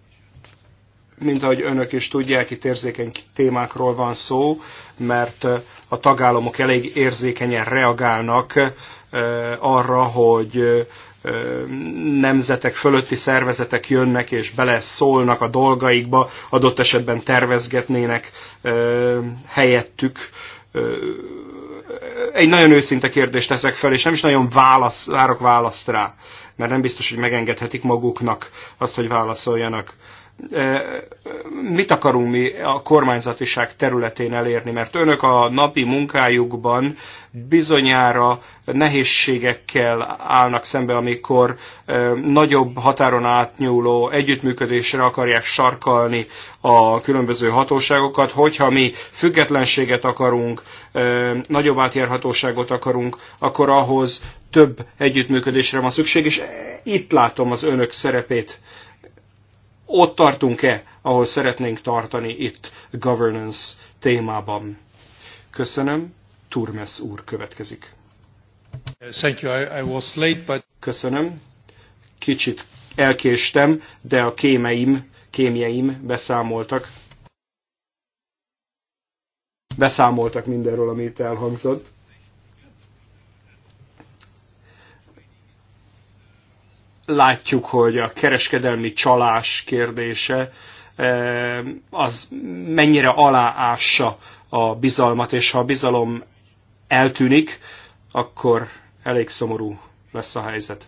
mint ahogy önök is tudják, itt érzékeny témákról van szó, mert uh, a tagállamok elég érzékenyen reagálnak uh, arra, hogy uh, nemzetek fölötti szervezetek jönnek és beleszólnak a dolgaikba, adott esetben tervezgetnének helyettük egy nagyon őszinte kérdést teszek fel, és nem is nagyon válasz, várok választ rá, mert nem biztos, hogy megengedhetik maguknak azt, hogy válaszoljanak mit akarunk mi a kormányzatiság területén elérni, mert önök a napi munkájukban bizonyára nehézségekkel állnak szembe, amikor nagyobb határon átnyúló együttműködésre akarják sarkalni a különböző hatóságokat. Hogyha mi függetlenséget akarunk, nagyobb átjárhatóságot akarunk, akkor ahhoz több együttműködésre van szükség, és itt látom az önök szerepét ott tartunk-e, ahol szeretnénk tartani itt governance témában. Köszönöm. Turmes úr következik. Thank you. I, I was late, but... Köszönöm. Kicsit elkéstem, de a kémeim, kémjeim beszámoltak. Beszámoltak mindenről, amit elhangzott. látjuk, hogy a kereskedelmi csalás kérdése eh, az mennyire aláássa a bizalmat, és ha a bizalom eltűnik, akkor elég szomorú lesz a helyzet.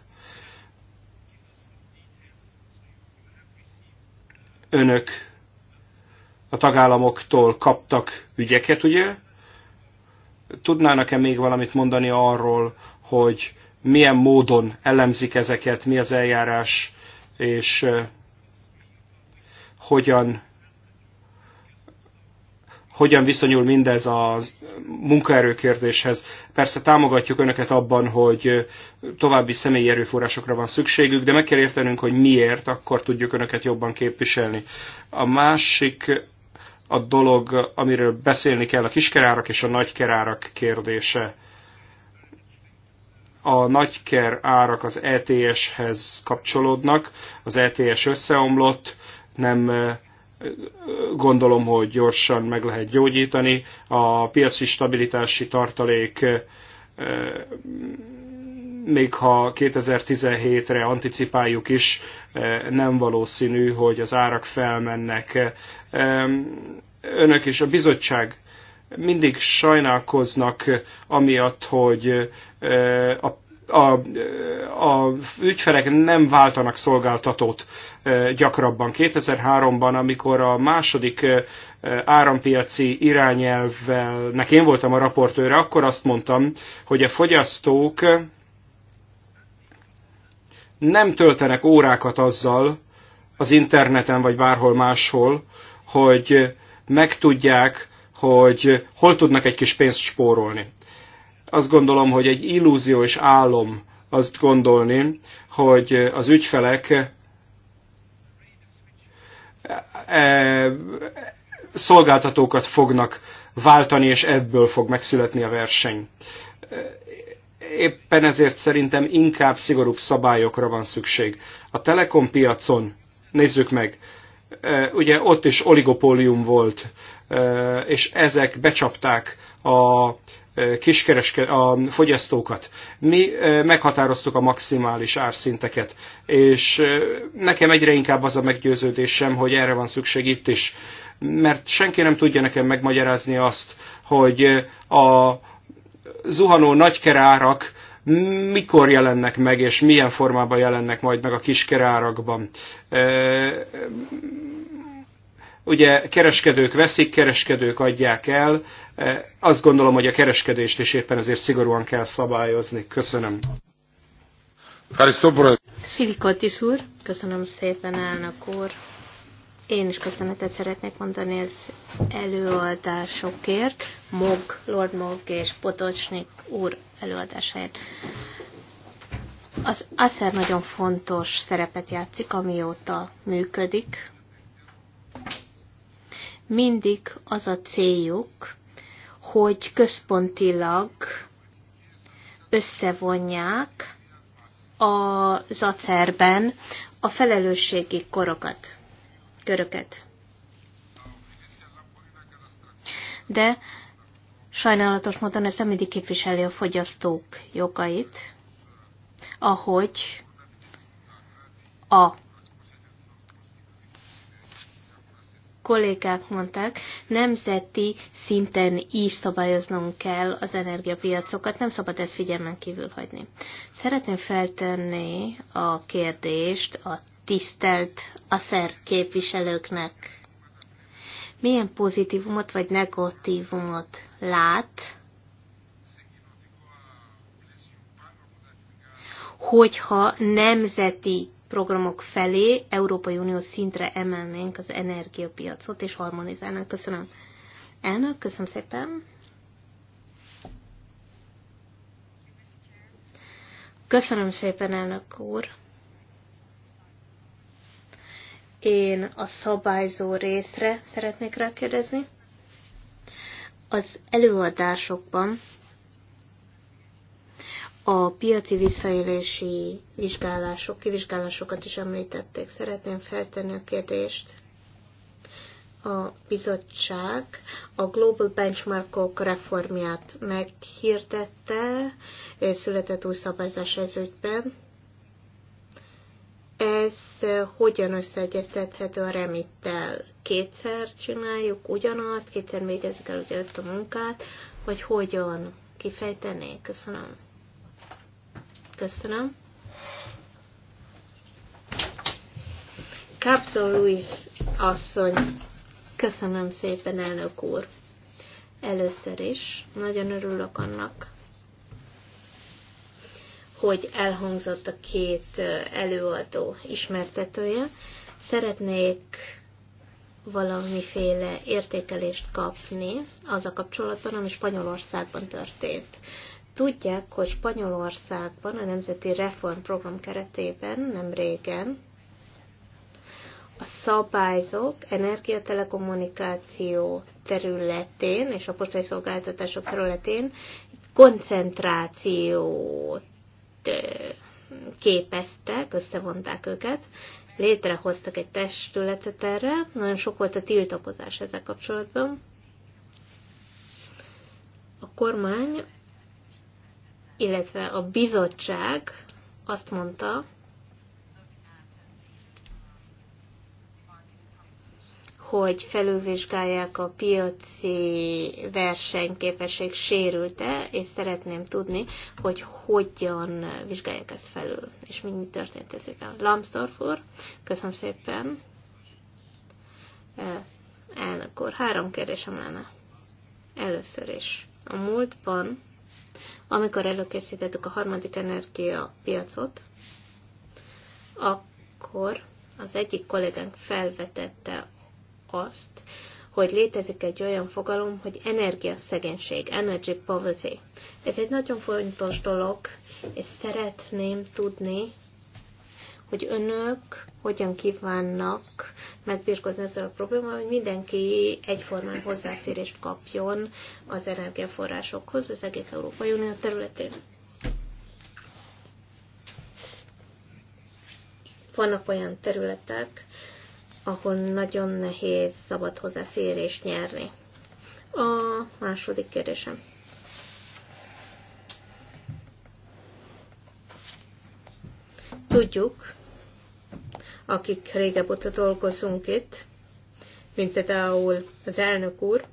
Önök a tagállamoktól kaptak ügyeket, ugye? Tudnának-e még valamit mondani arról, hogy milyen módon elemzik ezeket, mi az eljárás, és hogyan, hogyan viszonyul mindez a munkaerő kérdéshez. Persze támogatjuk önöket abban, hogy további személyi erőforrásokra van szükségük, de meg kell értenünk, hogy miért, akkor tudjuk önöket jobban képviselni. A másik a dolog, amiről beszélni kell, a kiskerárak és a nagykerárak kérdése a nagyker árak az ETS-hez kapcsolódnak, az ETS összeomlott, nem gondolom, hogy gyorsan meg lehet gyógyítani. A piaci stabilitási tartalék még ha 2017-re anticipáljuk is, nem valószínű, hogy az árak felmennek. Önök is, a bizottság mindig sajnálkoznak eh, amiatt, hogy eh, a a, a ügyfelek nem váltanak szolgáltatót eh, gyakrabban. 2003-ban, amikor a második árampiaci nek én voltam a raportőre, akkor azt mondtam, hogy a fogyasztók nem töltenek órákat azzal az interneten vagy bárhol máshol, hogy megtudják, hogy hol tudnak egy kis pénzt spórolni. Azt gondolom, hogy egy illúzió és álom azt gondolni, hogy az ügyfelek e, e, szolgáltatókat fognak váltani, és ebből fog megszületni a verseny. Éppen ezért szerintem inkább szigorúbb szabályokra van szükség. A telekom piacon, nézzük meg, e, ugye ott is oligopólium volt, és ezek becsapták a kiskereske, a fogyasztókat. Mi meghatároztuk a maximális árszinteket, és nekem egyre inkább az a meggyőződésem, hogy erre van szükség itt is, mert senki nem tudja nekem megmagyarázni azt, hogy a zuhanó nagykerárak mikor jelennek meg, és milyen formában jelennek majd meg a kiskerárakban Ugye kereskedők veszik, kereskedők adják el. E, azt gondolom, hogy a kereskedést is éppen ezért szigorúan kell szabályozni. Köszönöm. Silikotis úr, köszönöm szépen, elnök úr. Én is köszönetet szeretnék mondani az előadásokért, Mog, Lord Mog és Potocsnik úr előadásáért. Az ASZER nagyon fontos szerepet játszik, amióta működik, mindig az a céljuk, hogy központilag összevonják a zacerben a felelősségi korokat, köröket. De sajnálatos módon ez nem mindig képviseli a fogyasztók jogait, ahogy a kollégák mondták, nemzeti szinten is szabályoznunk kell az energiapiacokat, nem szabad ezt figyelmen kívül hagyni. Szeretném feltenni a kérdést a tisztelt ASZER képviselőknek. Milyen pozitívumot vagy negatívumot lát hogyha nemzeti programok felé Európai Unió szintre emelnénk az energiapiacot és harmonizálnánk. Köszönöm. Elnök, köszönöm szépen. Köszönöm szépen, elnök úr. Én a szabályzó részre szeretnék rákérdezni. Az előadásokban a piaci visszaélési vizsgálások, kivizsgálásokat is említették. Szeretném feltenni a kérdést. A bizottság a Global Benchmarkok reformját meghirdette, eh, született új szabályzás ez ügyben. Ez eh, hogyan összeegyeztethető a remittel? Kétszer csináljuk ugyanazt, kétszer végezzük el ugyanazt a munkát, vagy hogyan? Kifejtenék? Köszönöm. Köszönöm. Capson Luis asszony. Köszönöm szépen, elnök úr. Először is nagyon örülök annak, hogy elhangzott a két előadó ismertetője. Szeretnék valamiféle értékelést kapni az a kapcsolatban, ami Spanyolországban történt. Tudják, hogy Spanyolországban a Nemzeti Reformprogram keretében nem régen a szabályzók energiatelekommunikáció területén és a postai szolgáltatások területén koncentrációt képeztek, összevonták őket, létrehoztak egy testületet erre, nagyon sok volt a tiltakozás ezzel kapcsolatban. A kormány illetve a bizottság azt mondta, hogy felülvizsgálják a piaci versenyképesség sérülte, és szeretném tudni, hogy hogyan vizsgálják ezt felül, és mi történt ez ügyben. Lambsdorff úr, köszönöm szépen. Eh, elnök úr, három kérdésem lenne. Először is. A múltban amikor előkészítettük a harmadik energiapiacot, akkor az egyik kollégánk felvetette azt, hogy létezik egy olyan fogalom, hogy energiaszegénység, energy poverty. Ez egy nagyon fontos dolog, és szeretném tudni, hogy önök hogyan kívánnak megbírkozni ezzel a problémával, hogy mindenki egyformán hozzáférést kapjon az energiaforrásokhoz az egész Európai Unió területén. Vannak olyan területek, ahol nagyon nehéz szabad hozzáférést nyerni. A második kérdésem. Tudjuk, akik régebb óta dolgozunk itt, mint például az elnök úr,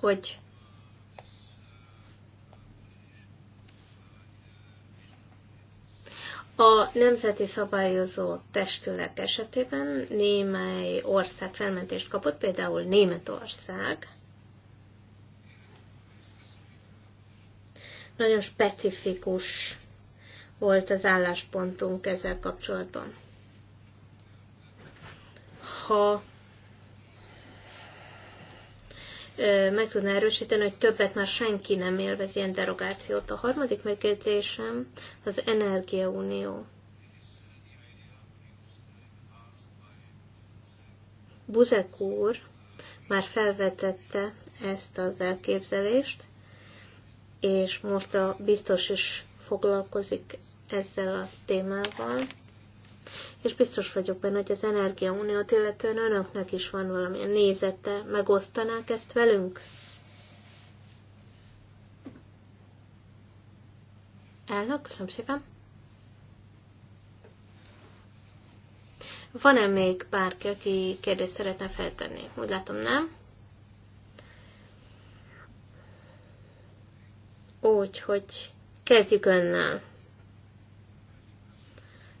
hogy A nemzeti szabályozó testület esetében némely ország felmentést kapott, például Németország. Nagyon specifikus volt az álláspontunk ezzel kapcsolatban. Ha meg tudná erősíteni, hogy többet már senki nem élvez ilyen derogációt. A harmadik megjegyzésem az Energiaunió. Buzek úr már felvetette ezt az elképzelést, és most a biztos is foglalkozik ezzel a témával, és biztos vagyok benne, hogy az Uniót illetően önöknek is van valamilyen nézete, megosztanák ezt velünk? Elnök, köszönöm szépen. Van-e még bárki, aki kérdést szeretne feltenni? Úgy látom, nem. Úgyhogy hogy Kezdjük önnel.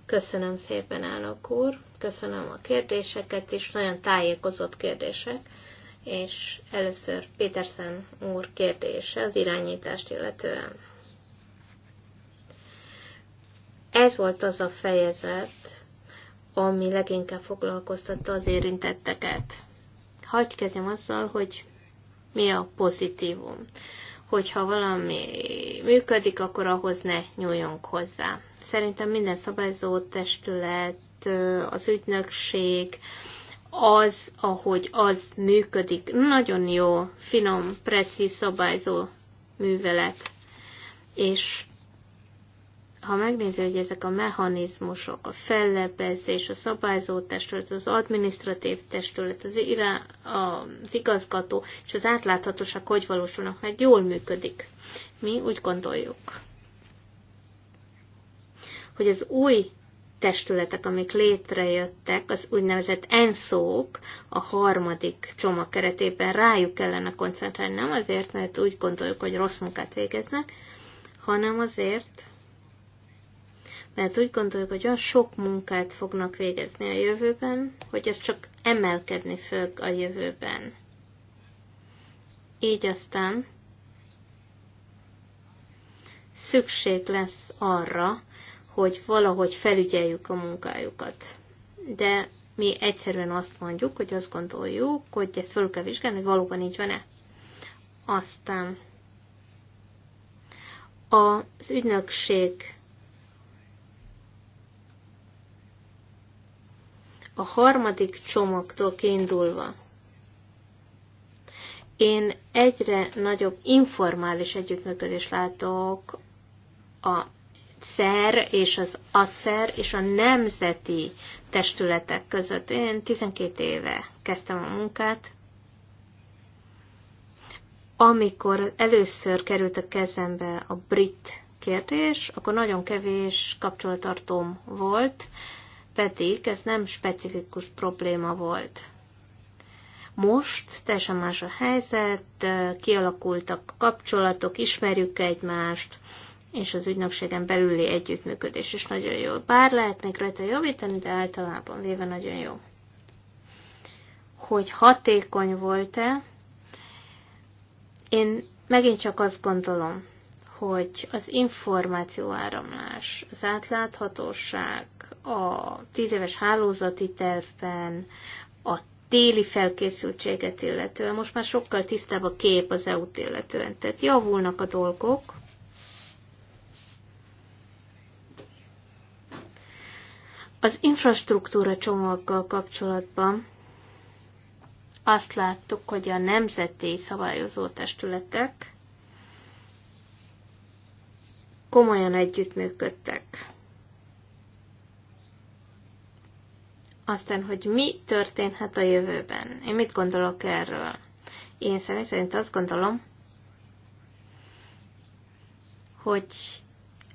Köszönöm szépen, elnök úr. Köszönöm a kérdéseket is, nagyon tájékozott kérdések. És először Pétersen úr kérdése az irányítást illetően. Ez volt az a fejezet, ami leginkább foglalkoztatta az érintetteket. Hagyj kezdjem azzal, hogy mi a pozitívum hogyha valami működik, akkor ahhoz ne nyúljunk hozzá. Szerintem minden szabályzó testület, az ügynökség, az, ahogy az működik, nagyon jó, finom, precíz szabályzó művelet. És ha megnézi, hogy ezek a mechanizmusok, a fellebezés, a szabályzó testület, az adminisztratív testület, az, irá, az igazgató és az átláthatóság hogy valósulnak meg, jól működik. Mi úgy gondoljuk, hogy az új testületek, amik létrejöttek, az úgynevezett enszók a harmadik csomag keretében rájuk kellene koncentrálni, nem azért, mert úgy gondoljuk, hogy rossz munkát végeznek, hanem azért, mert úgy gondoljuk, hogy olyan sok munkát fognak végezni a jövőben, hogy ez csak emelkedni fog a jövőben. Így aztán szükség lesz arra, hogy valahogy felügyeljük a munkájukat. De mi egyszerűen azt mondjuk, hogy azt gondoljuk, hogy ezt fel kell vizsgálni, hogy valóban így van-e. Aztán az ügynökség a harmadik csomagtól kiindulva én egyre nagyobb informális együttműködést látok a szer és az ACER és a nemzeti testületek között. Én 12 éve kezdtem a munkát, amikor először került a kezembe a brit kérdés, akkor nagyon kevés kapcsolatartóm volt, pedig ez nem specifikus probléma volt. Most teljesen más a helyzet, kialakultak kapcsolatok, ismerjük egymást, és az ügynökségen belüli együttműködés is nagyon jó. Bár lehet még rajta javítani, de általában véve nagyon jó. Hogy hatékony volt-e, én megint csak azt gondolom, hogy az információáramlás, az átláthatóság a tíz éves hálózati tervben, a téli felkészültséget illetően, most már sokkal tisztább a kép az EU-t illetően, tehát javulnak a dolgok, Az infrastruktúra csomaggal kapcsolatban azt láttuk, hogy a nemzeti szabályozó testületek komolyan együttműködtek. Aztán, hogy mi történhet a jövőben. Én mit gondolok erről? Én személy szerint azt gondolom, hogy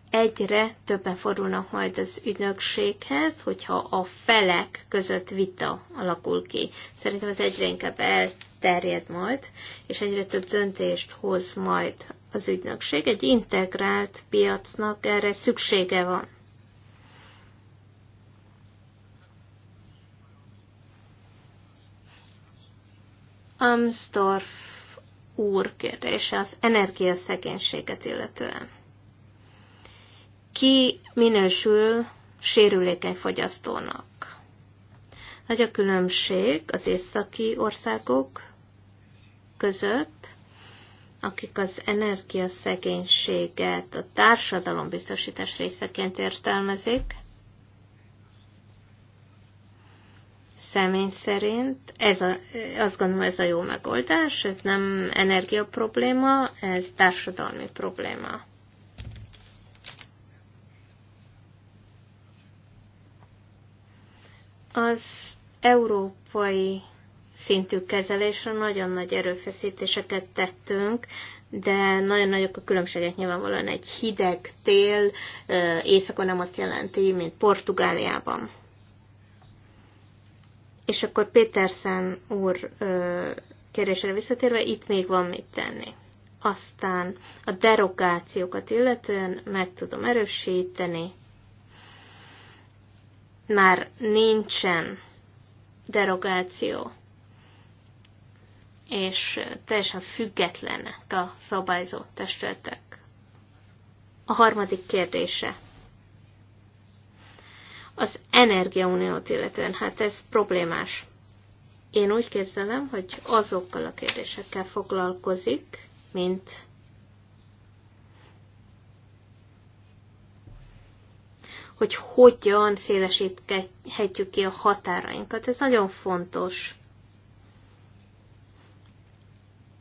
egyre többen fordulnak majd az ügynökséghez, hogyha a felek között vita alakul ki. Szerintem ez egyre inkább elterjed majd, és egyre több döntést hoz majd az ügynökség, egy integrált piacnak erre szüksége van. Amstorf úr kérdése az energiaszegénységet illetően. Ki minősül sérülékeny fogyasztónak? Nagy a különbség az északi országok között, akik az energiaszegénységet a biztosítás részeként értelmezik, személy szerint ez a, azt gondolom ez a jó megoldás, ez nem energia probléma, ez társadalmi probléma. Az európai szintű kezelésre nagyon nagy erőfeszítéseket tettünk, de nagyon nagyok a különbségek nyilvánvalóan egy hideg tél éjszakon nem azt jelenti, mint Portugáliában. És akkor Péterszen úr kérésre visszatérve, itt még van mit tenni. Aztán a derogációkat illetően meg tudom erősíteni. Már nincsen derogáció és teljesen függetlenek a szabályzó testületek. A harmadik kérdése. Az energiauniót illetően, hát ez problémás. Én úgy képzelem, hogy azokkal a kérdésekkel foglalkozik, mint hogy hogyan szélesíthetjük ki a határainkat. Ez nagyon fontos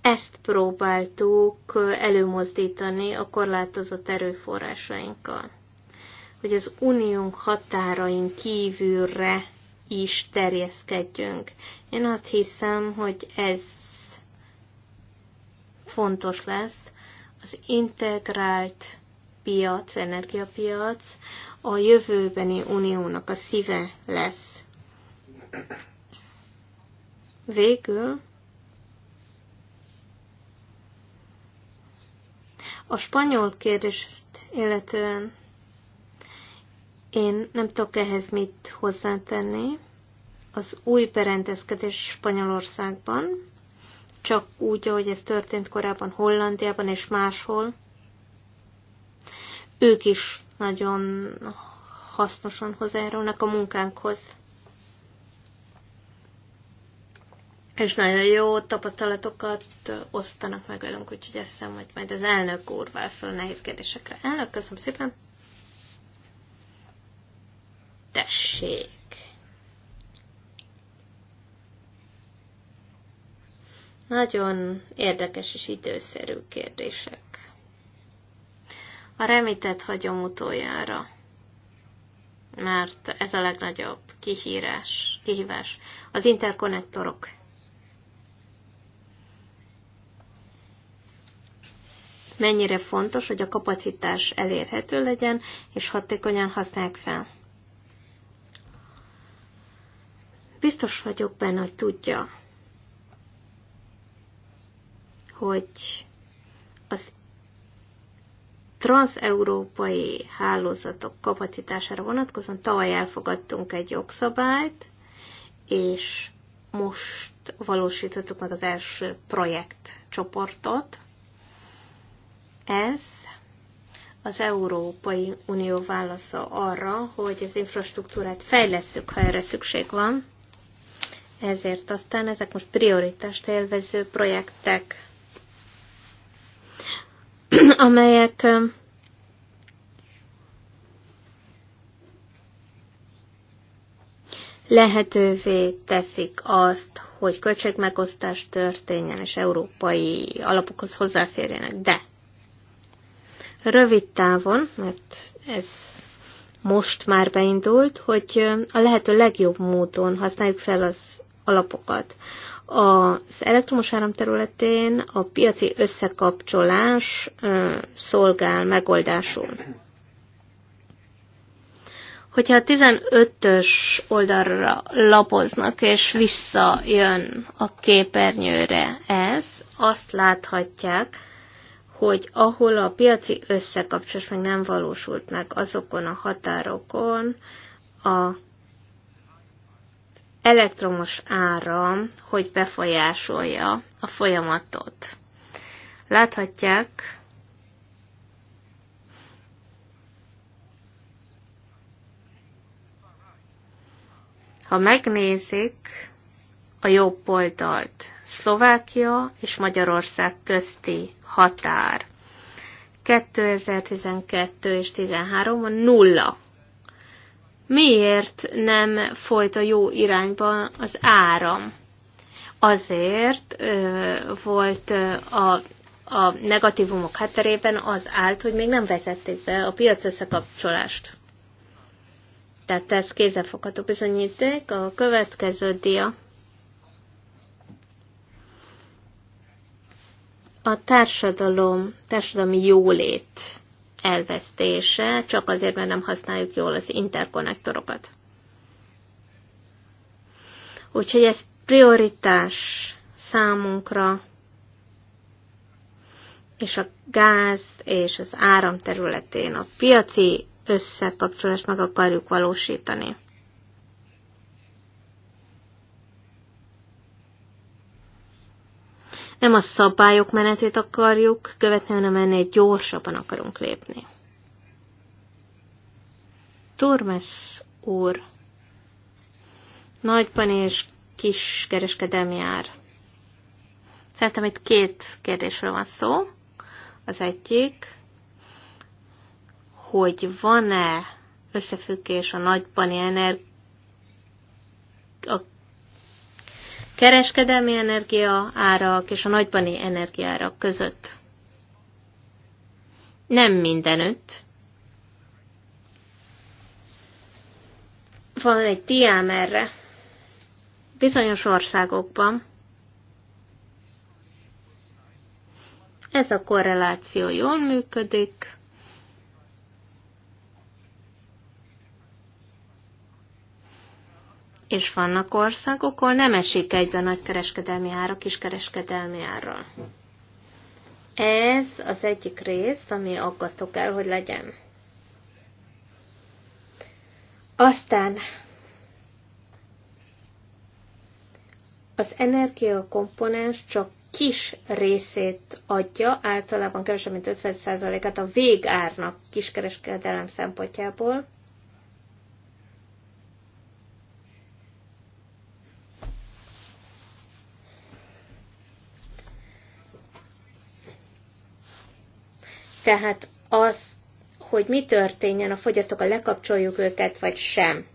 ezt próbáltuk előmozdítani a korlátozott erőforrásainkkal, hogy az uniónk határain kívülre is terjeszkedjünk. Én azt hiszem, hogy ez fontos lesz. Az integrált piac, energiapiac a jövőbeni uniónak a szíve lesz. Végül A spanyol kérdést illetően én nem tudok ehhez mit hozzátenni. Az új berendezkedés Spanyolországban, csak úgy, ahogy ez történt korábban Hollandiában és máshol, ők is nagyon hasznosan hozzájárulnak a munkánkhoz. és nagyon jó tapasztalatokat osztanak meg velünk, úgyhogy azt hiszem, hogy majd az elnök úr válaszol a nehéz kérdésekre. Elnök, köszönöm szépen. Tessék. Nagyon érdekes és időszerű kérdések. A remitet hagyom utoljára, mert ez a legnagyobb kihírás, kihívás. Az interkonnektorok mennyire fontos, hogy a kapacitás elérhető legyen, és hatékonyan használják fel. Biztos vagyok benne, hogy tudja, hogy az transeurópai hálózatok kapacitására vonatkozóan tavaly elfogadtunk egy jogszabályt, és most valósítottuk meg az első projektcsoportot, ez az Európai Unió válasza arra, hogy az infrastruktúrát fejlesszük, ha erre szükség van. Ezért aztán ezek most prioritást élvező projektek, amelyek lehetővé teszik azt, hogy költségmegosztás történjen, és európai alapokhoz hozzáférjenek. De rövid távon, mert ez most már beindult, hogy a lehető legjobb módon használjuk fel az alapokat. Az elektromos áram területén a piaci összekapcsolás szolgál megoldásul. Hogyha a 15-ös oldalra lapoznak, és visszajön a képernyőre ez, azt láthatják, hogy ahol a piaci összekapcsolás még nem valósult meg azokon a határokon, a elektromos áram, hogy befolyásolja a folyamatot. Láthatják, ha megnézik, a jobb oldalt. Szlovákia és Magyarország közti határ. 2012 és 13 a nulla. Miért nem folyt a jó irányba az áram? Azért ö, volt a a negatívumok hátterében az állt, hogy még nem vezették be a piac összekapcsolást. Tehát ez kézzelfogható bizonyíték. A következő dia. a társadalom, társadalmi jólét elvesztése, csak azért, mert nem használjuk jól az interkonnektorokat. Úgyhogy ez prioritás számunkra, és a gáz és az áram területén a piaci összekapcsolást meg akarjuk valósítani. Nem a szabályok menetét akarjuk követni, hanem ennél gyorsabban akarunk lépni. Turmes úr, nagyban és kis kereskedelmi ár. Szerintem itt két kérdésről van szó. Az egyik, hogy van-e összefüggés a nagybani energi- a kereskedelmi energia árak és a nagybani energiárak között. Nem mindenütt. Van egy diám erre. Bizonyos országokban ez a korreláció jól működik, és vannak országok, ahol nem esik egyben nagy kereskedelmi ára kiskereskedelmi ára. Ez az egyik rész, ami aggasztó kell, hogy legyen. Aztán az energiakomponens csak kis részét adja, általában kevesebb, mint 50%-át a végárnak kiskereskedelem szempontjából, Tehát az, hogy mi történjen a fogyasztókkal, lekapcsoljuk őket, vagy sem.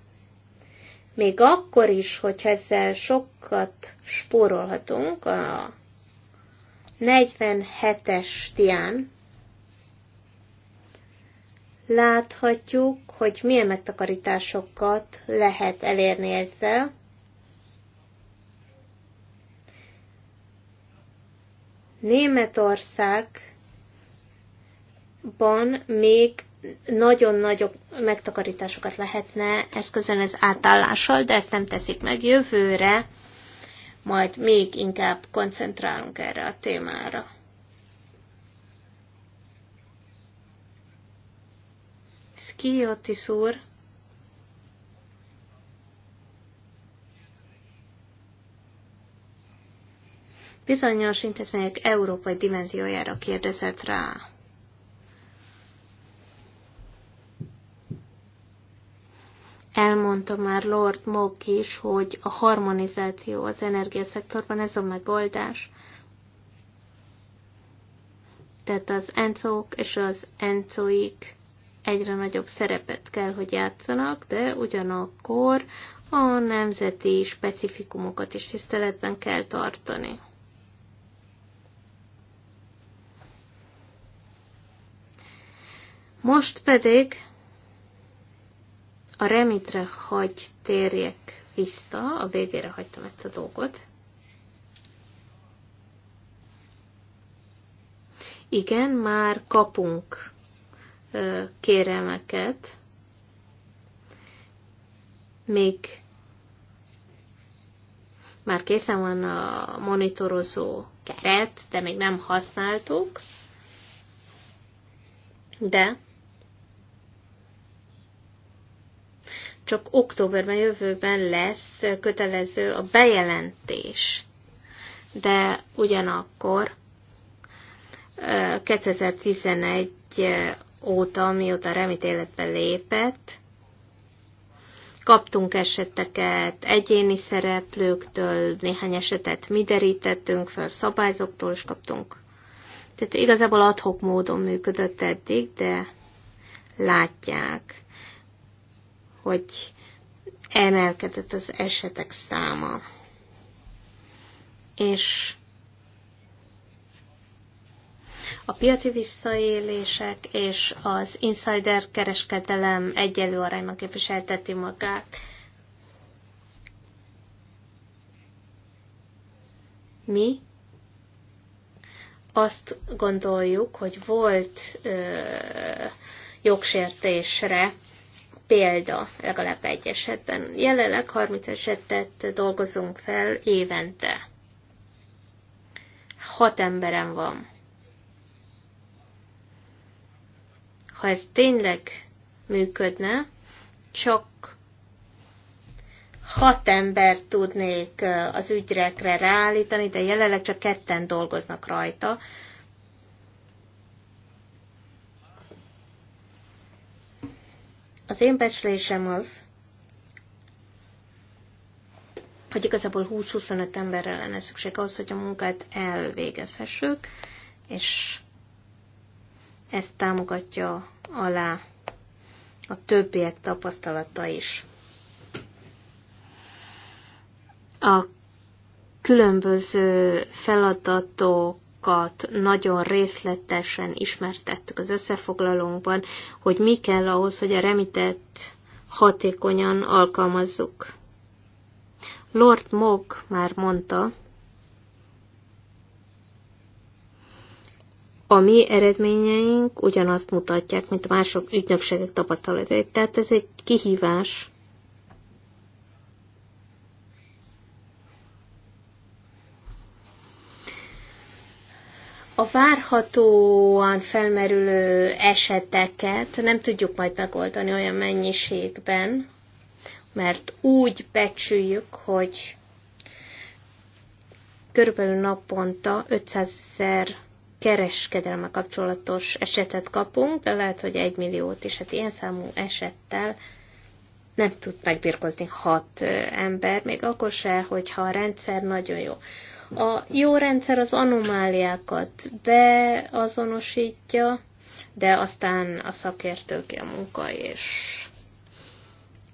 Még akkor is, hogyha ezzel sokat spórolhatunk, a 47-es dián láthatjuk, hogy milyen megtakarításokat lehet elérni ezzel. Németország ban még nagyon nagyobb megtakarításokat lehetne eszközön az átállással, de ezt nem teszik meg jövőre, majd még inkább koncentrálunk erre a témára. Skiotis szúr! bizonyos intézmények európai dimenziójára kérdezett rá. Elmondta már Lord Mock is, hogy a harmonizáció az energiaszektorban ez a megoldás. Tehát az encók és az encóik egyre nagyobb szerepet kell, hogy játszanak, de ugyanakkor a nemzeti specifikumokat is tiszteletben kell tartani. Most pedig a remitre hagy térjek vissza, a végére hagytam ezt a dolgot. Igen, már kapunk kérelmeket, még már készen van a monitorozó keret, de még nem használtuk, de csak októberben jövőben lesz kötelező a bejelentés. De ugyanakkor 2011 óta, mióta remit életbe lépett, kaptunk eseteket egyéni szereplőktől, néhány esetet mi derítettünk fel, szabályzóktól is kaptunk. Tehát igazából adhok módon működött eddig, de látják, hogy emelkedett az esetek száma. És a piaci visszaélések és az insider kereskedelem egyelő arányban képviselteti magát. Mi azt gondoljuk, hogy volt ö, jogsértésre példa legalább egy esetben. Jelenleg 30 esetet dolgozunk fel évente. Hat emberem van. Ha ez tényleg működne, csak hat ember tudnék az ügyrekre ráállítani, de jelenleg csak ketten dolgoznak rajta, Az én becslésem az, hogy igazából 20-25 emberre lenne szükség ahhoz, hogy a munkát elvégezhessük, és ezt támogatja alá a többiek tapasztalata is. A különböző feladatok dolgokat nagyon részletesen ismertettük az összefoglalónkban, hogy mi kell ahhoz, hogy a remitet hatékonyan alkalmazzuk. Lord Mog már mondta, a mi eredményeink ugyanazt mutatják, mint a mások ügynökségek tapasztalatait. Tehát ez egy kihívás, a várhatóan felmerülő eseteket nem tudjuk majd megoldani olyan mennyiségben, mert úgy becsüljük, hogy körülbelül naponta 500 ezer kereskedelme kapcsolatos esetet kapunk, de lehet, hogy egy milliót is. Hát ilyen számú esettel nem tud megbírkozni hat ember, még akkor se, hogyha a rendszer nagyon jó. A jó rendszer az anomáliákat beazonosítja, de aztán a szakértőké a munka, és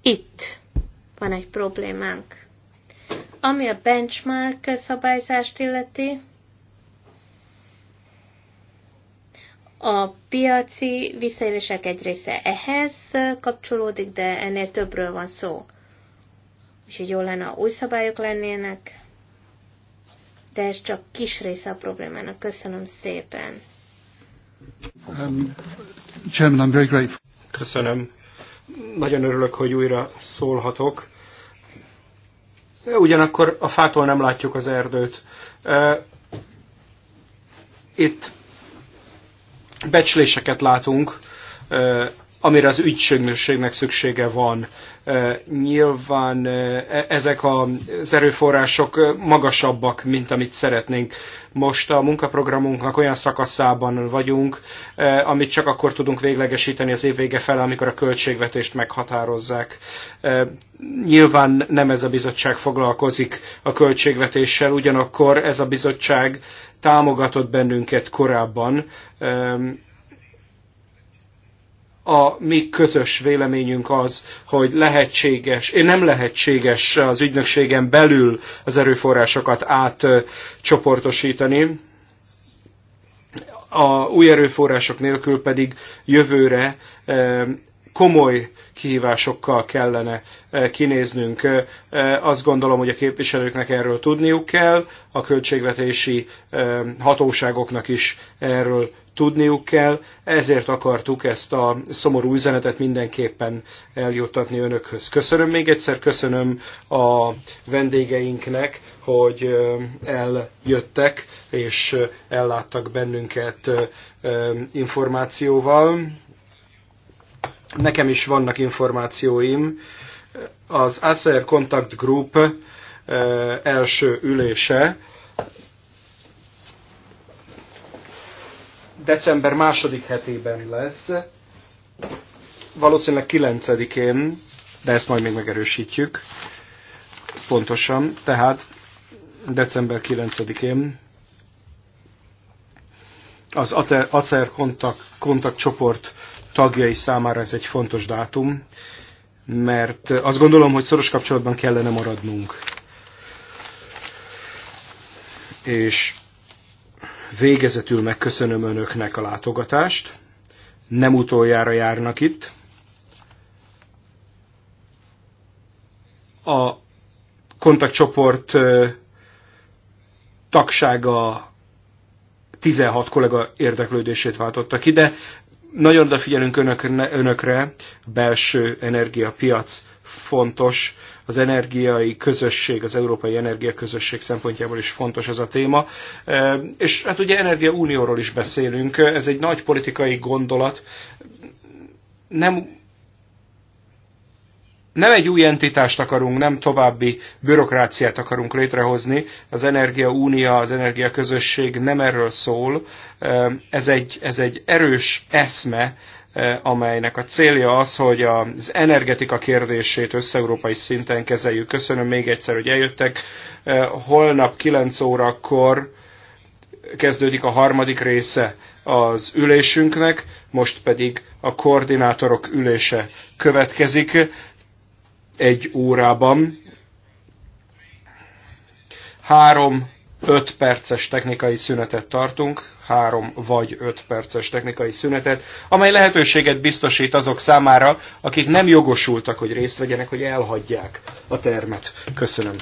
itt van egy problémánk. Ami a benchmark szabályzást illeti, a piaci visszaélések egy része ehhez kapcsolódik, de ennél többről van szó. Úgyhogy jó lenne, ha új szabályok lennének, de ez csak kis része a problémának. Köszönöm szépen. Um, I'm very grateful. Köszönöm. Nagyon örülök, hogy újra szólhatok. Ugyanakkor a fától nem látjuk az erdőt. Uh, itt becsléseket látunk uh, amire az ügynökségnek szüksége van. Nyilván e, ezek az erőforrások magasabbak, mint amit szeretnénk. Most a munkaprogramunknak olyan szakaszában vagyunk, amit csak akkor tudunk véglegesíteni az évvége fele, amikor a költségvetést meghatározzák. Nyilván nem ez a bizottság foglalkozik a költségvetéssel, ugyanakkor ez a bizottság támogatott bennünket korábban, a mi közös véleményünk az, hogy lehetséges, nem lehetséges az ügynökségen belül az erőforrásokat átcsoportosítani, a új erőforrások nélkül pedig jövőre eh, komoly kihívásokkal kellene e, kinéznünk. E, e, azt gondolom, hogy a képviselőknek erről tudniuk kell, a költségvetési hatóságoknak is erről tudniuk kell, ezért akartuk ezt a szomorú üzenetet mindenképpen eljuttatni önökhöz. Köszönöm még egyszer, köszönöm a vendégeinknek, hogy eljöttek és elláttak bennünket információval. Nekem is vannak információim. Az ASER Contact Group eh, első ülése december második hetében lesz, valószínűleg 9-én, de ezt majd még megerősítjük pontosan, tehát december 9-én az ACER kontakt, csoport tagjai számára ez egy fontos dátum, mert azt gondolom, hogy szoros kapcsolatban kellene maradnunk. És végezetül megköszönöm önöknek a látogatást. Nem utoljára járnak itt. A kontaktcsoport tagsága 16 kollega érdeklődését ki, ide. Nagyon odafigyelünk önökre, önökre, belső energiapiac fontos, az energiai közösség, az európai energiaközösség szempontjából is fontos ez a téma. E, és hát ugye energiaunióról is beszélünk, ez egy nagy politikai gondolat, nem nem egy új entitást akarunk, nem további bürokráciát akarunk létrehozni. Az Energia Unia, az Energia Közösség nem erről szól. Ez egy, ez egy erős eszme, amelynek a célja az, hogy az energetika kérdését összeurópai szinten kezeljük. Köszönöm még egyszer, hogy eljöttek. Holnap 9 órakor kezdődik a harmadik része az ülésünknek, most pedig a koordinátorok ülése következik egy órában. Három 5 perces technikai szünetet tartunk, három vagy 5 perces technikai szünetet, amely lehetőséget biztosít azok számára, akik nem jogosultak, hogy részt vegyenek, hogy elhagyják a termet. Köszönöm.